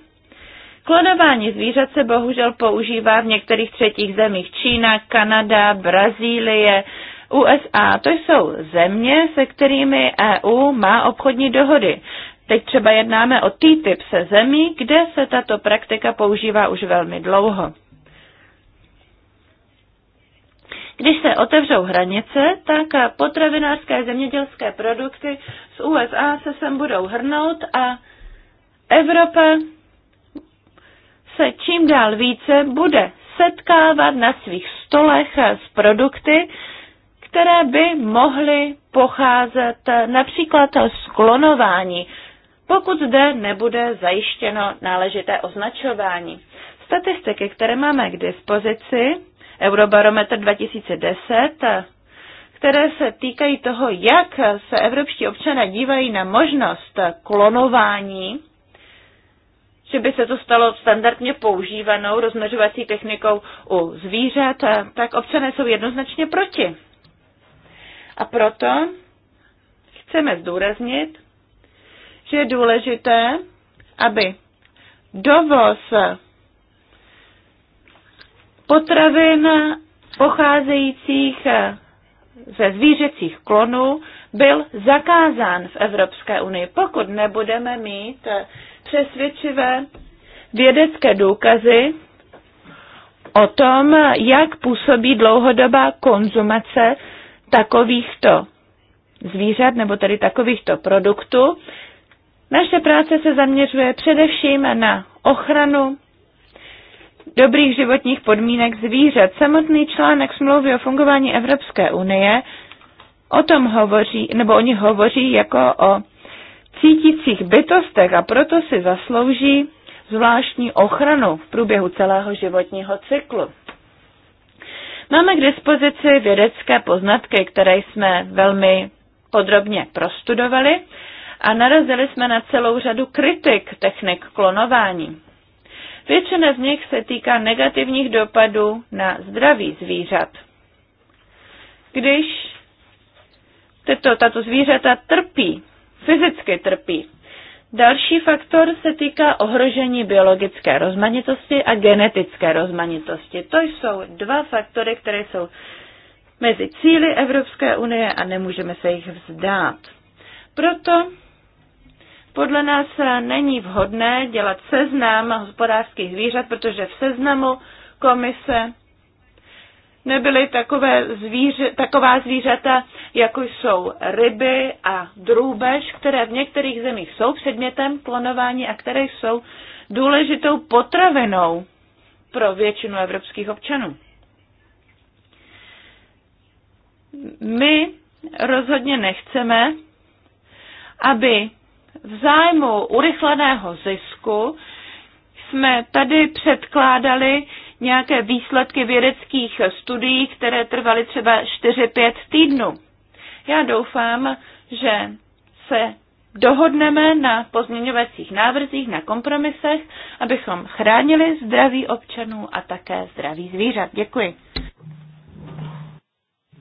Klonování zvířat se bohužel používá v některých třetích zemích Čína, Kanada, Brazílie, USA. To jsou země, se kterými EU má obchodní dohody. Teď třeba jednáme o TTIP se zemí, kde se tato praktika používá už velmi dlouho. Když se otevřou hranice, tak potravinářské a zemědělské produkty z USA se sem budou hrnout a Evropa se čím dál více bude setkávat na svých stolech s produkty, které by mohly pocházet například z klonování, pokud zde nebude zajištěno náležité označování. Statistiky, které máme k dispozici, Eurobarometr 2010, které se týkají toho, jak se evropští občané dívají na možnost klonování, že by se to stalo standardně používanou rozmnožovací technikou u zvířat, tak občané jsou jednoznačně proti. A proto chceme zdůraznit, že je důležité, aby dovoz potravin pocházejících eh, ze zvířecích klonů byl zakázán v Evropské unii. Pokud nebudeme mít eh, přesvědčivé vědecké důkazy o tom, jak působí dlouhodobá konzumace takovýchto zvířat nebo tedy takovýchto produktů, naše práce se zaměřuje především na ochranu dobrých životních podmínek zvířat. Samotný článek smlouvy o fungování Evropské unie o tom hovoří, nebo oni hovoří jako o cítících bytostech a proto si zaslouží zvláštní ochranu v průběhu celého životního cyklu. Máme k dispozici vědecké poznatky, které jsme velmi podrobně prostudovali a narazili jsme na celou řadu kritik technik klonování. Většina z nich se týká negativních dopadů na zdraví zvířat. Když tyto, tato zvířata trpí, fyzicky trpí, Další faktor se týká ohrožení biologické rozmanitosti a genetické rozmanitosti. To jsou dva faktory, které jsou mezi cíly Evropské unie a nemůžeme se jich vzdát. Proto podle nás není vhodné dělat seznam hospodářských zvířat, protože v seznamu komise nebyly takové zvíře, taková zvířata, jako jsou ryby a drůbež, které v některých zemích jsou předmětem klonování a které jsou důležitou potravinou pro většinu evropských občanů. My rozhodně nechceme, aby v zájmu urychleného zisku jsme tady předkládali nějaké výsledky vědeckých studií, které trvaly třeba 4-5 týdnů. Já doufám, že se dohodneme na pozměňovacích návrzích, na kompromisech, abychom chránili zdraví občanů a také zdraví zvířat. Děkuji.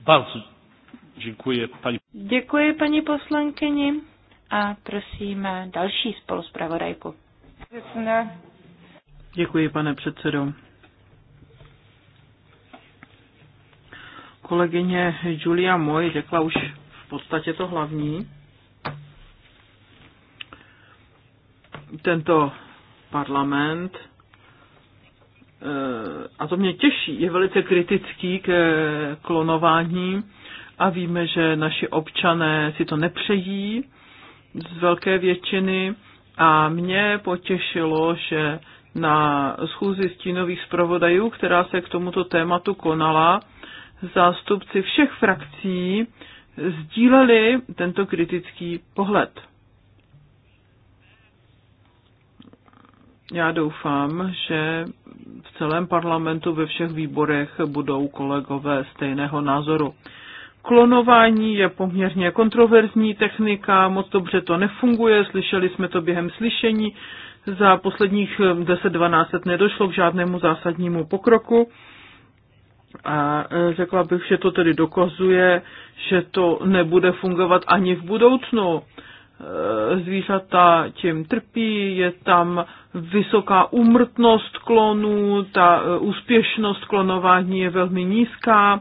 Bardzo děkuji, paní... Děkuji, paní poslankyni. A prosím další spoluspravodajku. Děkuji, pane předsedo. Kolegyně Julia Moy řekla už v podstatě to hlavní. Tento parlament eh, a to mě těší, je velice kritický k klonování a víme, že naši občané si to nepřejí z velké většiny a mě potěšilo, že na schůzi stínových zpravodajů, která se k tomuto tématu konala, zástupci všech frakcí sdíleli tento kritický pohled. Já doufám, že v celém parlamentu ve všech výborech budou kolegové stejného názoru. Klonování je poměrně kontroverzní technika, moc dobře to nefunguje, slyšeli jsme to během slyšení. Za posledních 10-12 hm, let nedošlo k žádnému zásadnímu pokroku. A e, řekla bych, že to tedy dokazuje, že to nebude fungovat ani v budoucnu. Eh, zvířata tím trpí, je tam vysoká úmrtnost klonů, ta eh, úspěšnost klonování je velmi nízká.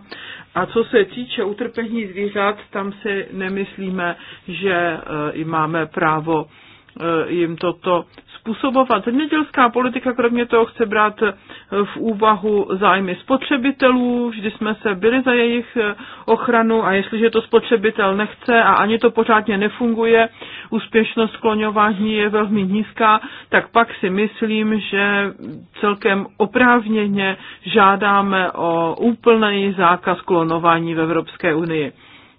A co se týče utrpení zvířat, tam si nemyslíme, že eh, i máme právo Eh, jim toto způsobovat. Zemědělská politika kromě toho chce brát eh, v úvahu zájmy spotřebitelů, vždy jsme se byli za jejich eh, ochranu a jestliže to spotřebitel nechce a ani to pořádně nefunguje, úspěšnost skloňování je velmi nízká, tak pak si myslím, že celkem oprávněně žádáme o úplný zákaz klonování v Evropské unii.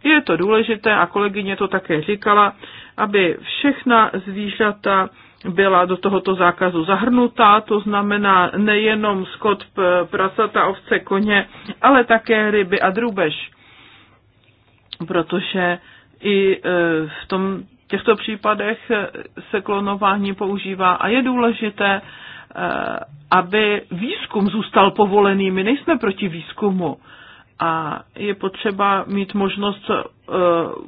Je to důležité, a kolegyně to také říkala, aby všechna zvířata byla do tohoto zákazu zahrnutá, to znamená nejenom skot, prasata, ovce, koně, ale také ryby a drůbež. Protože i e, v tom, těchto případech se klonování používá a je důležité, e, aby výzkum zůstal povolený. My nejsme proti výzkumu, a je potřeba mít možnost eh,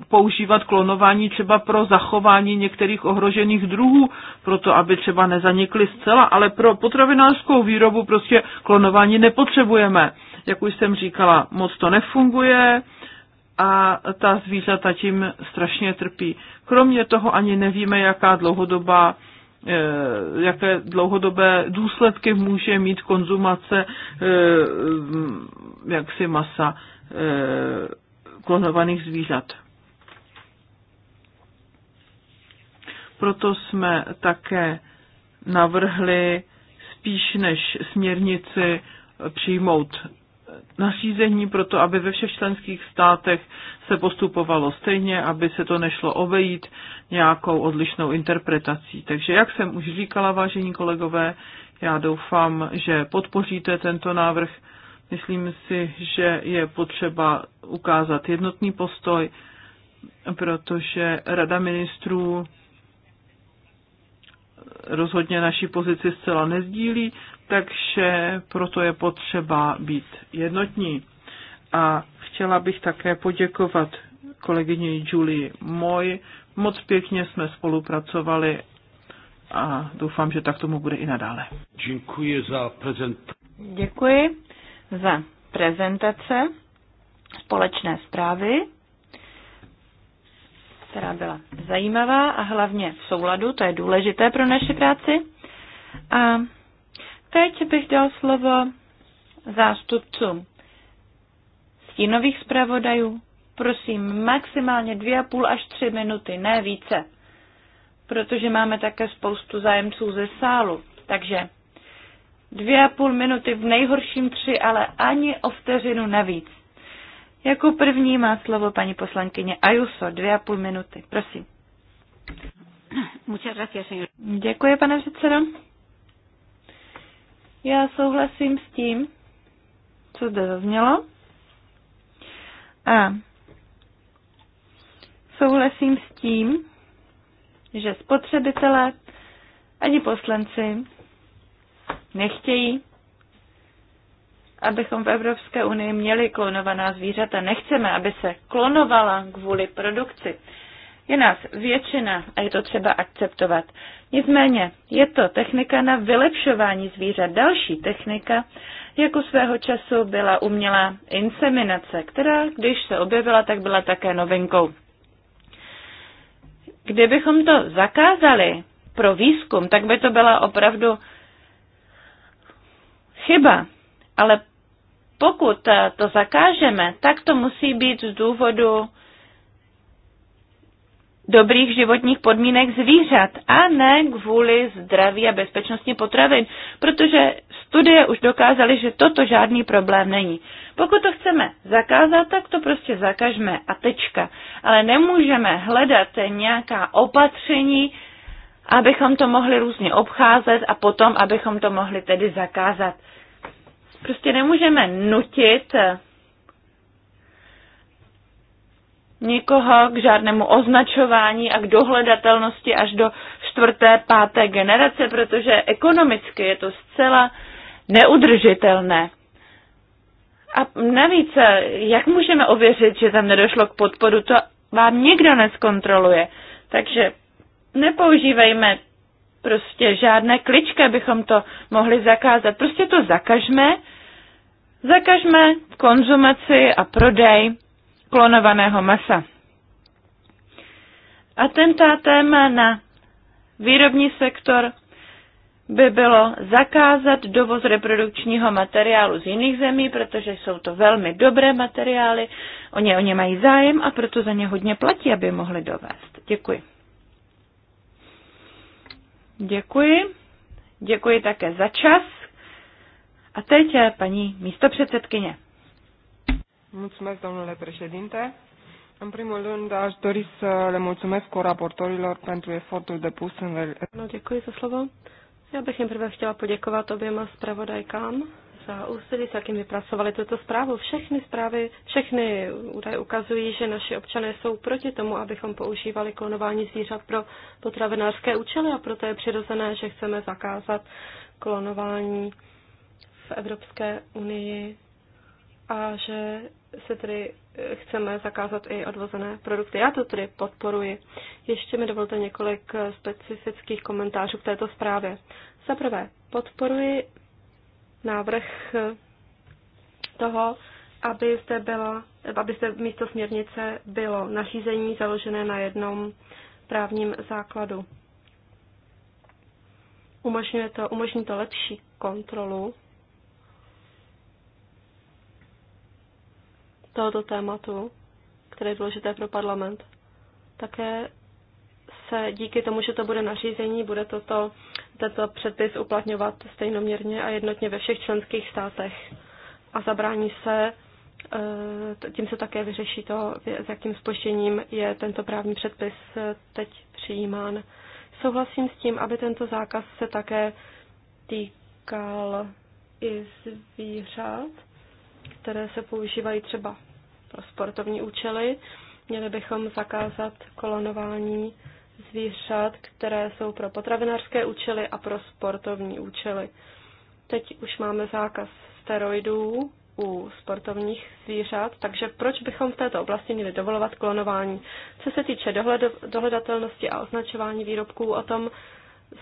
používat klonování třeba pro zachování některých ohrožených druhů, proto aby třeba nezanikly zcela, ale pro potravinářskou výrobu prostě klonování nepotřebujeme. Jak už jsem říkala, moc to nefunguje a ta zvířata tím strašně trpí. Kromě toho ani nevíme, jaká dlouhodobá Eh, jaké dlouhodobé důsledky může mít konzumace eh, jaksi masa eh, klonovaných zvířat. Proto jsme také navrhli spíš než směrnici přijmout nařízení pro to, aby ve všech členských státech se postupovalo stejně, aby se to nešlo obejít nějakou odlišnou interpretací. Takže jak jsem už říkala, vážení kolegové, já doufám, že podpoříte tento návrh. Myslím si, že je potřeba ukázat jednotný postoj, protože Rada ministrů rozhodně naši pozici zcela nezdílí takže proto je potřeba být jednotní. A chtěla bych také poděkovat kolegyni Julie Moj. Moc pěkně jsme spolupracovali a doufám, že tak tomu bude i nadále. Děkuji za prezentaci. Děkuji za prezentace společné zprávy, která byla zajímavá a hlavně v souladu, to je důležité pro naši práci. A Teď bych dal slovo zástupcům stínových zpravodajů. Prosím, maximálně dvě a půl až tři minuty, ne více, protože máme také spoustu zájemců ze sálu. Takže dvě a půl minuty, v nejhorším tři, ale ani o vteřinu navíc. Jako první má slovo paní poslankyně Ajuso, dvě a půl minuty, prosím. Děkuji, pane předsedo. Já souhlasím s tím, co zde zaznělo. A souhlasím s tím, že spotřebitelé ani poslanci nechtějí, abychom v Evropské unii měli klonovaná zvířata. Nechceme, aby se klonovala kvůli produkci. Je nás většina a je to třeba akceptovat. Nicméně je to technika na vylepšování zvířat. Další technika, jako svého času byla umělá inseminace, která, když se objevila, tak byla také novinkou. Kdybychom to zakázali pro výzkum, tak by to byla opravdu chyba. Ale pokud to zakážeme, tak to musí být z důvodu dobrých životních podmínek zvířat a ne kvůli zdraví a bezpečnosti potravin, protože studie už dokázaly, že toto žádný problém není. Pokud to chceme zakázat, tak to prostě zakažme a tečka. Ale nemůžeme hledat nějaká opatření, abychom to mohli různě obcházet a potom, abychom to mohli tedy zakázat. Prostě nemůžeme nutit nikoho k žádnému označování a k dohledatelnosti až do čtvrté, páté generace, protože ekonomicky je to zcela neudržitelné. A navíc, jak můžeme ověřit, že tam nedošlo k podporu, to vám nikdo neskontroluje. Takže nepoužívejme prostě žádné kličky, abychom to mohli zakázat. Prostě to zakažme, zakažme konzumaci a prodej klonovaného masa. Atentátem na výrobní sektor by bylo zakázat dovoz reprodukčního materiálu z jiných zemí, protože jsou to velmi dobré materiály, oni o ně mají zájem a proto za ně hodně platí, aby mohli dovést. Děkuji. Děkuji. Děkuji také za čas. A teď je eh, paní místopředsedkyně. Mulțumesc, domnule președinte. În primul rând, aș dori să le mulțumesc coraportorilor pentru efortul depus în... No, děkuji za slovo. Já bych jim prvé chtěla poděkovat oběma zpravodajkám za úsilí, s jakým vypracovali tuto zprávu. Všechny zprávy, všechny údaje ukazují, že naši občané jsou proti tomu, abychom používali klonování zvířat pro potravinářské účely a proto je přirozené, že chceme zakázat klonování v Evropské unii a že se tedy eh, chceme zakázat i odvozené produkty. Já to tedy podporuji. Ještě mi dovolte několik eh, specifických komentářů k této zprávě. Za prvé, podporuji návrh eh, toho, aby zde, bylo, aby zde místo směrnice bylo nařízení založené na jednom právním základu. Umožňuje to, umožní to lepší kontrolu tohoto tématu, které je důležité pro parlament. Také se díky tomu, že to bude nařízení, bude toto, tento předpis uplatňovat stejnoměrně a jednotně ve všech členských státech. A zabrání se, eh, tím se také vyřeší to, s jakým spoštěním je tento právní předpis eh, teď přijímán. Souhlasím s tím, aby tento zákaz se také týkal i zvířat, které se používají třeba pro sportovní účely. Měli bychom zakázat kolonování zvířat, které jsou pro potravinářské účely a pro sportovní účely. Teď už máme zákaz steroidů u sportovních zvířat, takže proč bychom v této oblasti měli dovolovat klonování? Co se týče dohledatelnosti a označování výrobků, o tom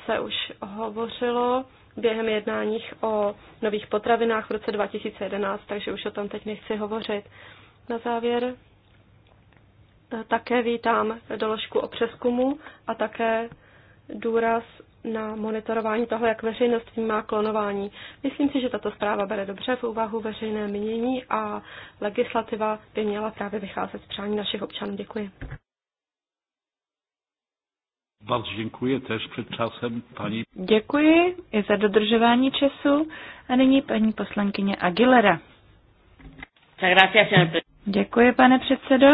se už hovořilo během jednáních o nových potravinách v roce 2011, takže už o tom teď nechci hovořit. Na závěr eh, také vítám doložku o přeskumu a také důraz na monitorování toho, jak veřejnost vnímá klonování. Myslím si, že tato zpráva bere dobře v úvahu veřejné mínění a legislativa by měla právě vycházet z přání našich občanů. Děkuji. Bardzo děkuji tež před časem paní. Děkuji i za dodržování času a nyní paní poslankyně Aguilera. Děkuji, pane předsedo.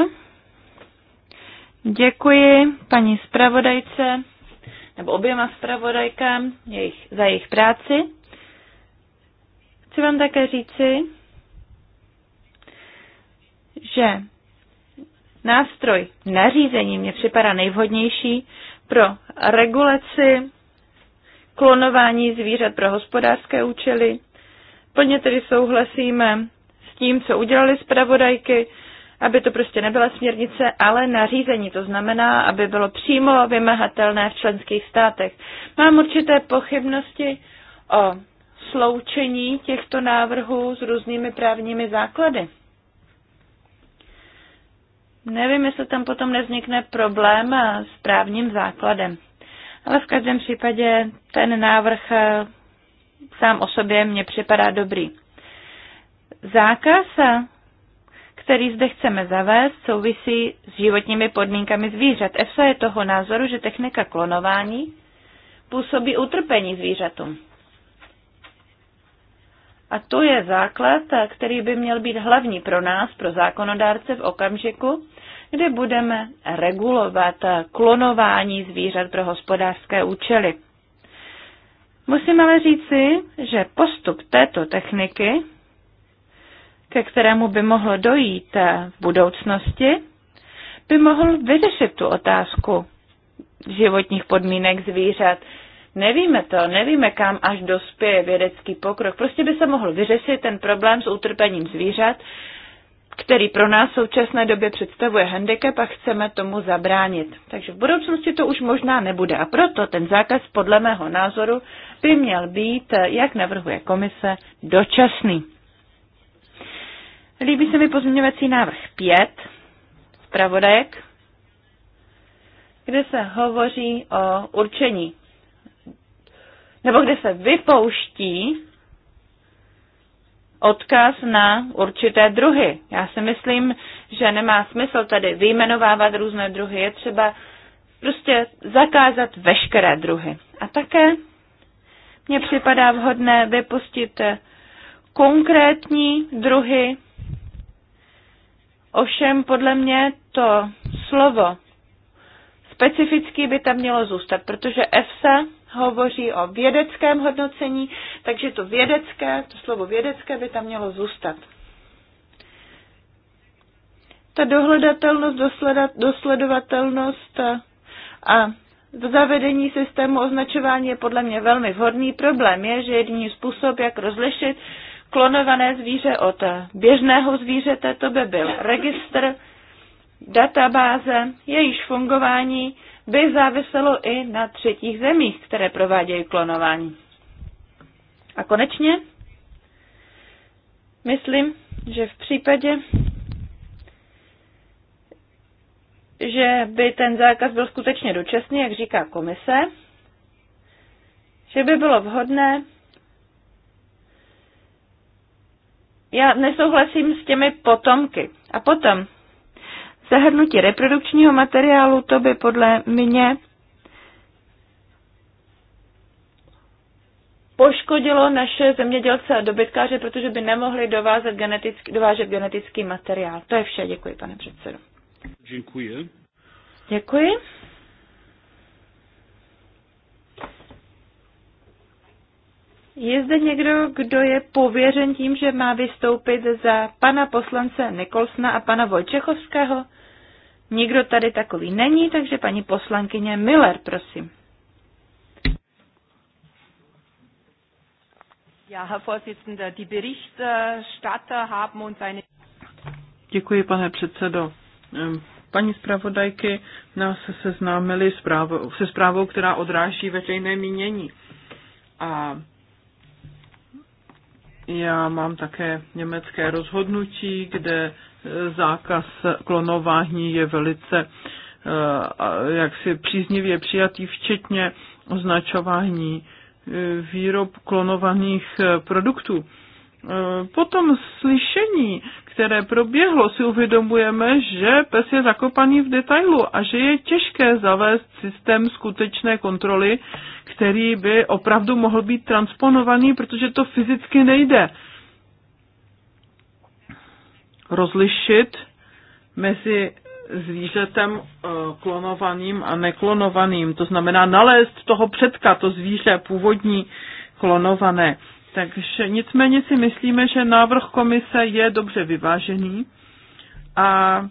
Děkuji paní zpravodajce nebo oběma zpravodajkám jejich, za jejich práci. Chci vám také říci, že nástroj nařízení mě připadá nejvhodnější pro regulaci klonování zvířat pro hospodářské účely. Plně tedy souhlasíme tím, co udělali zpravodajky, aby to prostě nebyla směrnice, ale nařízení. To znamená, aby bylo přímo vymahatelné v členských státech. Mám určité pochybnosti o sloučení těchto návrhů s různými právními základy. Nevím, jestli tam potom nevznikne problém s právním základem. Ale v každém případě ten návrh sám o sobě mně připadá dobrý zákaz, který zde chceme zavést, souvisí s životními podmínkami zvířat. EFSA je toho názoru, že technika klonování působí utrpení zvířatům. A to je základ, který by měl být hlavní pro nás, pro zákonodárce v okamžiku, kde budeme regulovat klonování zvířat pro hospodářské účely. Musím ale říci, že postup této techniky ke kterému by mohlo dojít v budoucnosti, by mohl vyřešit tu otázku životních podmínek zvířat. Nevíme to, nevíme, kam až dospěje vědecký pokrok. Prostě by se mohl vyřešit ten problém s utrpením zvířat, který pro nás v současné době představuje handicap a chceme tomu zabránit. Takže v budoucnosti to už možná nebude a proto ten zákaz podle mého názoru by měl být, jak navrhuje komise, dočasný. Líbí se mi pozměňovací návrh 5 zpravodajek, kde se hovoří o určení, nebo kde se vypouští odkaz na určité druhy. Já si myslím, že nemá smysl tady vyjmenovávat různé druhy. Je třeba prostě zakázat veškeré druhy. A také mně připadá vhodné vypustit konkrétní druhy Ovšem podle mě to slovo specifický by tam mělo zůstat, protože EFSA hovoří o vědeckém hodnocení, takže to vědecké, to slovo vědecké by tam mělo zůstat. Ta dohledatelnost, dosleda, dosledovatelnost a zavedení systému označování je podle mě velmi vhodný. Problém je, že jediný způsob, jak rozlišit, klonované zvíře od běžného zvířete, to by byl registr, databáze, jejíž fungování by záviselo i na třetích zemích, které provádějí klonování. A konečně, myslím, že v případě, že by ten zákaz byl skutečně dočasný, jak říká komise, že by bylo vhodné já nesouhlasím s těmi potomky. A potom, zahrnutí reprodukčního materiálu, to by podle mě poškodilo naše zemědělce a dobytkáře, protože by nemohli dovázet genetický, dovážet genetický materiál. To je vše. Děkuji, pane předsedo. Děkuji. Děkuji. Je zde někdo, kdo je pověřen tím, že má vystoupit za pana poslance Nikolsna a pana Vojčechovského? Nikdo tady takový není, takže paní poslankyně Miller, prosím. Ja, Herr Vorsitzender, die Berichterstatter haben uns eine... Děkuji, pane předsedo. Paní zpravodajky nás seznámili se zprávou, která odráží veřejné mínění. A já mám také německé rozhodnutí, kde e, zákaz klonování je velice e, jaksi příznivě přijatý, včetně označování e, výrob klonovaných produktů. E, po tom slyšení, které proběhlo, si uvědomujeme, že pes je zakopaný v detailu a že je těžké zavést systém skutečné kontroly, který by opravdu mohl být transponovaný, protože to fyzicky nejde. Rozlišit mezi zvířetem e, klonovaným a neklonovaným, to znamená nalézt toho předka, to zvíře původní klonované. Takže nicméně si myslíme, že návrh komise je dobře vyvážený a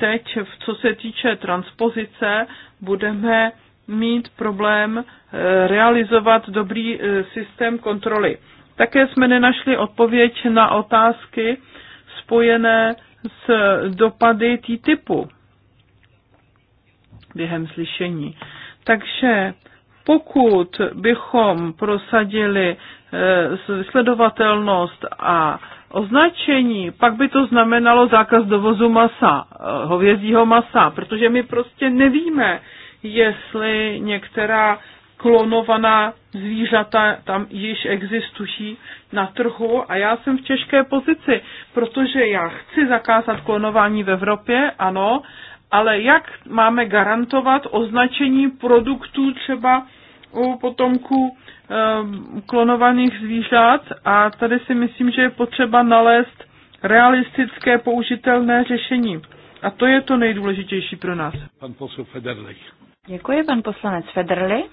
teď, co se týče transpozice, budeme mít problém eh, realizovat dobrý eh, systém kontroly. Také jsme nenašli odpověď na otázky spojené s dopady typu, během slyšení. Takže pokud bychom prosadili eh, sledovatelnost a označení, pak by to znamenalo zákaz dovozu masa, eh, hovězího masa, protože my prostě nevíme, jestli některá klonovaná zvířata tam již existují na trhu a já jsem v těžké pozici, protože já chci zakázat klonování v Evropě, ano, ale jak máme garantovat označení produktů třeba u potomků ehm, klonovaných zvířat a tady si myslím, že je potřeba nalézt realistické použitelné řešení. A to je to nejdůležitější pro nás. Pan poslanec Federli. Děkuji, pan poslanec Federley.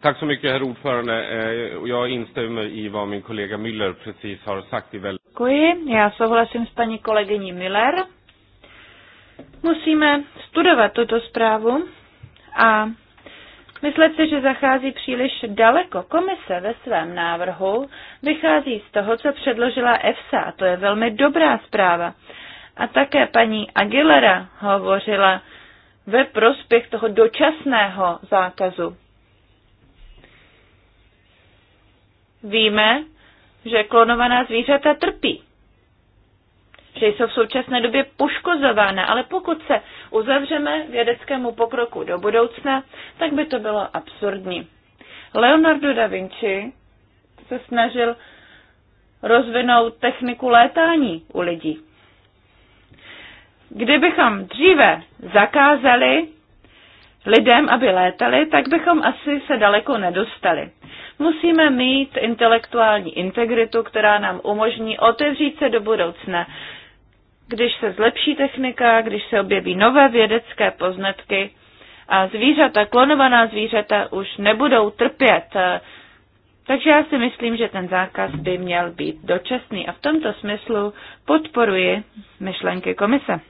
Tack så mycket, herr ordförande. Eh, jag instämmer i vad min kollega Müller precis har sagt. I väl... Děkuji. Já souhlasím s paní kolegyní Müller. Musíme studovat tuto zprávu a myslet si, že zachází příliš daleko. Komise ve svém návrhu vychází z toho, co předložila EFSA a to je velmi dobrá zpráva. A také paní Aguilera hovořila ve prospěch toho dočasného zákazu. Víme, že klonovaná zvířata trpí že jsou v současné době poškozována, ale pokud se uzavřeme vědeckému pokroku do budoucna, tak by to bylo absurdní. Leonardo da Vinci se snažil rozvinout techniku létání u lidí. Kdybychom dříve zakázali lidem, aby létali, tak bychom asi se daleko nedostali. Musíme mít intelektuální integritu, která nám umožní otevřít se do budoucna když se zlepší technika, když se objeví nové vědecké poznatky a zvířata, klonovaná zvířata už nebudou trpět. Takže já si myslím, že ten zákaz by měl být dočasný a v tomto smyslu podporuji myšlenky komise.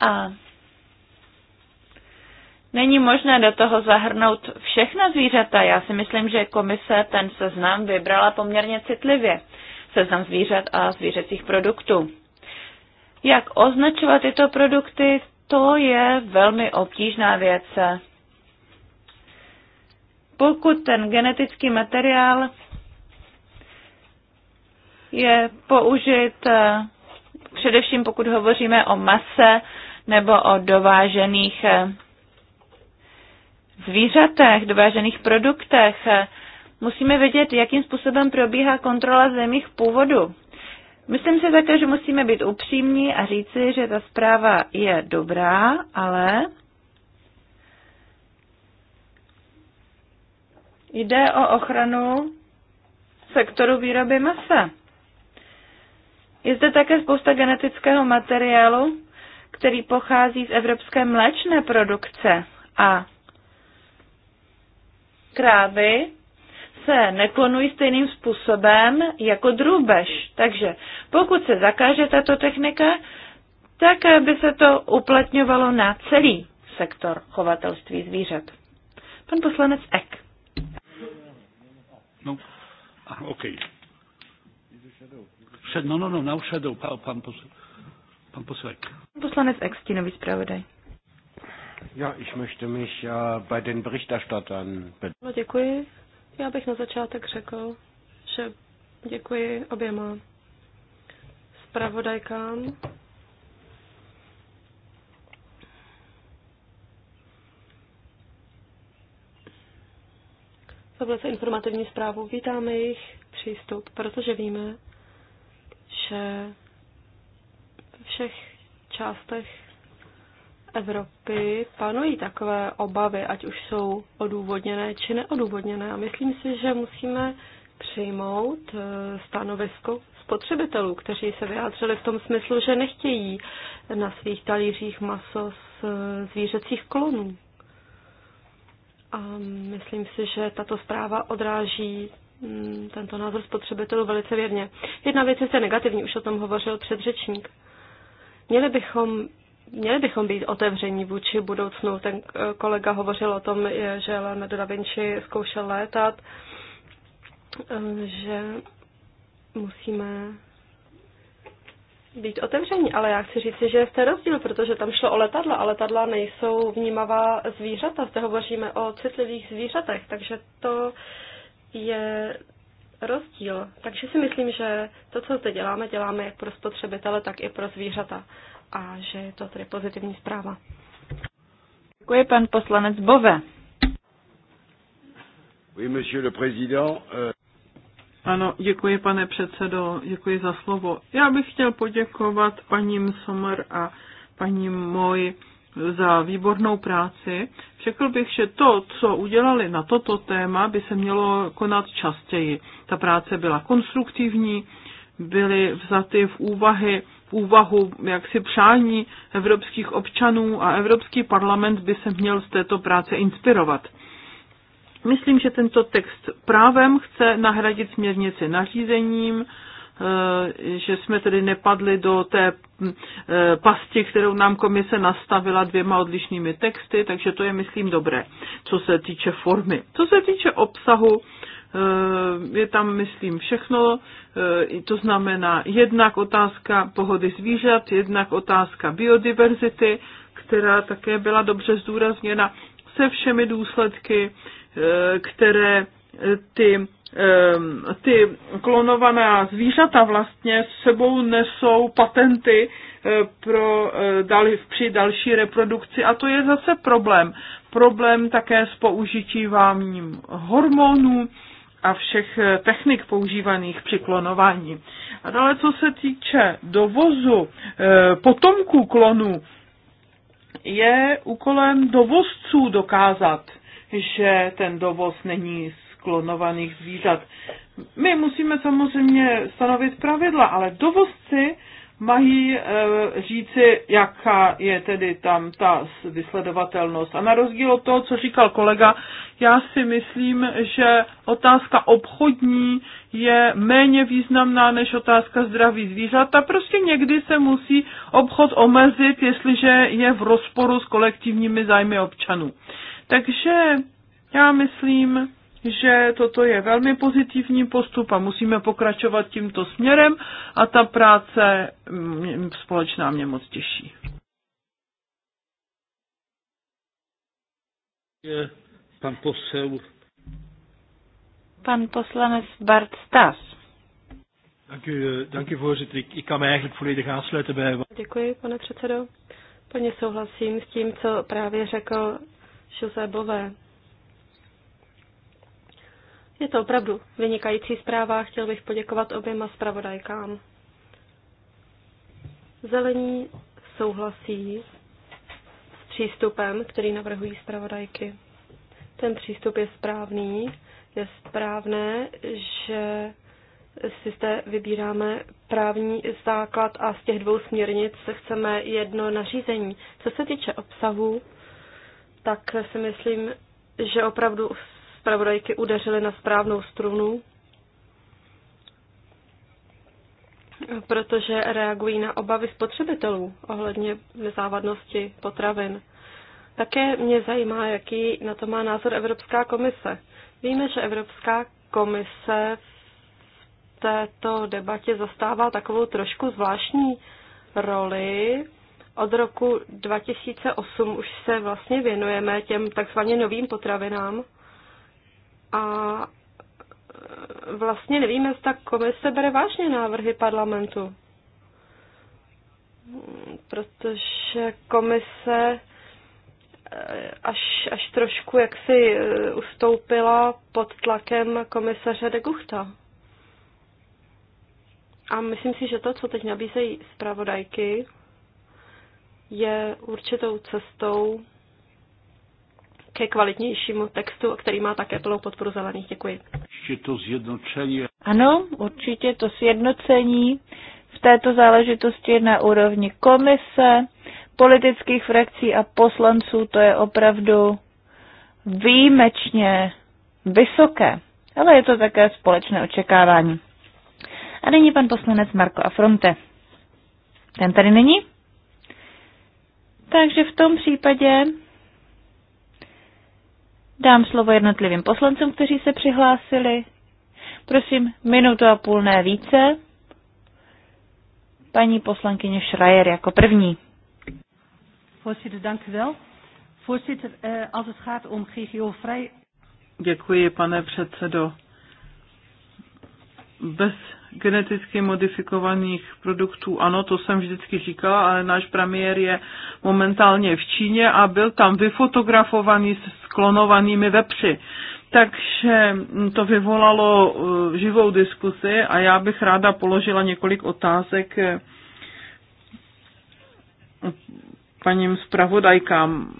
A není možné do toho zahrnout všechna zvířata. Já si myslím, že komise ten seznam vybrala poměrně citlivě seznam zvířat a zvířecích produktů. Jak označovat tyto produkty, to je velmi obtížná věc. Pokud ten genetický materiál je použit eh, především pokud hovoříme o mase nebo o dovážených eh, zvířatech, dovážených produktech, eh, Musíme vědět, jakým způsobem probíhá kontrola zemích původu. Myslím si také, že musíme být upřímní a říci, že ta zpráva je dobrá, ale jde o ochranu sektoru výroby masa. Je zde také spousta genetického materiálu, který pochází z evropské mléčné produkce a krávy se neklonují stejným způsobem jako drůbež. Takže pokud se zakáže tato technika, tak by se to uplatňovalo na celý sektor chovatelství zvířat. Pan poslanec Ek. No, a, OK. Před, no, no, no, na ušadu, pan, pan, posl, pan poslanec Pan poslanec Ek, stínový zpravodaj. Ja, ich möchte mich äh, bei den Berichterstattern bedanken. No, ja, já bych na začátek řekl, že děkuji oběma zpravodajkám. Za velice informativní zprávu vítáme jejich přístup, protože víme, že ve všech částech Evropy panují takové obavy, ať už jsou odůvodněné či neodůvodněné. A myslím si, že musíme přijmout eh, stanovisko spotřebitelů, kteří se vyjádřili v tom smyslu, že nechtějí na svých talířích maso z eh, zvířecích klonů. A myslím si, že tato zpráva odráží mm, tento názor spotřebitelů velice věrně. Jedna věc je negativní, už o tom hovořil předřečník. Měli bychom Měli bychom být otevření vůči budoucnu. Ten eh, kolega hovořil o tom, že Leonardo da Vinci zkoušel létat, ehm, že musíme být otevření, ale já chci říct, že je to rozdíl, protože tam šlo o letadla a letadla nejsou vnímavá zvířata. Zde hovoříme o citlivých zvířatech, takže to je rozdíl. Takže si myslím, že to, co zde děláme, děláme jak pro spotřebitele, tak i pro zvířata a že je to tedy pozitivní zpráva. Děkuji pan poslanec Bove. Oui, monsieur le président. Euh, ano, děkuji pane předsedo, děkuji za slovo. Já bych chtěl poděkovat paním Sommer a paní Moj za výbornou práci. Řekl bych, že to, co udělali na toto téma, by se mělo konat častěji. Ta práce byla konstruktivní, byly vzaty v úvahy úvahu, úvahu jaksi přání evropských občanů a Evropský parlament by se měl z této práce inspirovat. Myslím, že tento text právem chce nahradit směrnici nařízením, eh, že jsme tedy nepadli do té hm, eh, pasti, kterou nám komise nastavila dvěma odlišnými texty, takže to je, myslím, dobré, co se týče formy. Co se týče obsahu, Eh, je tam, myslím, všechno, eh, to znamená jednak otázka pohody zvířat, jednak otázka biodiverzity, která také byla dobře zdůrazněna se všemi důsledky, eh, které ty, ty klonovaná zvířata vlastně s sebou nesou patenty pro, dali, při další reprodukci. A to je zase problém. Problém také s používáním hormonů, a všech eh, technik používaných při klonování. A dále, co se týče dovozu eh, potomků klonů, je úkolem dovozců dokázat, že ten dovoz není z klonovaných zvířat. My musíme samozřejmě stanovit pravidla, ale dovozci mají eh, říci, jaká je tedy tam ta vysledovatelnost. A na rozdíl od toho, co říkal kolega, já si myslím, že otázka obchodní je méně významná než otázka zdraví zvířat a prostě někdy se musí obchod omezit, jestliže je v rozporu s kolektivními zájmy občanů. Takže já myslím, že toto je velmi pozitivní postup a musíme pokračovat tímto směrem a ta práce mm, společná mě moc těší. Pan posel. Pan poslanec Bart Stas. děkuji, u, Děkuji, pane předsedo. Plně souhlasím s tím, co právě řekl José Bové. Je to opravdu vynikající zpráva, chtěl bych poděkovat oběma zpravodajkám. Zelení souhlasí s přístupem, který navrhují zpravodajky. Ten přístup je správný. Je správné, že si zde vybíráme právní základ a z těch dvou směrnic chceme jedno nařízení. Co se týče obsahu, tak si myslím, že opravdu zpravodajky udeřily na správnou strunu, protože reagují na obavy spotřebitelů ohledně nezávadnosti potravin. Také mě zajímá, jaký na to má názor Evropská komise. Víme, že Evropská komise v této debatě zastává takovou trošku zvláštní roli. Od roku 2008 už se vlastně věnujeme těm takzvaně novým potravinám. A e, vlastně nevíme, jestli ta komise bere vážně návrhy parlamentu. Protože komise e, až, až trošku jaksi e, ustoupila pod tlakem komisaře de Guchta. A myslím si, že to, co teď nabízejí zpravodajky, je určitou cestou, ke kvalitnějšímu textu, který má také plnou podporu zelených. Děkuji. To zjednocení. Ano, určitě to sjednocení v této záležitosti na úrovni komise, politických frakcí a poslanců, to je opravdu výjimečně vysoké, ale je to také společné očekávání. A nyní pan poslanec Marko Afronte. Ten tady není? Takže v tom případě Dám slovo jednotlivým poslancům, kteří se přihlásili. Prosím, minutu a půl, ne více. Paní poslankyně Schreier jako první. Voorzitter, dank u wel. Voorzitter, eh, als het gaat om GGO-vrij... Děkuji, pane předsedo. Bez geneticky modifikovaných produktů. Ano, to jsem vždycky říkala, ale náš premiér je momentálně v Číně a byl tam vyfotografovaný s klonovanými vepři. Takže to vyvolalo eh, živou diskusi a já bych ráda položila několik otázek eh, paním zpravodajkám.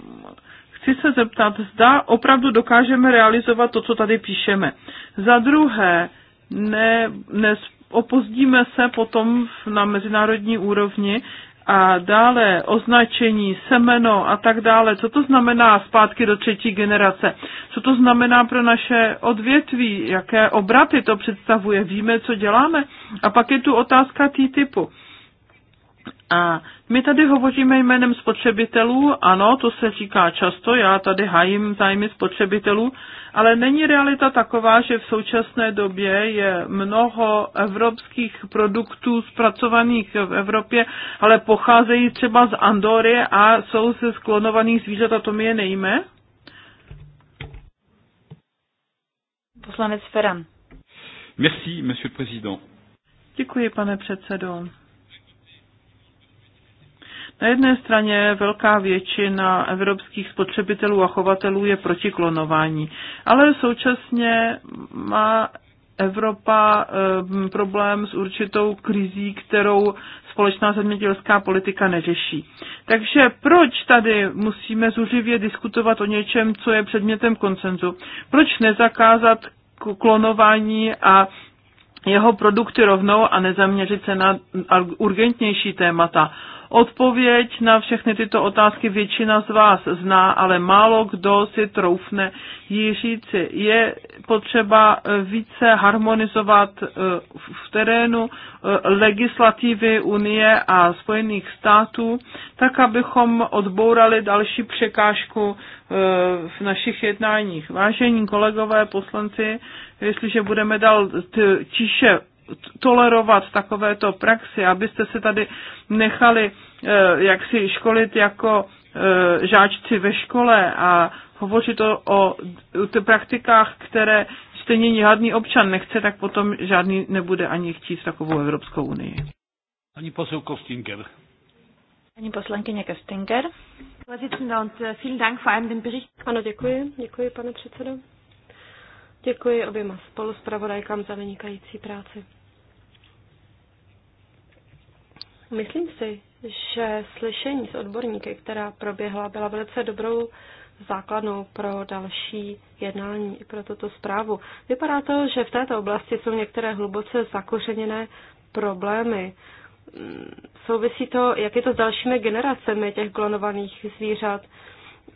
Chci se zeptat, zda opravdu dokážeme realizovat to, co tady píšeme. Za druhé, ne, ne, opozdíme se potom na mezinárodní úrovni a dále označení, semeno a tak dále. Co to znamená zpátky do třetí generace? Co to znamená pro naše odvětví? Jaké obraty to představuje? Víme, co děláme? A pak je tu otázka tý typu a my tady hovoříme jménem spotřebitelů, ano, to se říká často, já tady hájím zájmy spotřebitelů, ale není realita taková, že v současné době je mnoho evropských produktů zpracovaných v Evropě, ale pocházejí třeba z Andory a jsou ze sklonovaných zvířat a to my je nejme? Poslanec Ferran. Merci, monsieur le président. Děkuji, pane předsedo. Na jedné straně velká většina evropských spotřebitelů a chovatelů je proti klonování, ale současně má Evropa e, problém s určitou krizí, kterou společná zemědělská politika neřeší. Takže proč tady musíme zuřivě diskutovat o něčem, co je předmětem koncenzu? Proč nezakázat klonování a jeho produkty rovnou a nezaměřit se na urgentnější témata. Odpověď na všechny tyto otázky většina z vás zná, ale málo kdo si troufne ji říci. Je potřeba eh, více harmonizovat eh, v terénu eh, legislativy Unie a Spojených států, tak abychom odbourali další překážku v našich jednáních. Vážení kolegové poslanci, jestliže budeme dál tiše tolerovat takovéto praxi, abyste se tady nechali eh, jak si školit jako eh, žáčci ve škole a hovořit o, o praktikách, které stejně žádný občan nechce, tak potom žádný nebude ani chtít takovou Evropskou unii. Ani posel Kostinger. Paní poslankyně Kostinger. Ano, děkuji. Děkuji, pane předsedo. Děkuji oběma spoluspravodajkám za vynikající práci. Myslím si, že slyšení s odborníky, která proběhla, byla velice dobrou základnou pro další jednání i pro tuto zprávu. Vypadá to, že v této oblasti jsou některé hluboce zakořeněné problémy. Mm, souvisí to, jak je to s dalšími generacemi těch klonovaných zvířat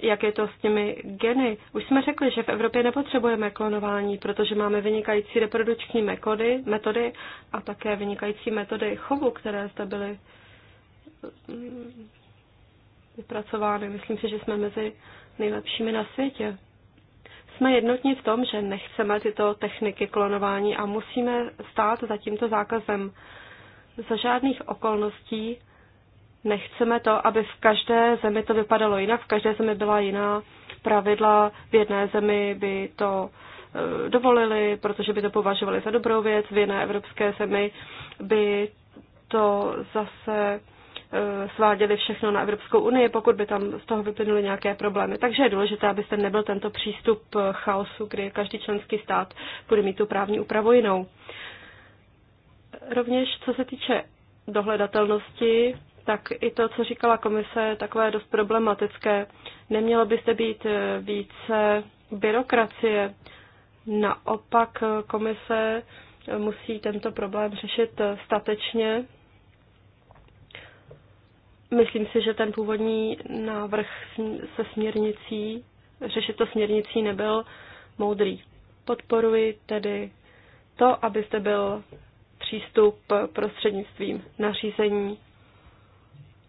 jak je to s těmi geny. Už jsme řekli, že v Evropě nepotřebujeme klonování, protože máme vynikající reprodukční metody, metody a také vynikající metody chovu, které zde byly mm, vypracovány. Myslím si, že jsme mezi nejlepšími na světě. Jsme jednotní v tom, že nechceme tyto techniky klonování a musíme stát za tímto zákazem. Za žádných okolností Nechceme to, aby v každé zemi to vypadalo jinak, v každé zemi byla jiná pravidla, v jedné zemi by to eh, dovolili, protože by to považovali za dobrou věc, v jiné evropské zemi by to zase eh, sváděli všechno na Evropskou unii, pokud by tam z toho vyplynuly nějaké problémy. Takže je důležité, aby abyste nebyl tento přístup eh, chaosu, kdy každý členský stát bude mít tu právní úpravu jinou. Rovněž co se týče dohledatelnosti, tak i to, co říkala komise, je takové dost problematické. Nemělo by být eh, více byrokracie. Naopak eh, komise eh, musí tento problém řešit statečně. Myslím si, že ten původní návrh se směrnicí, řešit to směrnicí nebyl moudrý. Podporuji tedy to, abyste byl přístup prostřednictvím nařízení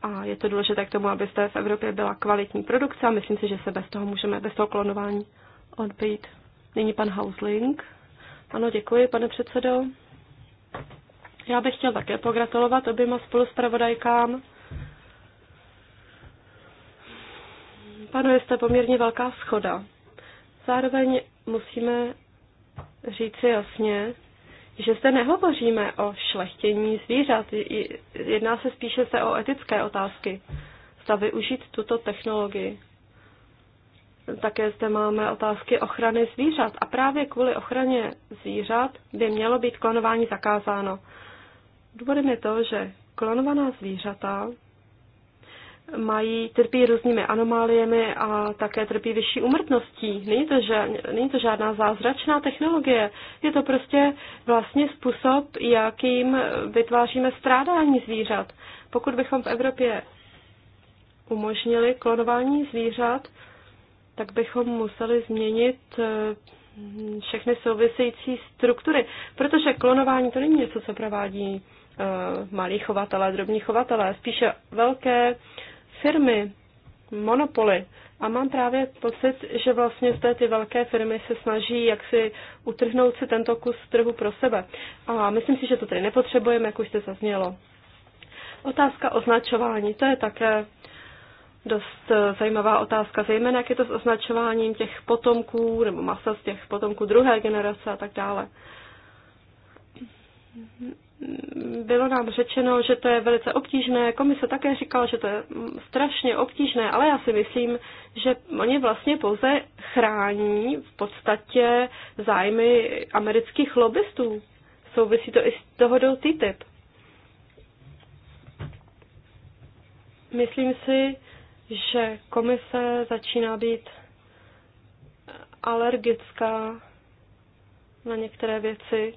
a je to důležité k tomu, aby zde v Evropě byla kvalitní produkce a myslím si, že se bez toho můžeme, bez toho klonování odbít. Nyní pan Hausling. Ano, děkuji, pane předsedo. Já bych chtěl také pogratulovat oběma spoluspravodajkám. Panuje jste poměrně velká schoda. Zároveň musíme říci jasně, že zde nehovoříme o šlechtění zvířat, jedná se spíše se o etické otázky. Zda využít tuto technologii. Také zde máme otázky ochrany zvířat a právě kvůli ochraně zvířat by mělo být klonování zakázáno. Důvodem je to, že klonovaná zvířata mají, trpí různými anomáliemi a také trpí vyšší umrtností. Není to, že, není to žádná zázračná technologie, je to prostě vlastně způsob, jakým vytváříme strádání zvířat. Pokud bychom v Evropě umožnili klonování zvířat, tak bychom museli změnit eh, všechny související struktury, protože klonování to není něco, co provádí eh, malí chovatelé, drobní chovatelé, spíše velké firmy, monopoly. A mám právě pocit, že vlastně té ty velké firmy se snaží jak si utrhnout si tento kus trhu pro sebe. A myslím si, že to tedy nepotřebujeme, jak už se zaznělo. Otázka označování, to je také dost eh, zajímavá otázka, zejména jak je to s označováním těch potomků nebo masa z těch potomků druhé generace a tak dále bylo nám řečeno, že to je velice obtížné. Komise také říkala, že to je strašně obtížné, ale já si myslím, že oni vlastně pouze chrání v podstatě zájmy amerických lobbystů. Souvisí to i s dohodou TTIP. Myslím si, že komise začíná být alergická na některé věci,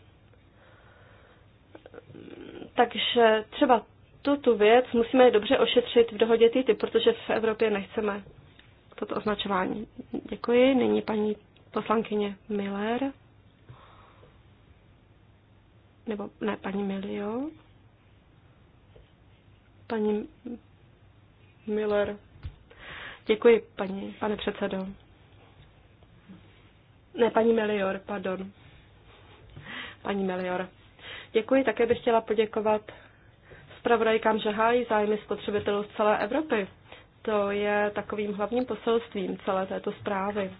takže třeba tuto věc musíme dobře ošetřit v dohodě TTIP, protože v Evropě nechceme toto označování. Děkuji. Nyní paní poslankyně Miller. Nebo ne, paní Milio. Paní Miller. Děkuji, paní, pane předsedo. Ne, paní Melior, pardon. Paní Melior. Děkuji, také bych chtěla poděkovat zpravodajkám, že hájí zájmy spotřebitelů z celé Evropy. To je takovým hlavním poselstvím celé této zprávy.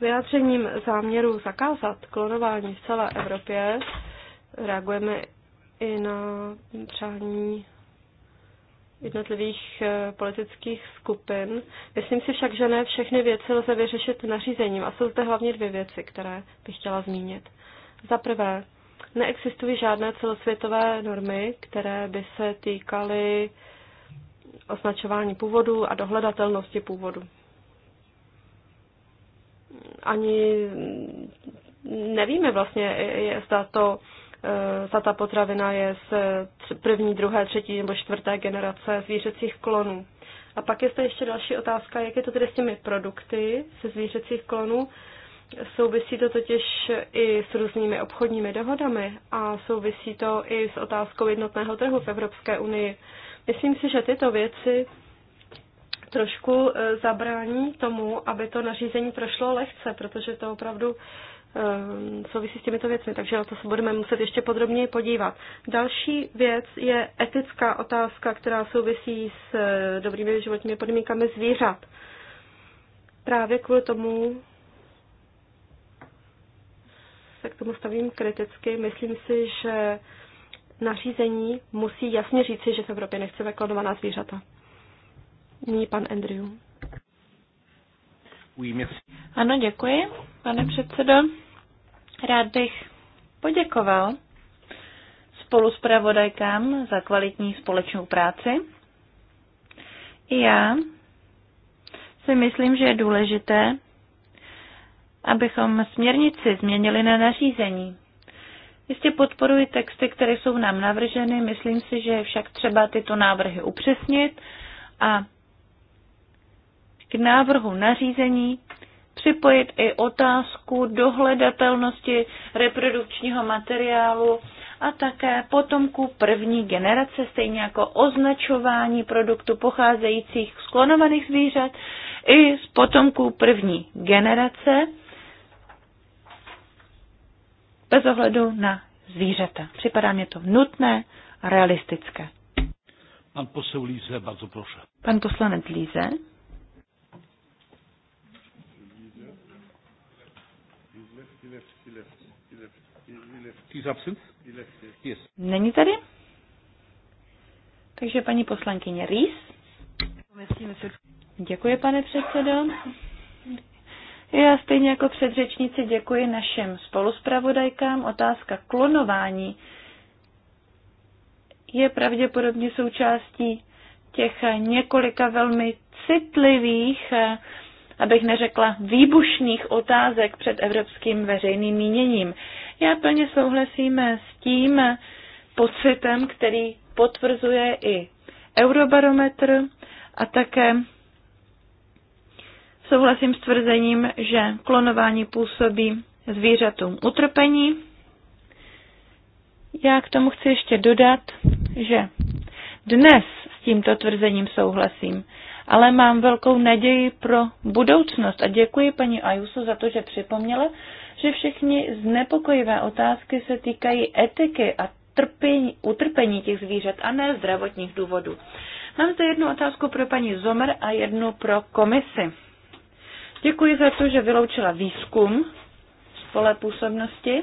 Vyjádřením záměru zakázat klonování v celé Evropě reagujeme i na přání jednotlivých eh, politických skupin. Myslím si však, že ne všechny věci lze vyřešit nařízením a jsou zde hlavně dvě věci, které bych chtěla zmínit. Za prvé, neexistují žádné celosvětové normy, které by se týkaly označování původu a dohledatelnosti původu. Ani nevíme vlastně, zda to Eh, ta potravina je z eh, první, druhé, třetí nebo čtvrté generace zvířecích klonů. A pak je zde ještě další otázka, jak je to tedy s těmi produkty ze zvířecích klonů. Souvisí to totiž i s různými obchodními dohodami a souvisí to i s otázkou jednotného trhu v Evropské unii. Myslím si, že tyto věci trošku eh, zabrání tomu, aby to nařízení prošlo lehce, protože to opravdu Eh, souvisí s těmito věcmi, takže na to se budeme muset ještě podrobněji podívat. Další věc je etická otázka, která souvisí s eh, dobrými životními podmínkami zvířat. Právě kvůli tomu se k tomu stavím kriticky. Myslím si, že nařízení musí jasně říci, že v Evropě nechceme klonovaná zvířata. Nyní pan Andrew. Ano, děkuji, pane předsedo. Rád bych poděkoval spolu s pravodajkám za kvalitní společnou práci. I já si myslím, že je důležité, abychom směrnici změnili na nařízení. Jistě podporuji texty, které jsou nám navrženy, myslím si, že je však třeba tyto návrhy upřesnit a k návrhu nařízení připojit i otázku dohledatelnosti reprodukčního materiálu a také potomků první generace, stejně jako označování produktu pocházejících z klonovaných zvířat i z potomků první generace, bez ohledu na zvířata. Připadá mě to nutné a realistické. Pan posel Líze, bardzo proszę. Pan poslanec Líze. Není tady? Takže paní poslankyně Rýs. Děkuji, pane předsedo. Já stejně jako předřečníci děkuji našim spoluspravodajkám. Otázka klonování je pravděpodobně součástí těch několika velmi citlivých, abych neřekla výbušných otázek před evropským veřejným míněním. Já plně souhlasím s tím pocitem, který potvrzuje i Eurobarometr a také souhlasím s tvrzením, že klonování působí zvířatům utrpení. Já k tomu chci ještě dodat, že dnes s tímto tvrzením souhlasím, ale mám velkou naději pro budoucnost a děkuji paní Ajusu za to, že připomněla, že všechny znepokojivé otázky se týkají etiky a trpení, utrpení těch zvířat a ne zdravotních důvodů. Mám zde jednu otázku pro paní Zomer a jednu pro komisi. Děkuji za to, že vyloučila výzkum z pole působnosti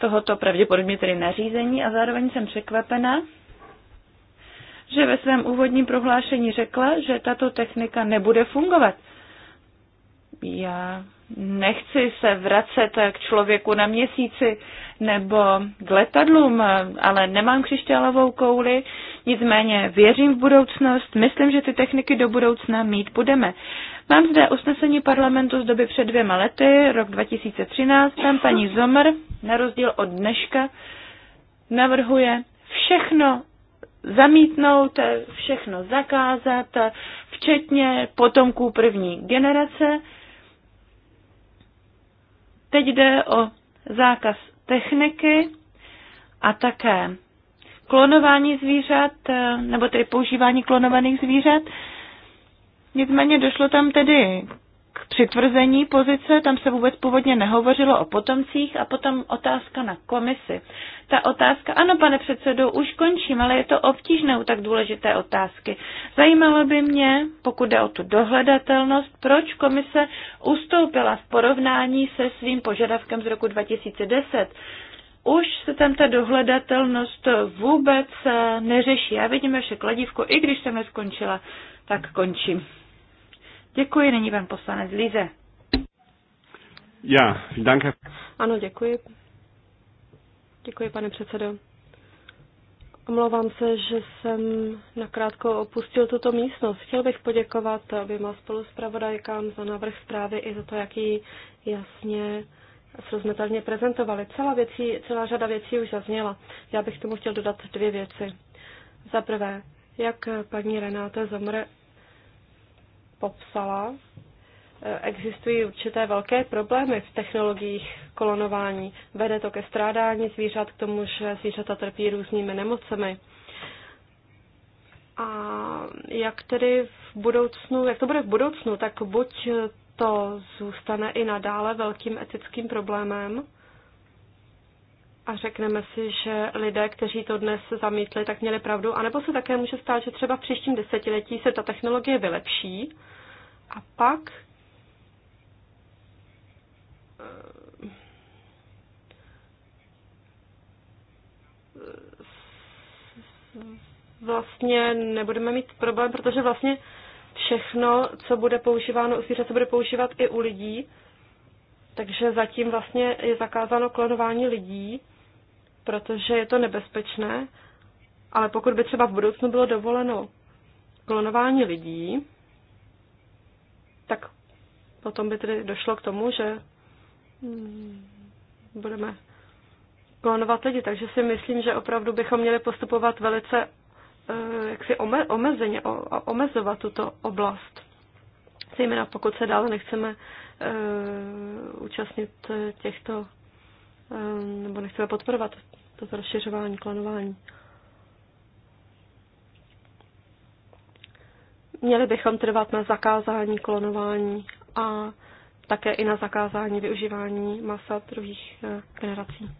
tohoto pravděpodobně tedy nařízení a zároveň jsem překvapena, že ve svém úvodním prohlášení řekla, že tato technika nebude fungovat. Já Nechci se vracet k člověku na měsíci nebo k letadlům, ale nemám křišťálovou kouli. Nicméně věřím v budoucnost, myslím, že ty techniky do budoucna mít budeme. Mám zde usnesení parlamentu z doby před dvěma lety, rok 2013, tam paní Zomer, na rozdíl od dneška, navrhuje všechno zamítnout, všechno zakázat, včetně potomků první generace, Teď jde o zákaz techniky a také klonování zvířat, eh, nebo tedy používání klonovaných zvířat. Nicméně došlo tam tedy k přitvrzení pozice, tam se vůbec původně nehovořilo o potomcích a potom otázka na komisi. Ta otázka, ano pane předsedo, už končím, ale je to obtížné u tak důležité otázky. Zajímalo by mě, pokud jde o tu dohledatelnost, proč komise ustoupila v porovnání se svým požadavkem z roku 2010 už se tam ta dohledatelnost vůbec eh, neřeší. Já vidím vše kladívko, i když jsem neskončila, tak končím. Děkuji, nyní pan poslanec Líze. Já, danke. Ano, děkuji. Děkuji, pane předsedo. Omlouvám se, že jsem nakrátko opustil tuto místnost. Chtěl bych poděkovat oběma spoluspravodajkám za návrh zprávy i za to, jaký jasně srozumitelně prezentovali. Celá, věcí, celá řada věcí už zazněla. Já bych tomu chtěl dodat dvě věci. Za prvé, jak paní Renáte Zomr popsala, eh, existují určité velké problémy v technologiích kolonování. Vede to ke strádání zvířat, k tomu, že zvířata trpí různými nemocemi. A jak tedy v budoucnu, jak to bude v budoucnu, tak buď to zůstane i nadále velkým etickým problémem, a řekneme si, že lidé, kteří to dnes zamítli, tak měli pravdu, anebo se také může stát, že třeba v příštím desetiletí se ta technologie vylepší a pak eh, vlastně nebudeme mít problém, protože vlastně všechno, co bude používáno u zvířat, se bude používat i u lidí. Takže zatím vlastně je zakázáno klonování lidí, protože je to nebezpečné, ale pokud by třeba v budoucnu bylo dovoleno klonování lidí, tak potom by tedy došlo k tomu, že mm, budeme klonovat lidi. Takže si myslím, že opravdu bychom měli postupovat velice eh, jaksi ome, omezeně, omezovat tuto oblast. Zejména pokud se dále nechceme e, účastnit eh, těchto Ehm, nebo nechceme podporovat toto rozšiřování, klonování. Měli bychom trvat na zakázání klonování a také i na zakázání využívání masa druhých eh, generací.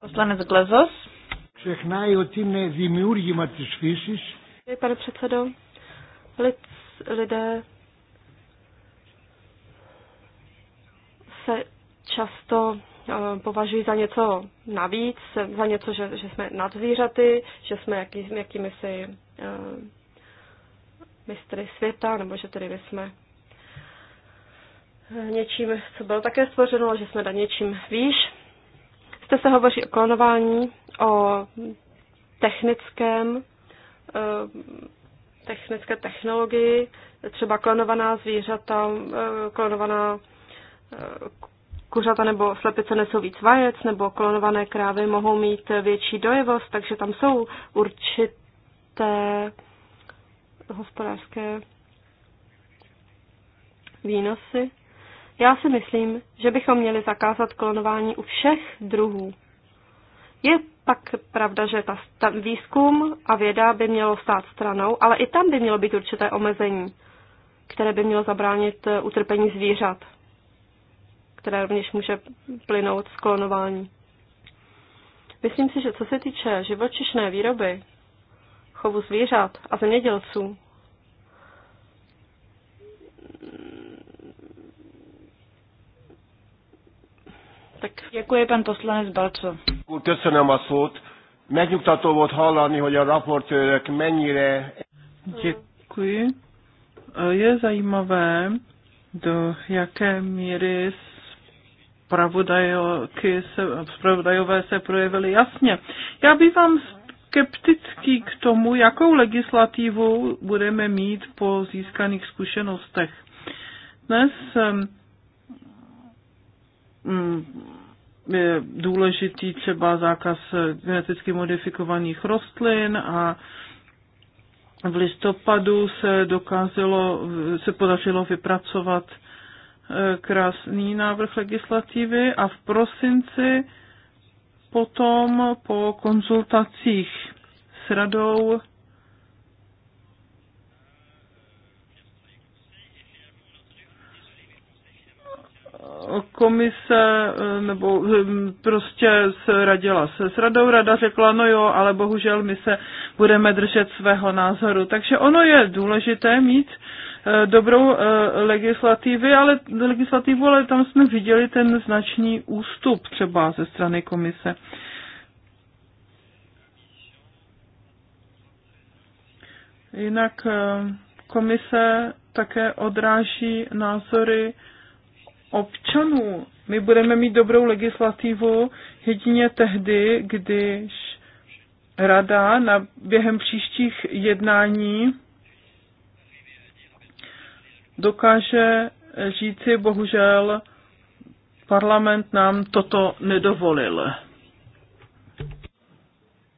Poslanec Glezos. ξεχνάει ότι είναι δημιούργημα Pane předsedo, lid, lidé se často eh, považují za něco navíc, za něco, že, že jsme nad zvířaty, že jsme jaký, jakými si uh, mistry světa, nebo že tedy my jsme eh, něčím, co bylo také stvořeno, že jsme na něčím výš. Zde se hovoří o klonování, o technickém, technické technologii, třeba klonovaná zvířata, klonovaná kuřata nebo slepice nesou víc vajec, nebo klonované krávy mohou mít větší dojevost, takže tam jsou určité hospodářské výnosy. Já si myslím, že bychom měli zakázat klonování u všech druhů. Je pak pravda, že ta, ta výzkum a věda by mělo stát stranou, ale i tam by mělo být určité omezení, které by mělo zabránit eh, utrpení zvířat které rovněž může plynout z klonování. Myslím si, že co se týče živočišné výroby, chovu zvířat a zemědělců, tak děkuji pan poslanec Balco. Köszönöm a szót. Megnyugtató volt hallani, hogy a raportőrök mennyire... Děkuji. Je zajímavé, do jaké míry Spravodajové se, zpravodajové se projevily jasně. Já bývám skeptický k tomu, jakou legislativu budeme mít po získaných zkušenostech. Dnes mm, je důležitý třeba zákaz geneticky modifikovaných rostlin a v listopadu se dokázalo, se podařilo vypracovat krásný návrh legislativy a v prosinci potom po konzultacích s radou komise eh, nebo eh, prostě se radila se s radou, rada řekla, no jo, ale bohužel my se budeme držet svého názoru. Takže ono je důležité mít Eh, dobrou eh, legislativy, ale, legislativu, ale tam jsme viděli ten značný ústup třeba ze strany komise. Jinak eh, komise také odráží názory občanů. My budeme mít dobrou legislativu jedině tehdy, když rada na, během příštích jednání dokáže říci, bohužel parlament nám toto nedovolil.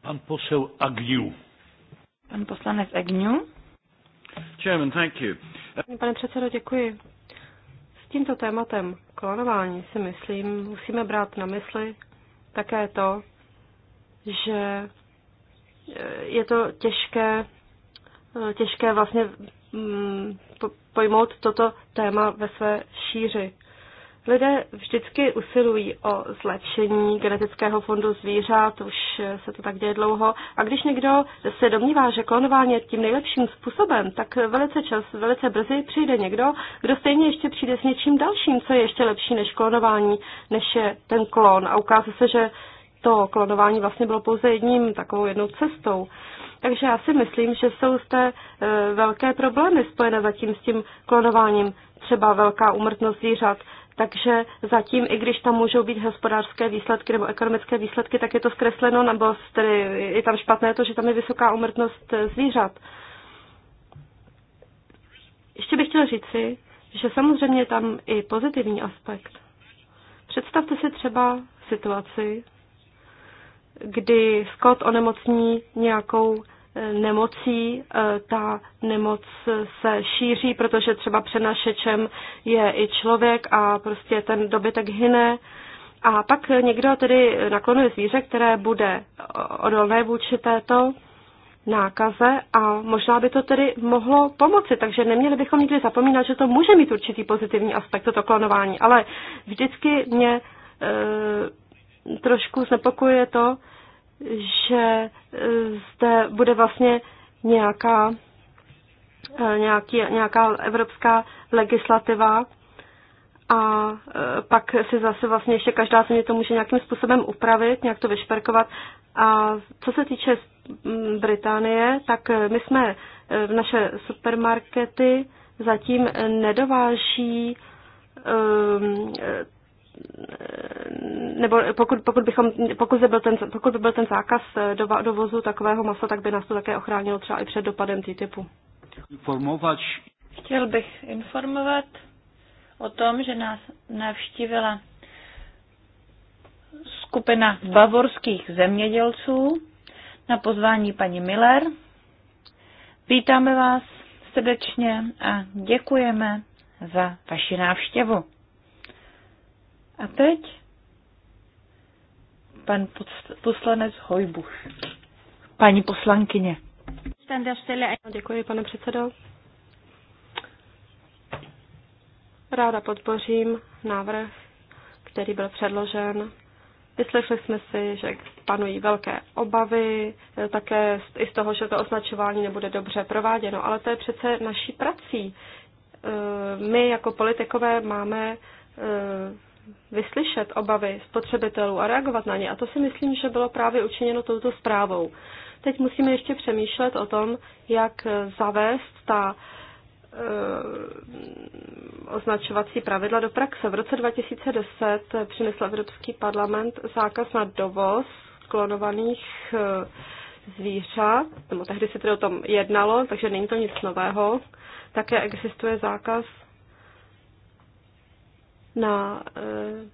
Pan posel Agniu. Pan poslanec Agniu. Chairman, thank you. Pane předsedo, děkuji. S tímto tématem klonování si myslím, musíme brát na mysli také to, že eh, je to těžké Eh, těžké vlastně mm, pojmout toto téma ve své šíři. Lidé vždycky usilují o zlepšení genetického fondu zvířat, už eh, se to tak děje dlouho. A když někdo se domnívá, že klonování je tím nejlepším způsobem, tak velice čas, velice brzy přijde někdo, kdo stejně ještě přijde s něčím dalším, co je ještě lepší než klonování, než je ten klon. A ukáže se, že to klonování vlastně bylo pouze jedním takovou jednou cestou. Takže já si myslím, že jsou zde e, velké problémy spojené zatím s tím klonováním, třeba velká umrtnost zvířat. Takže zatím, i když tam můžou být hospodářské výsledky nebo ekonomické výsledky, tak je to zkresleno, nebo tedy je tam špatné to, že tam je vysoká umrtnost e, zvířat. Ještě bych chtěl říci, že samozřejmě je tam i pozitivní aspekt. Představte si třeba situaci, kdy Scott onemocní nějakou eh, nemocí, eh, ta nemoc eh, se šíří, protože třeba přenašečem je i člověk a prostě ten dobytek hyne. A pak někdo tedy naklonuje zvíře, které bude odolné vůči této nákaze a možná by to tedy mohlo pomoci, takže neměli bychom nikdy zapomínat, že to může mít určitý pozitivní aspekt, toto klonování, ale vždycky mě e, trošku znepokojuje to, že e, zde bude vlastně nějaká, e, nějaký, nějaká evropská legislativa a e, pak si zase vlastně ještě každá země to může nějakým způsobem upravit, nějak to vyšperkovat. A co se týče mm, Británie, tak my jsme v naše supermarkety zatím nedováží nebo pokud, pokud, bychom, pokud, by byl ten, pokud by byl ten zákaz eh, dovozu takového masa, tak by nás to také ochránilo třeba i před dopadem TTIPu. Informovat. Chtěl bych informovat o tom, že nás navštívila skupina bavorských zemědělců na pozvání paní Miller. Vítáme vás srdečně a děkujeme za vaši návštěvu. A teď pan poslanec Hojbuš. Paní poslankyně. Děkuji, pane předsedo. Ráda podpořím návrh, který byl předložen. Vyslechli jsme si, že panují velké obavy, také i z toho, že to označování nebude dobře prováděno, ale to je přece naší prací. E, my jako politikové máme e, vyslyšet obavy spotřebitelů a reagovat na ně. A to si myslím, že bylo právě učiněno touto zprávou. Teď musíme ještě přemýšlet o tom, jak zavést ta e, označovací pravidla do praxe. V roce 2010 přinesl Evropský parlament zákaz na dovoz klonovaných e, zvířat, nebo tehdy se tedy o tom jednalo, takže není to nic nového. Také existuje zákaz na eh,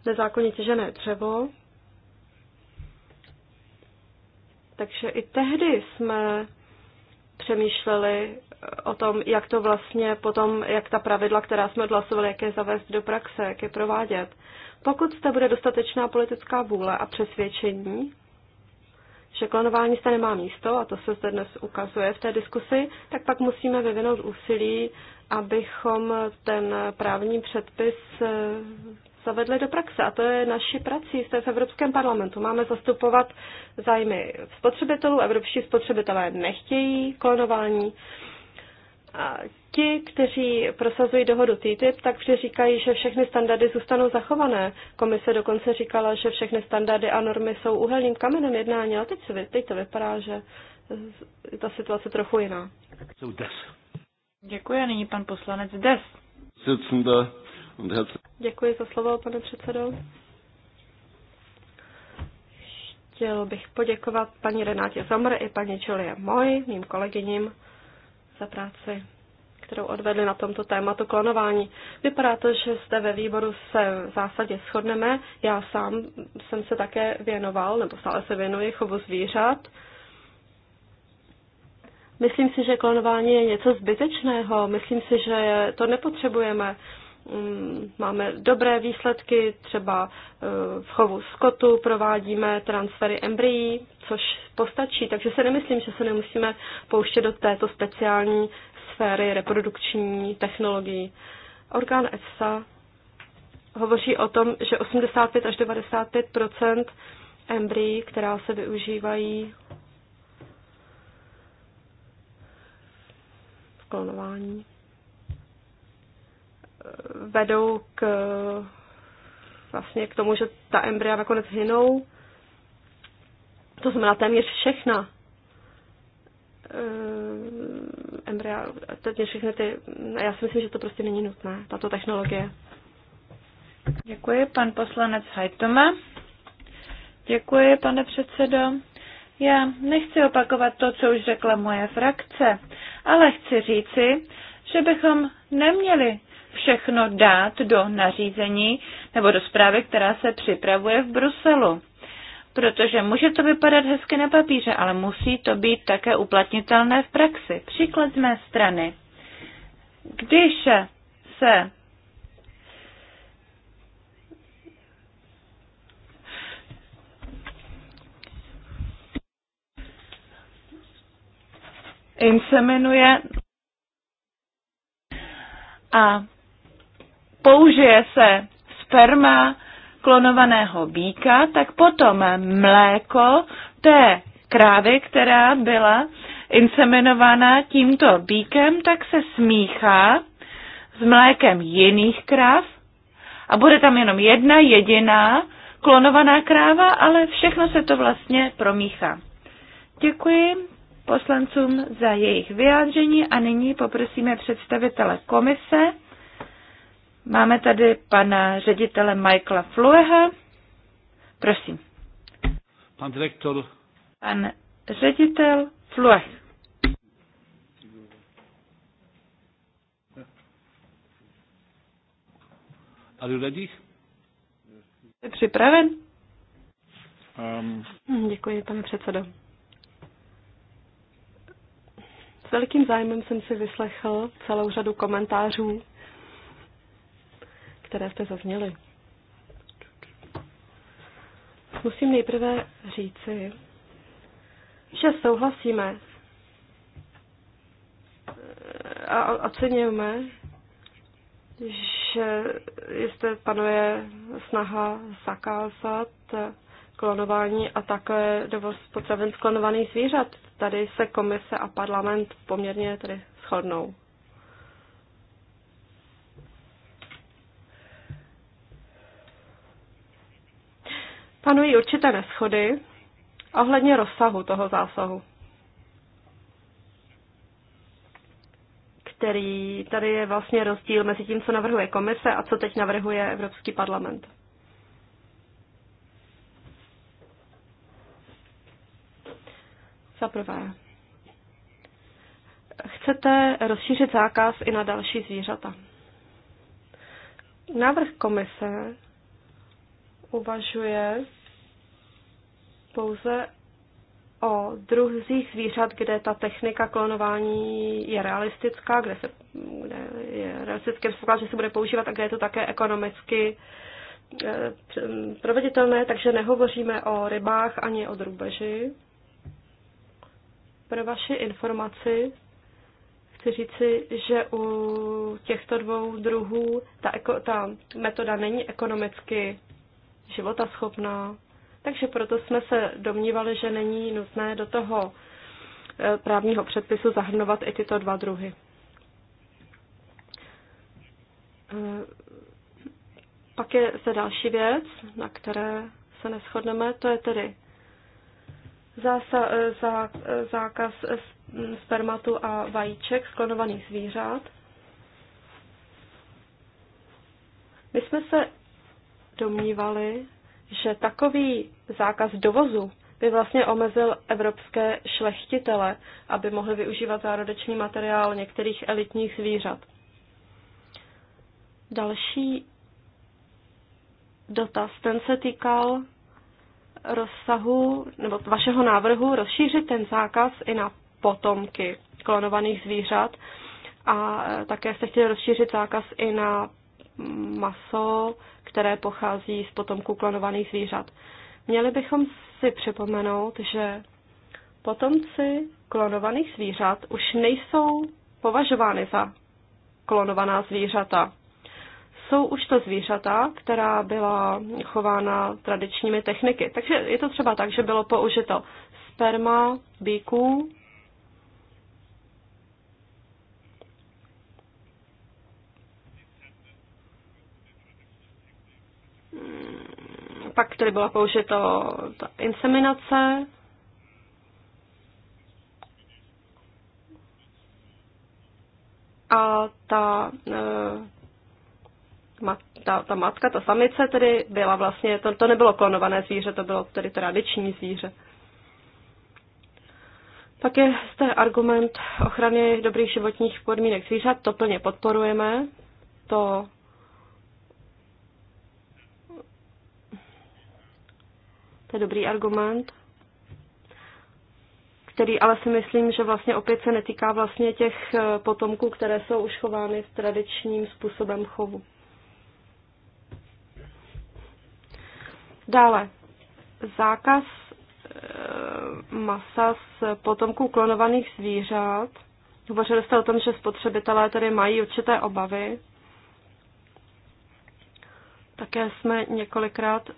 nezákonně těžené dřevo. Takže i tehdy jsme přemýšleli eh, o tom, jak to vlastně potom, jak ta pravidla, která jsme odhlasovali, jak je zavést do praxe, jak je provádět. Pokud zde bude dostatečná politická vůle a přesvědčení, že klonování zde nemá místo, a to se zde dnes ukazuje v té diskusi, tak pak musíme vyvinout úsilí abychom ten právní předpis eh, zavedli do praxe. A to je naší prací jste v Evropském parlamentu. Máme zastupovat zájmy spotřebitelů. Evropští spotřebitelé nechtějí klonování. A ti, kteří prosazují dohodu TTIP, tak vždy říkají, že všechny standardy zůstanou zachované. Komise dokonce říkala, že všechny standardy a normy jsou uhelným kamenem jednání, A teď, se, teď to vypadá, že ta situace trochu jiná. So Děkuji a nyní pan poslanec Des. Děkuji za slovo, pane předsedo. Chtěl bych poděkovat paní Renátě Zomr i paní Julie Moj, mým kolegyním, za práci, kterou odvedli na tomto tématu klonování. Vypadá to, že zde ve výboru se v zásadě shodneme. Já sám jsem se také věnoval, nebo stále se věnuji chovu zvířat. Myslím si, že klonování je něco zbytečného, myslím si, že to nepotřebujeme. Mm, máme dobré výsledky, třeba eh, v chovu skotu provádíme transfery embryí, což postačí, takže se nemyslím, že se nemusíme pouštět do této speciální sféry reprodukční technologií. Orgán EFSA hovoří o tom, že 85 až 95 embryí, která se využívají klonování vedou k, vlastně k tomu, že ta embrya nakonec hynou. To znamená téměř všechna eh, embrya, téměř všechny ty, já si myslím, že to prostě není nutné, tato technologie. Děkuji, pan poslanec Hajtoma. Děkuji, pane předsedo. Já nechci opakovat to, co už řekla moje frakce, ale chci říci, že bychom neměli všechno dát do nařízení nebo do zprávy, která se připravuje v Bruselu. Protože může to vypadat hezky na papíře, ale musí to být také uplatnitelné v praxi. Příklad z mé strany. Když se inseminuje a použije se sperma klonovaného býka, tak potom mléko té krávy, která byla inseminovaná tímto býkem, tak se smíchá s mlékem jiných kráv a bude tam jenom jedna jediná klonovaná kráva, ale všechno se to vlastně promíchá. Děkuji poslancům za jejich vyjádření a nyní poprosíme představitele komise. Máme tady pana ředitele Michaela Flueha. Prosím. Pan direktor. Pan ředitel Flueh. Are you ready? Jste připraven? Um. Děkuji, pane předsedo. S velkým zájmem jsem si vyslechl celou řadu komentářů, které jste zazněli. Musím nejprve říci, že souhlasíme a oceňujeme, že jste panuje snaha zakázat klonování a také dovoz potravin z klonovaných zvířat tady se komise a parlament poměrně tedy shodnou. Panují určité neschody ohledně rozsahu toho zásahu, který tady je vlastně rozdíl mezi tím, co navrhuje komise a co teď navrhuje Evropský parlament. Za prvé, chcete rozšířit zákaz i na další zvířata. Návrh komise uvažuje pouze o druhých zvířat, kde ta technika klonování je realistická, kde, se, kde je realistické předpoklad, že se bude používat a kde je to také ekonomicky eh, proveditelné, takže nehovoříme o rybách ani o drůbeži. Pro vaši informaci chci říci, že u těchto dvou druhů ta, eko, ta metoda není ekonomicky životaschopná, takže proto jsme se domnívali, že není nutné do toho e, právního předpisu zahrnovat i tyto dva druhy. E, pak je zde další věc, na které se neschodneme, to je tedy zása, zá, zákaz spermatu a vajíček sklonovaných zvířat. My jsme se domnívali, že takový zákaz dovozu by vlastně omezil evropské šlechtitele, aby mohli využívat zárodečný materiál některých elitních zvířat. Další dotaz, ten se týkal rozsahu nebo vašeho návrhu rozšířit ten zákaz i na potomky klonovaných zvířat a také jste chtěli rozšířit zákaz i na maso, které pochází z potomků klonovaných zvířat. Měli bychom si připomenout, že potomci klonovaných zvířat už nejsou považovány za klonovaná zvířata jsou už to zvířata, která byla chována tradičními techniky. Takže je to třeba tak, že bylo použito sperma, bíků, pak tedy byla použito ta inseminace, a ta eh, ta, ta matka, ta samice tedy byla vlastně, to, to nebylo klonované zvíře, to bylo tedy tradiční zvíře. Pak je zde argument ochrany dobrých životních podmínek zvířat, to plně podporujeme, to To je dobrý argument, který ale si myslím, že vlastně opět se netýká vlastně těch potomků, které jsou už chovány s tradičním způsobem chovu. Dále, zákaz eh, masa z potomků klonovaných zvířat. Hovořili jste o tom, že spotřebitelé tedy mají určité obavy. Také jsme několikrát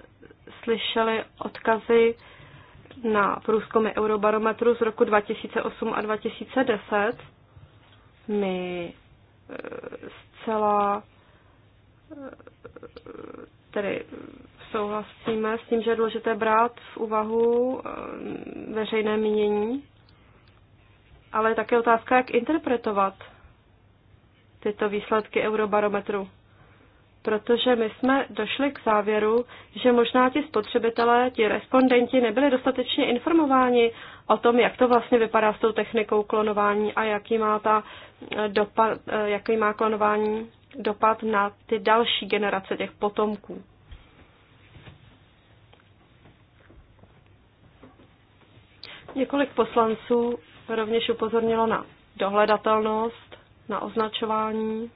slyšeli odkazy na průzkumy Eurobarometru z roku 2008 a 2010. My eh, zcela eh, tedy souhlasíme s tím, že je důležité brát v úvahu eh, veřejné mínění, ale je také otázka, jak interpretovat tyto výsledky eurobarometru. Protože my jsme došli k závěru, že možná ti spotřebitelé, ti respondenti nebyli dostatečně informováni o tom, jak to vlastně vypadá s tou technikou klonování a jaký má, ta eh, dopad, eh, jaký má klonování dopad na ty další generace těch potomků. Několik poslanců rovněž upozornilo na dohledatelnost, na označování.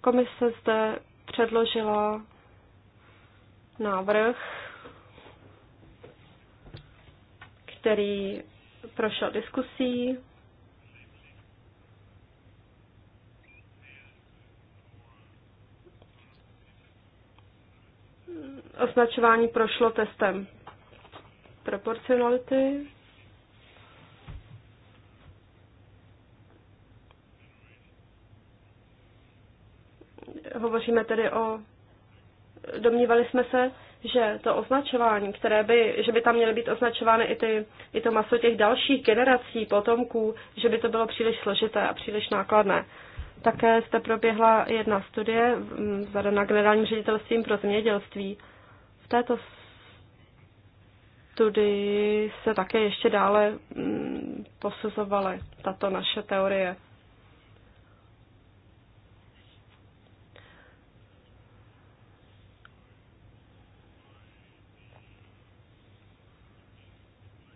Komise zde předložila návrh, který prošel diskusí. Označování prošlo testem proporcionality. Hovoříme tedy o, domnívali jsme se, že to označování, které by, že by tam měly být označovány i, ty, i to maso těch dalších generací potomků, že by to bylo příliš složité a příliš nákladné. Také jste proběhla jedna studie zadaná generálním ředitelstvím pro zemědělství. V této tudy se také ještě dále mm, posuzovaly tato naše teorie.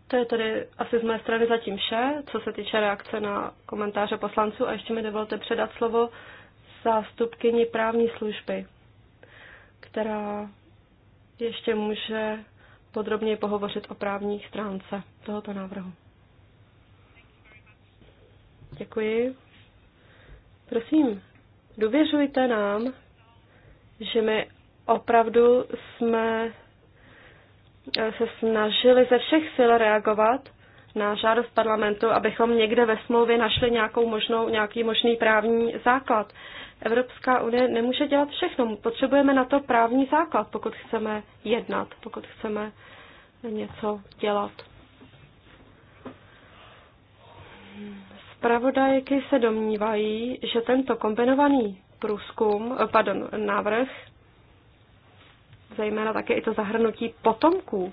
To je tedy asi z mé strany zatím vše, co se týče reakce na komentáře poslanců a ještě mi dovolte předat slovo zástupkyni právní služby, která ještě může podrobněji pohovořit o právní stránce tohoto návrhu. Děkuji. Prosím, důvěřujte nám, že my opravdu jsme eh, se snažili ze všech sil reagovat na žádost parlamentu, abychom někde ve smlouvě našli nějakou možnou, nějaký možný právní základ. Evropská unie nemůže dělat všechno. Potřebujeme na to právní základ, pokud chceme jednat, pokud chceme něco dělat. Spravodajky se domnívají, že tento kombinovaný průzkum, eh, pardon, návrh, zejména také i to zahrnutí potomků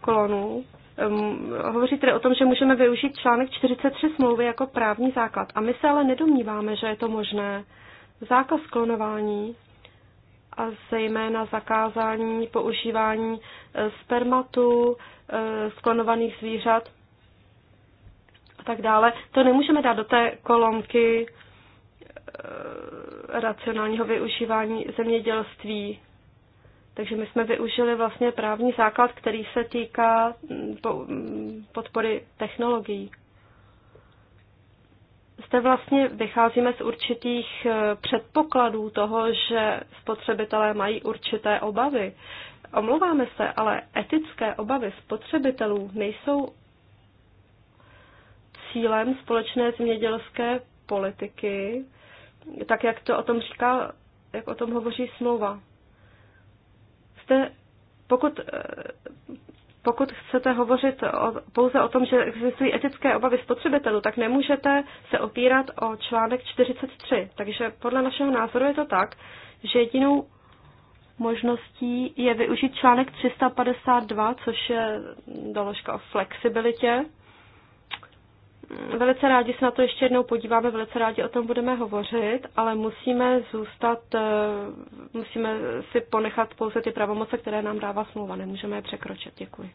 klonů, ehm, hovoří tedy o tom, že můžeme využít článek 43 smlouvy jako právní základ. A my se ale nedomníváme, že je to možné. Zákaz klonování a zejména zakázání používání eh, spermatu, eh, sklonovaných zvířat a tak dále, to nemůžeme dát do té kolonky eh, racionálního využívání zemědělství. Takže my jsme využili vlastně právní základ, který se týká mm, mm, podpory technologií. Zde vlastně vycházíme z určitých eh, předpokladů toho, že spotřebitelé mají určité obavy. Omlouváme se, ale etické obavy spotřebitelů nejsou cílem společné zemědělské politiky, tak jak to o tom říká, jak o tom hovoří smlouva. Zde, pokud eh, pokud chcete hovořit o, pouze o tom, že existují etické obavy spotřebitelů, tak nemůžete se opírat o článek 43. Takže podle našeho názoru je to tak, že jedinou možností je využít článek 352, což je doložka o flexibilitě velice rádi se na to ještě jednou podíváme, velice rádi o tom budeme hovořit, ale musíme zůstat, eh, musíme si ponechat pouze ty pravomoce, které nám dává smlouva, nemůžeme je překročit. Děkuji.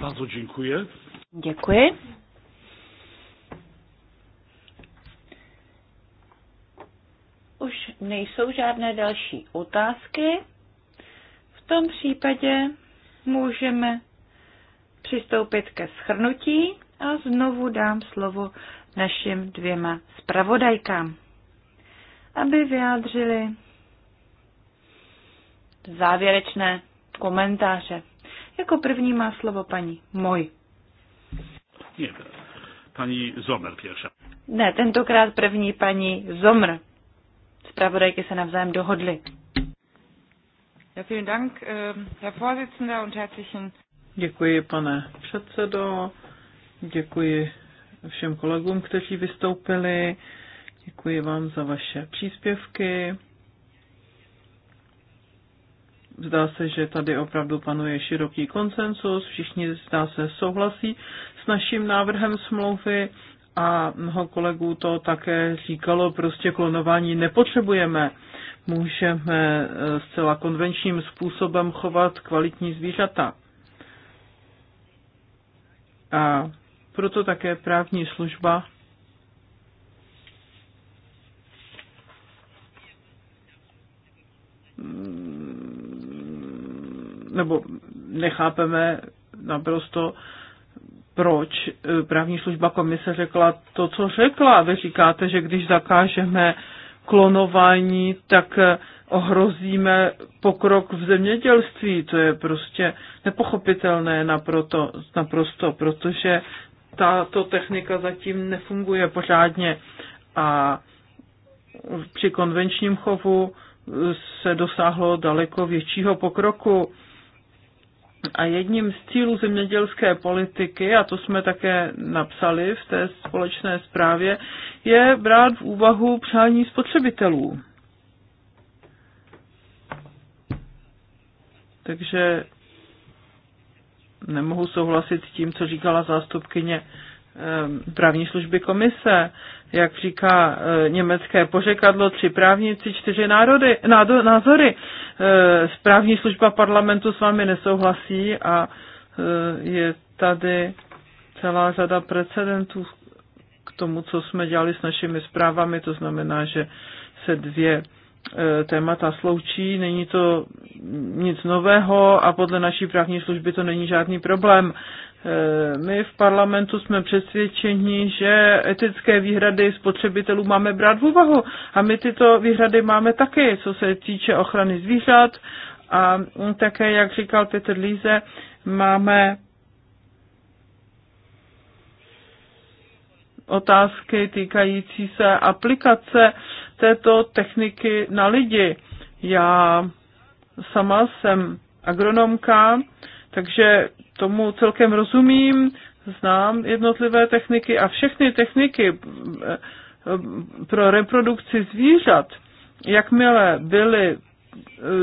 Bardzo dziękuję. Děkuji. Už nejsou žádné další otázky. V tom případě můžeme přistoupit ke schrnutí a znovu dám slovo našim dvěma zpravodajkám, aby vyjádřili závěrečné komentáře. Jako první má slovo paní Moj. Ne, paní Zomer pěša. Ne, tentokrát první paní Zomr. Zpravodajky se navzájem dohodly. Ja, vielen Dank, ähm, Herr Vorsitzender, und herzlichen Děkuji, pane předsedo. Děkuji všem kolegům, kteří vystoupili. Děkuji vám za vaše příspěvky. Zdá se, že tady opravdu panuje široký konsensus, všichni zdá se souhlasí s naším návrhem smlouvy a mnoho kolegů to také říkalo, prostě klonování nepotřebujeme. Můžeme eh, zcela konvenčním způsobem chovat kvalitní zvířata. A proto také právní služba nebo nechápeme naprosto, proč eh, právní služba komise řekla to, co řekla. Vy říkáte, že když zakážeme klonování, tak eh, ohrozíme pokrok v zemědělství. To je prostě nepochopitelné naproto, naprosto, protože tato technika zatím nefunguje pořádně a při konvenčním chovu se dosáhlo daleko většího pokroku a jedním z cílů zemědělské politiky, a to jsme také napsali v té společné zprávě, je brát v úvahu přání spotřebitelů. Takže nemohu souhlasit s tím, co říkala zástupkyně Eh, právní služby komise, jak říká eh, německé pořekadlo, tři právníci, čtyři národy, nádo, názory. Eh, správní služba parlamentu s vámi nesouhlasí a je tady celá řada precedentů k tomu, co jsme dělali s našimi zprávami, to znamená, že se dvě E, témata sloučí, není to nic nového a podle naší právní služby to není žádný problém. E, my v parlamentu jsme přesvědčeni, že etické výhrady spotřebitelů máme brát v úvahu a my tyto výhrady máme taky, co se týče ochrany zvířat a také, jak říkal Petr Líze, máme otázky týkající se aplikace této techniky na lidi. Já sama jsem agronomka, takže tomu celkem rozumím, znám jednotlivé techniky a všechny techniky eh, eh, pro reprodukci zvířat, jakmile byly eh,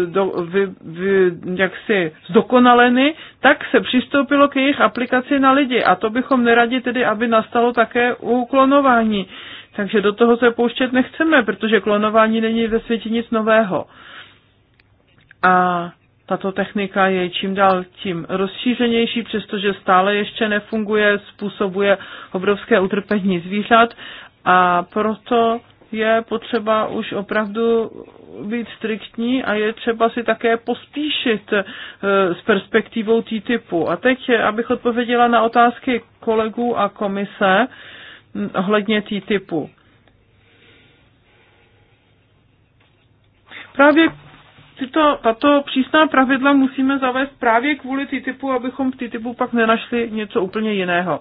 do, vy, vy, jaksi zdokonaleny, tak se přistoupilo k jejich aplikaci na lidi. A to bychom neradi tedy, aby nastalo také u klonování. Takže do toho se pouštět nechceme, protože klonování není ve světě nic nového. A tato technika je čím dál tím rozšířenější, přestože stále ještě nefunguje, způsobuje obrovské utrpení zvířat a proto je potřeba už opravdu být striktní a je třeba si také pospíšit eh, s perspektivou T-typu. A teď, eh, abych odpověděla na otázky kolegů a komise, ohledně typu. Právě tyto, tato přísná pravidla musíme zavést právě kvůli typu, abychom v typu pak nenašli něco úplně jiného.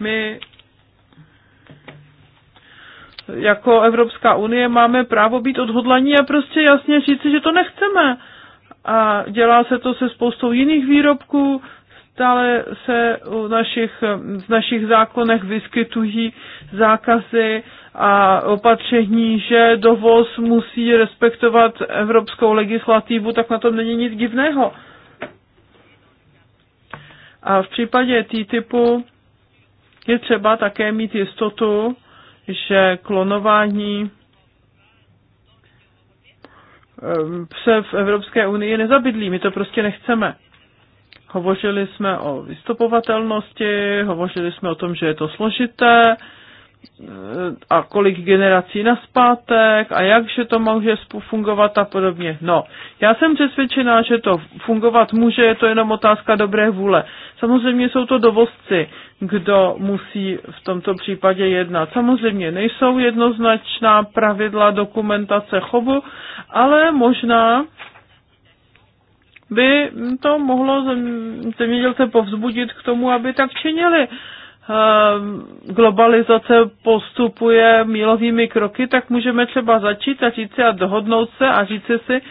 My jako Evropská unie máme právo být odhodlaní a prostě jasně říci, že to nechceme. A dělá se to se spoustou jiných výrobků, Stále se u našich, v našich zákonech vyskytují zákazy a opatření, že dovoz musí respektovat evropskou legislativu, tak na tom není nic divného. A v případě T-typu je třeba také mít jistotu, že klonování eh, se v Evropské unii nezabydlí. My to prostě nechceme. Hovořili jsme o vystupovatelnosti, hovořili jsme o tom, že je to složité eh, a kolik generací na a jak, že to může fungovat a podobně. No, já jsem přesvědčená, že to fungovat může, je to jenom otázka dobré vůle. Samozřejmě jsou to dovozci, kdo musí v tomto případě jednat. Samozřejmě nejsou jednoznačná pravidla dokumentace chovu, ale možná by to mohlo zemědělce povzbudit k tomu, aby tak činili. Ehm, globalizace postupuje mílovými kroky, tak můžeme třeba začít a říct si a dohodnout se a říci si,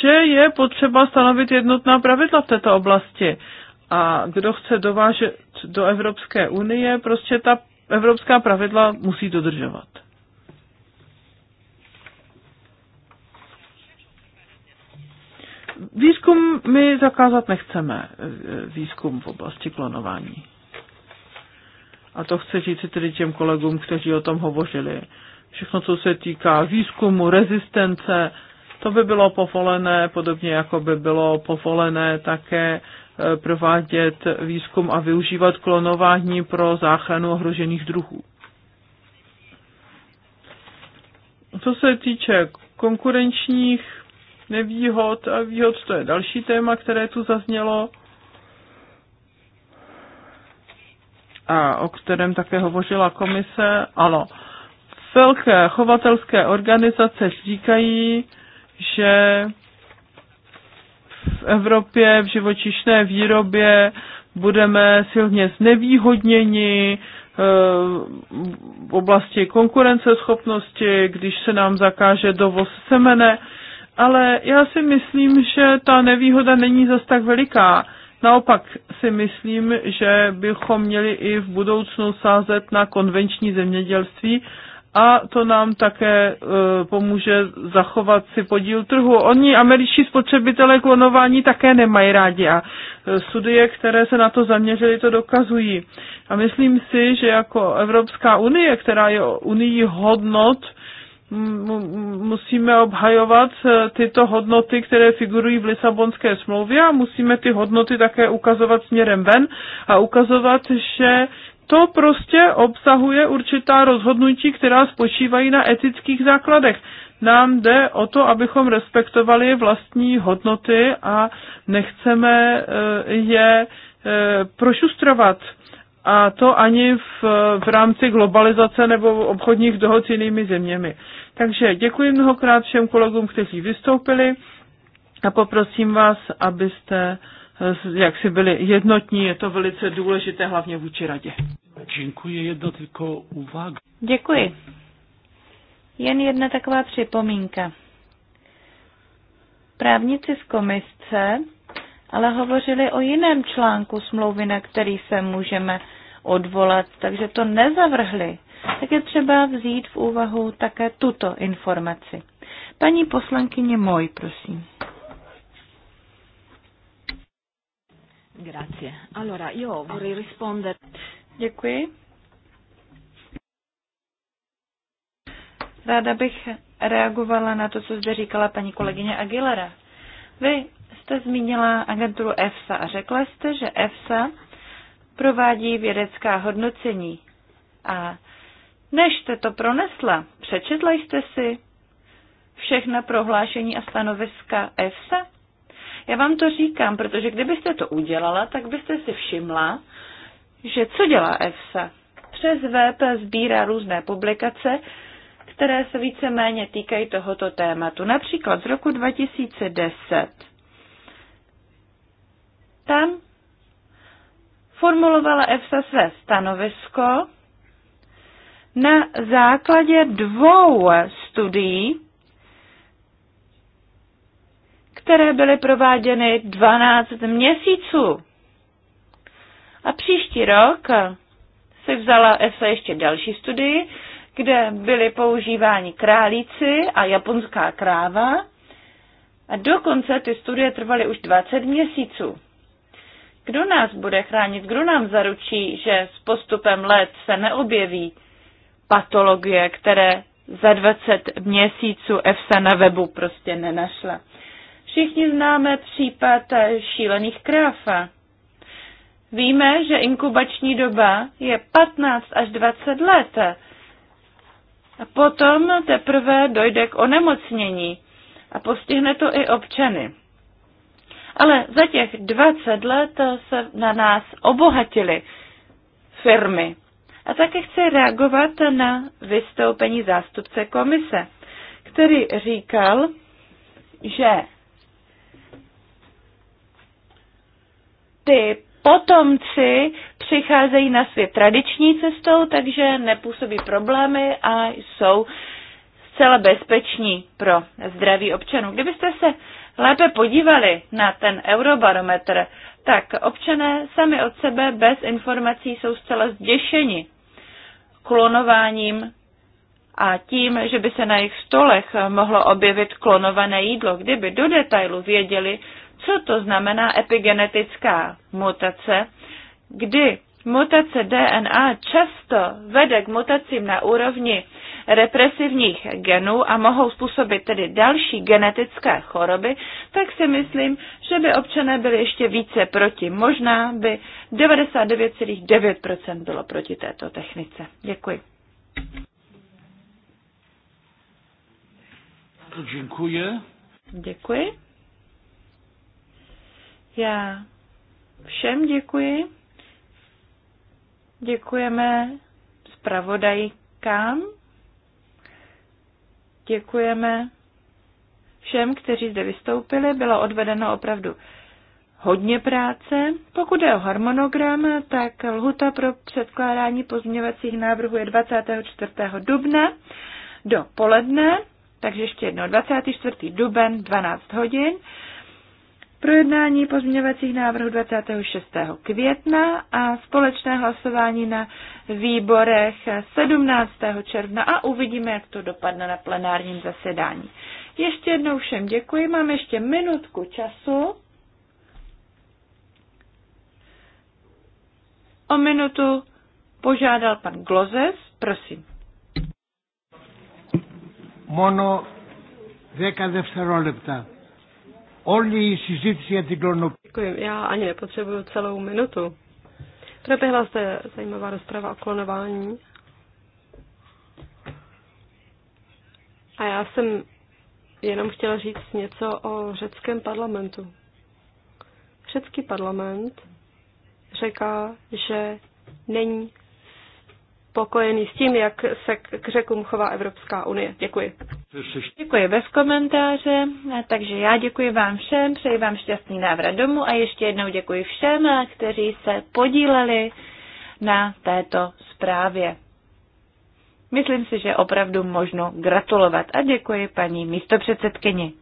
že je potřeba stanovit jednotná pravidla v této oblasti. A kdo chce dovážet do Evropské unie, prostě ta evropská pravidla musí dodržovat. Výzkum my zakázat nechceme, výzkum v oblasti klonování. A to chci říct tedy těm kolegům, kteří o tom hovořili. Všechno, co se týká výzkumu, rezistence, to by bylo povolené, podobně jako by bylo povolené také e, provádět výzkum a využívat klonování pro záchranu ohrožených druhů. Co se týče konkurenčních nevýhod a výhod, to je další téma, které tu zaznělo a o kterém také hovořila komise. Ano, velké chovatelské organizace říkají, že v Evropě v živočišné výrobě budeme silně znevýhodněni eh, v oblasti konkurenceschopnosti, když se nám zakáže dovoz semene ale já si myslím, že ta nevýhoda není zas tak veliká. Naopak si myslím, že bychom měli i v budoucnu sázet na konvenční zemědělství a to nám také e, pomůže zachovat si podíl trhu. Oni, američtí spotřebitelé klonování, také nemají rádi a e, studie, které se na to zaměřily, to dokazují. A myslím si, že jako Evropská unie, která je unii hodnot, musíme obhajovat eh, tyto hodnoty, které figurují v Lisabonské smlouvě a musíme ty hodnoty také ukazovat směrem ven a ukazovat, že to prostě obsahuje určitá rozhodnutí, která spočívají na etických základech. Nám jde o to, abychom respektovali vlastní hodnoty a nechceme eh, je eh, prošustrovat a to ani v, v rámci globalizace nebo obchodních dohod s jinými zeměmi. Takže děkuji mnohokrát všem kolegům, kteří vystoupili a poprosím vás, abyste eh, jak si byli jednotní, je to velice důležité, hlavně vůči radě. Děkuji, jedno tylko uvag. Děkuji. Jen jedna taková připomínka. Právníci z komise ale hovořili o jiném článku smlouvy, na který se můžeme odvolat, takže to nezavrhli. Tak je třeba vzít v úvahu také tuto informaci. Paní poslankyně Moj, prosím. Grazie. Allora, io vorrei rispondere. Děkuji. Ráda bych reagovala na to, co zde říkala paní kolegyně Aguilera. Vy jste zmínila agenturu EFSA a řekla jste, že EFSA provádí vědecká hodnocení. A než jste to pronesla, přečetla jste si všechna prohlášení a stanoviska EFSA? Já vám to říkám, protože kdybyste to udělala, tak byste si všimla, že co dělá EFSA? Přes VP sbírá různé publikace, které se víceméně týkají tohoto tématu. Například z roku 2010 tam formulovala EFSA své stanovisko na základě dvou studií, které byly prováděny 12 měsíců. A příští rok se vzala EFSA ještě další studii, kde byly používáni králíci a japonská kráva. A dokonce ty studie trvaly už 20 měsíců. Kdo nás bude chránit? Kdo nám zaručí, že s postupem let se neobjeví patologie, které za 20 měsíců EFSA na webu prostě nenašla? Všichni známe případ šílených krav. Víme, že inkubační doba je 15 až 20 let. A potom teprve dojde k onemocnění a postihne to i občany. Ale za těch 20 let se na nás obohatily firmy. A také chci reagovat na vystoupení zástupce komise, který říkal, že ty potomci přicházejí na svět tradiční cestou, takže nepůsobí problémy a jsou zcela bezpeční pro zdraví občanů. Kdybyste se lépe podívali na ten eurobarometr, tak občané sami od sebe bez informací jsou zcela zděšeni klonováním a tím, že by se na jejich stolech mohlo objevit klonované jídlo, kdyby do detailu věděli, co to znamená epigenetická mutace, kdy mutace DNA často vede k mutacím na úrovni represivních genů a mohou způsobit tedy další genetické choroby, tak si myslím, že by občané byli ještě více proti. Možná by 99,9% bylo proti této technice. Děkuji. Děkuji. Děkuji. Já všem děkuji. Děkujeme zpravodajkám Děkujeme všem, kteří zde vystoupili. Bylo odvedeno opravdu hodně práce. Pokud je o harmonogram, tak lhuta pro předkládání pozměňovacích návrhů je 24. dubna do poledne, takže ještě jedno 24. duben 12 hodin. Projednání pozměňovacích návrhů 26. května a společné hlasování na výborech 17. června a uvidíme, jak to dopadne na plenárním zasedání. Ještě jednou všem děkuji, mám ještě minutku času. O minutu požádal pan Glozes, prosím. Mono 10 δευτερόλεπτα. Όλη η συζήτηση για την κλωνοποίηση. Děkuji. Já ani nepotřebuju celou minutu. Proběhla zde zajímavá rozprava o klonování. A já jsem jenom chtěla říct něco o řeckém parlamentu. Řecký parlament řeká, že není spokojený s tím, jak se k řekům chová Evropská unie. Děkuji. Děkuji bez komentáře, takže já děkuji vám všem, přeji vám šťastný návrat domů a ještě jednou děkuji všem, kteří se podíleli na této zprávě. Myslím si, že opravdu možno gratulovat a děkuji paní místopředsedkyni.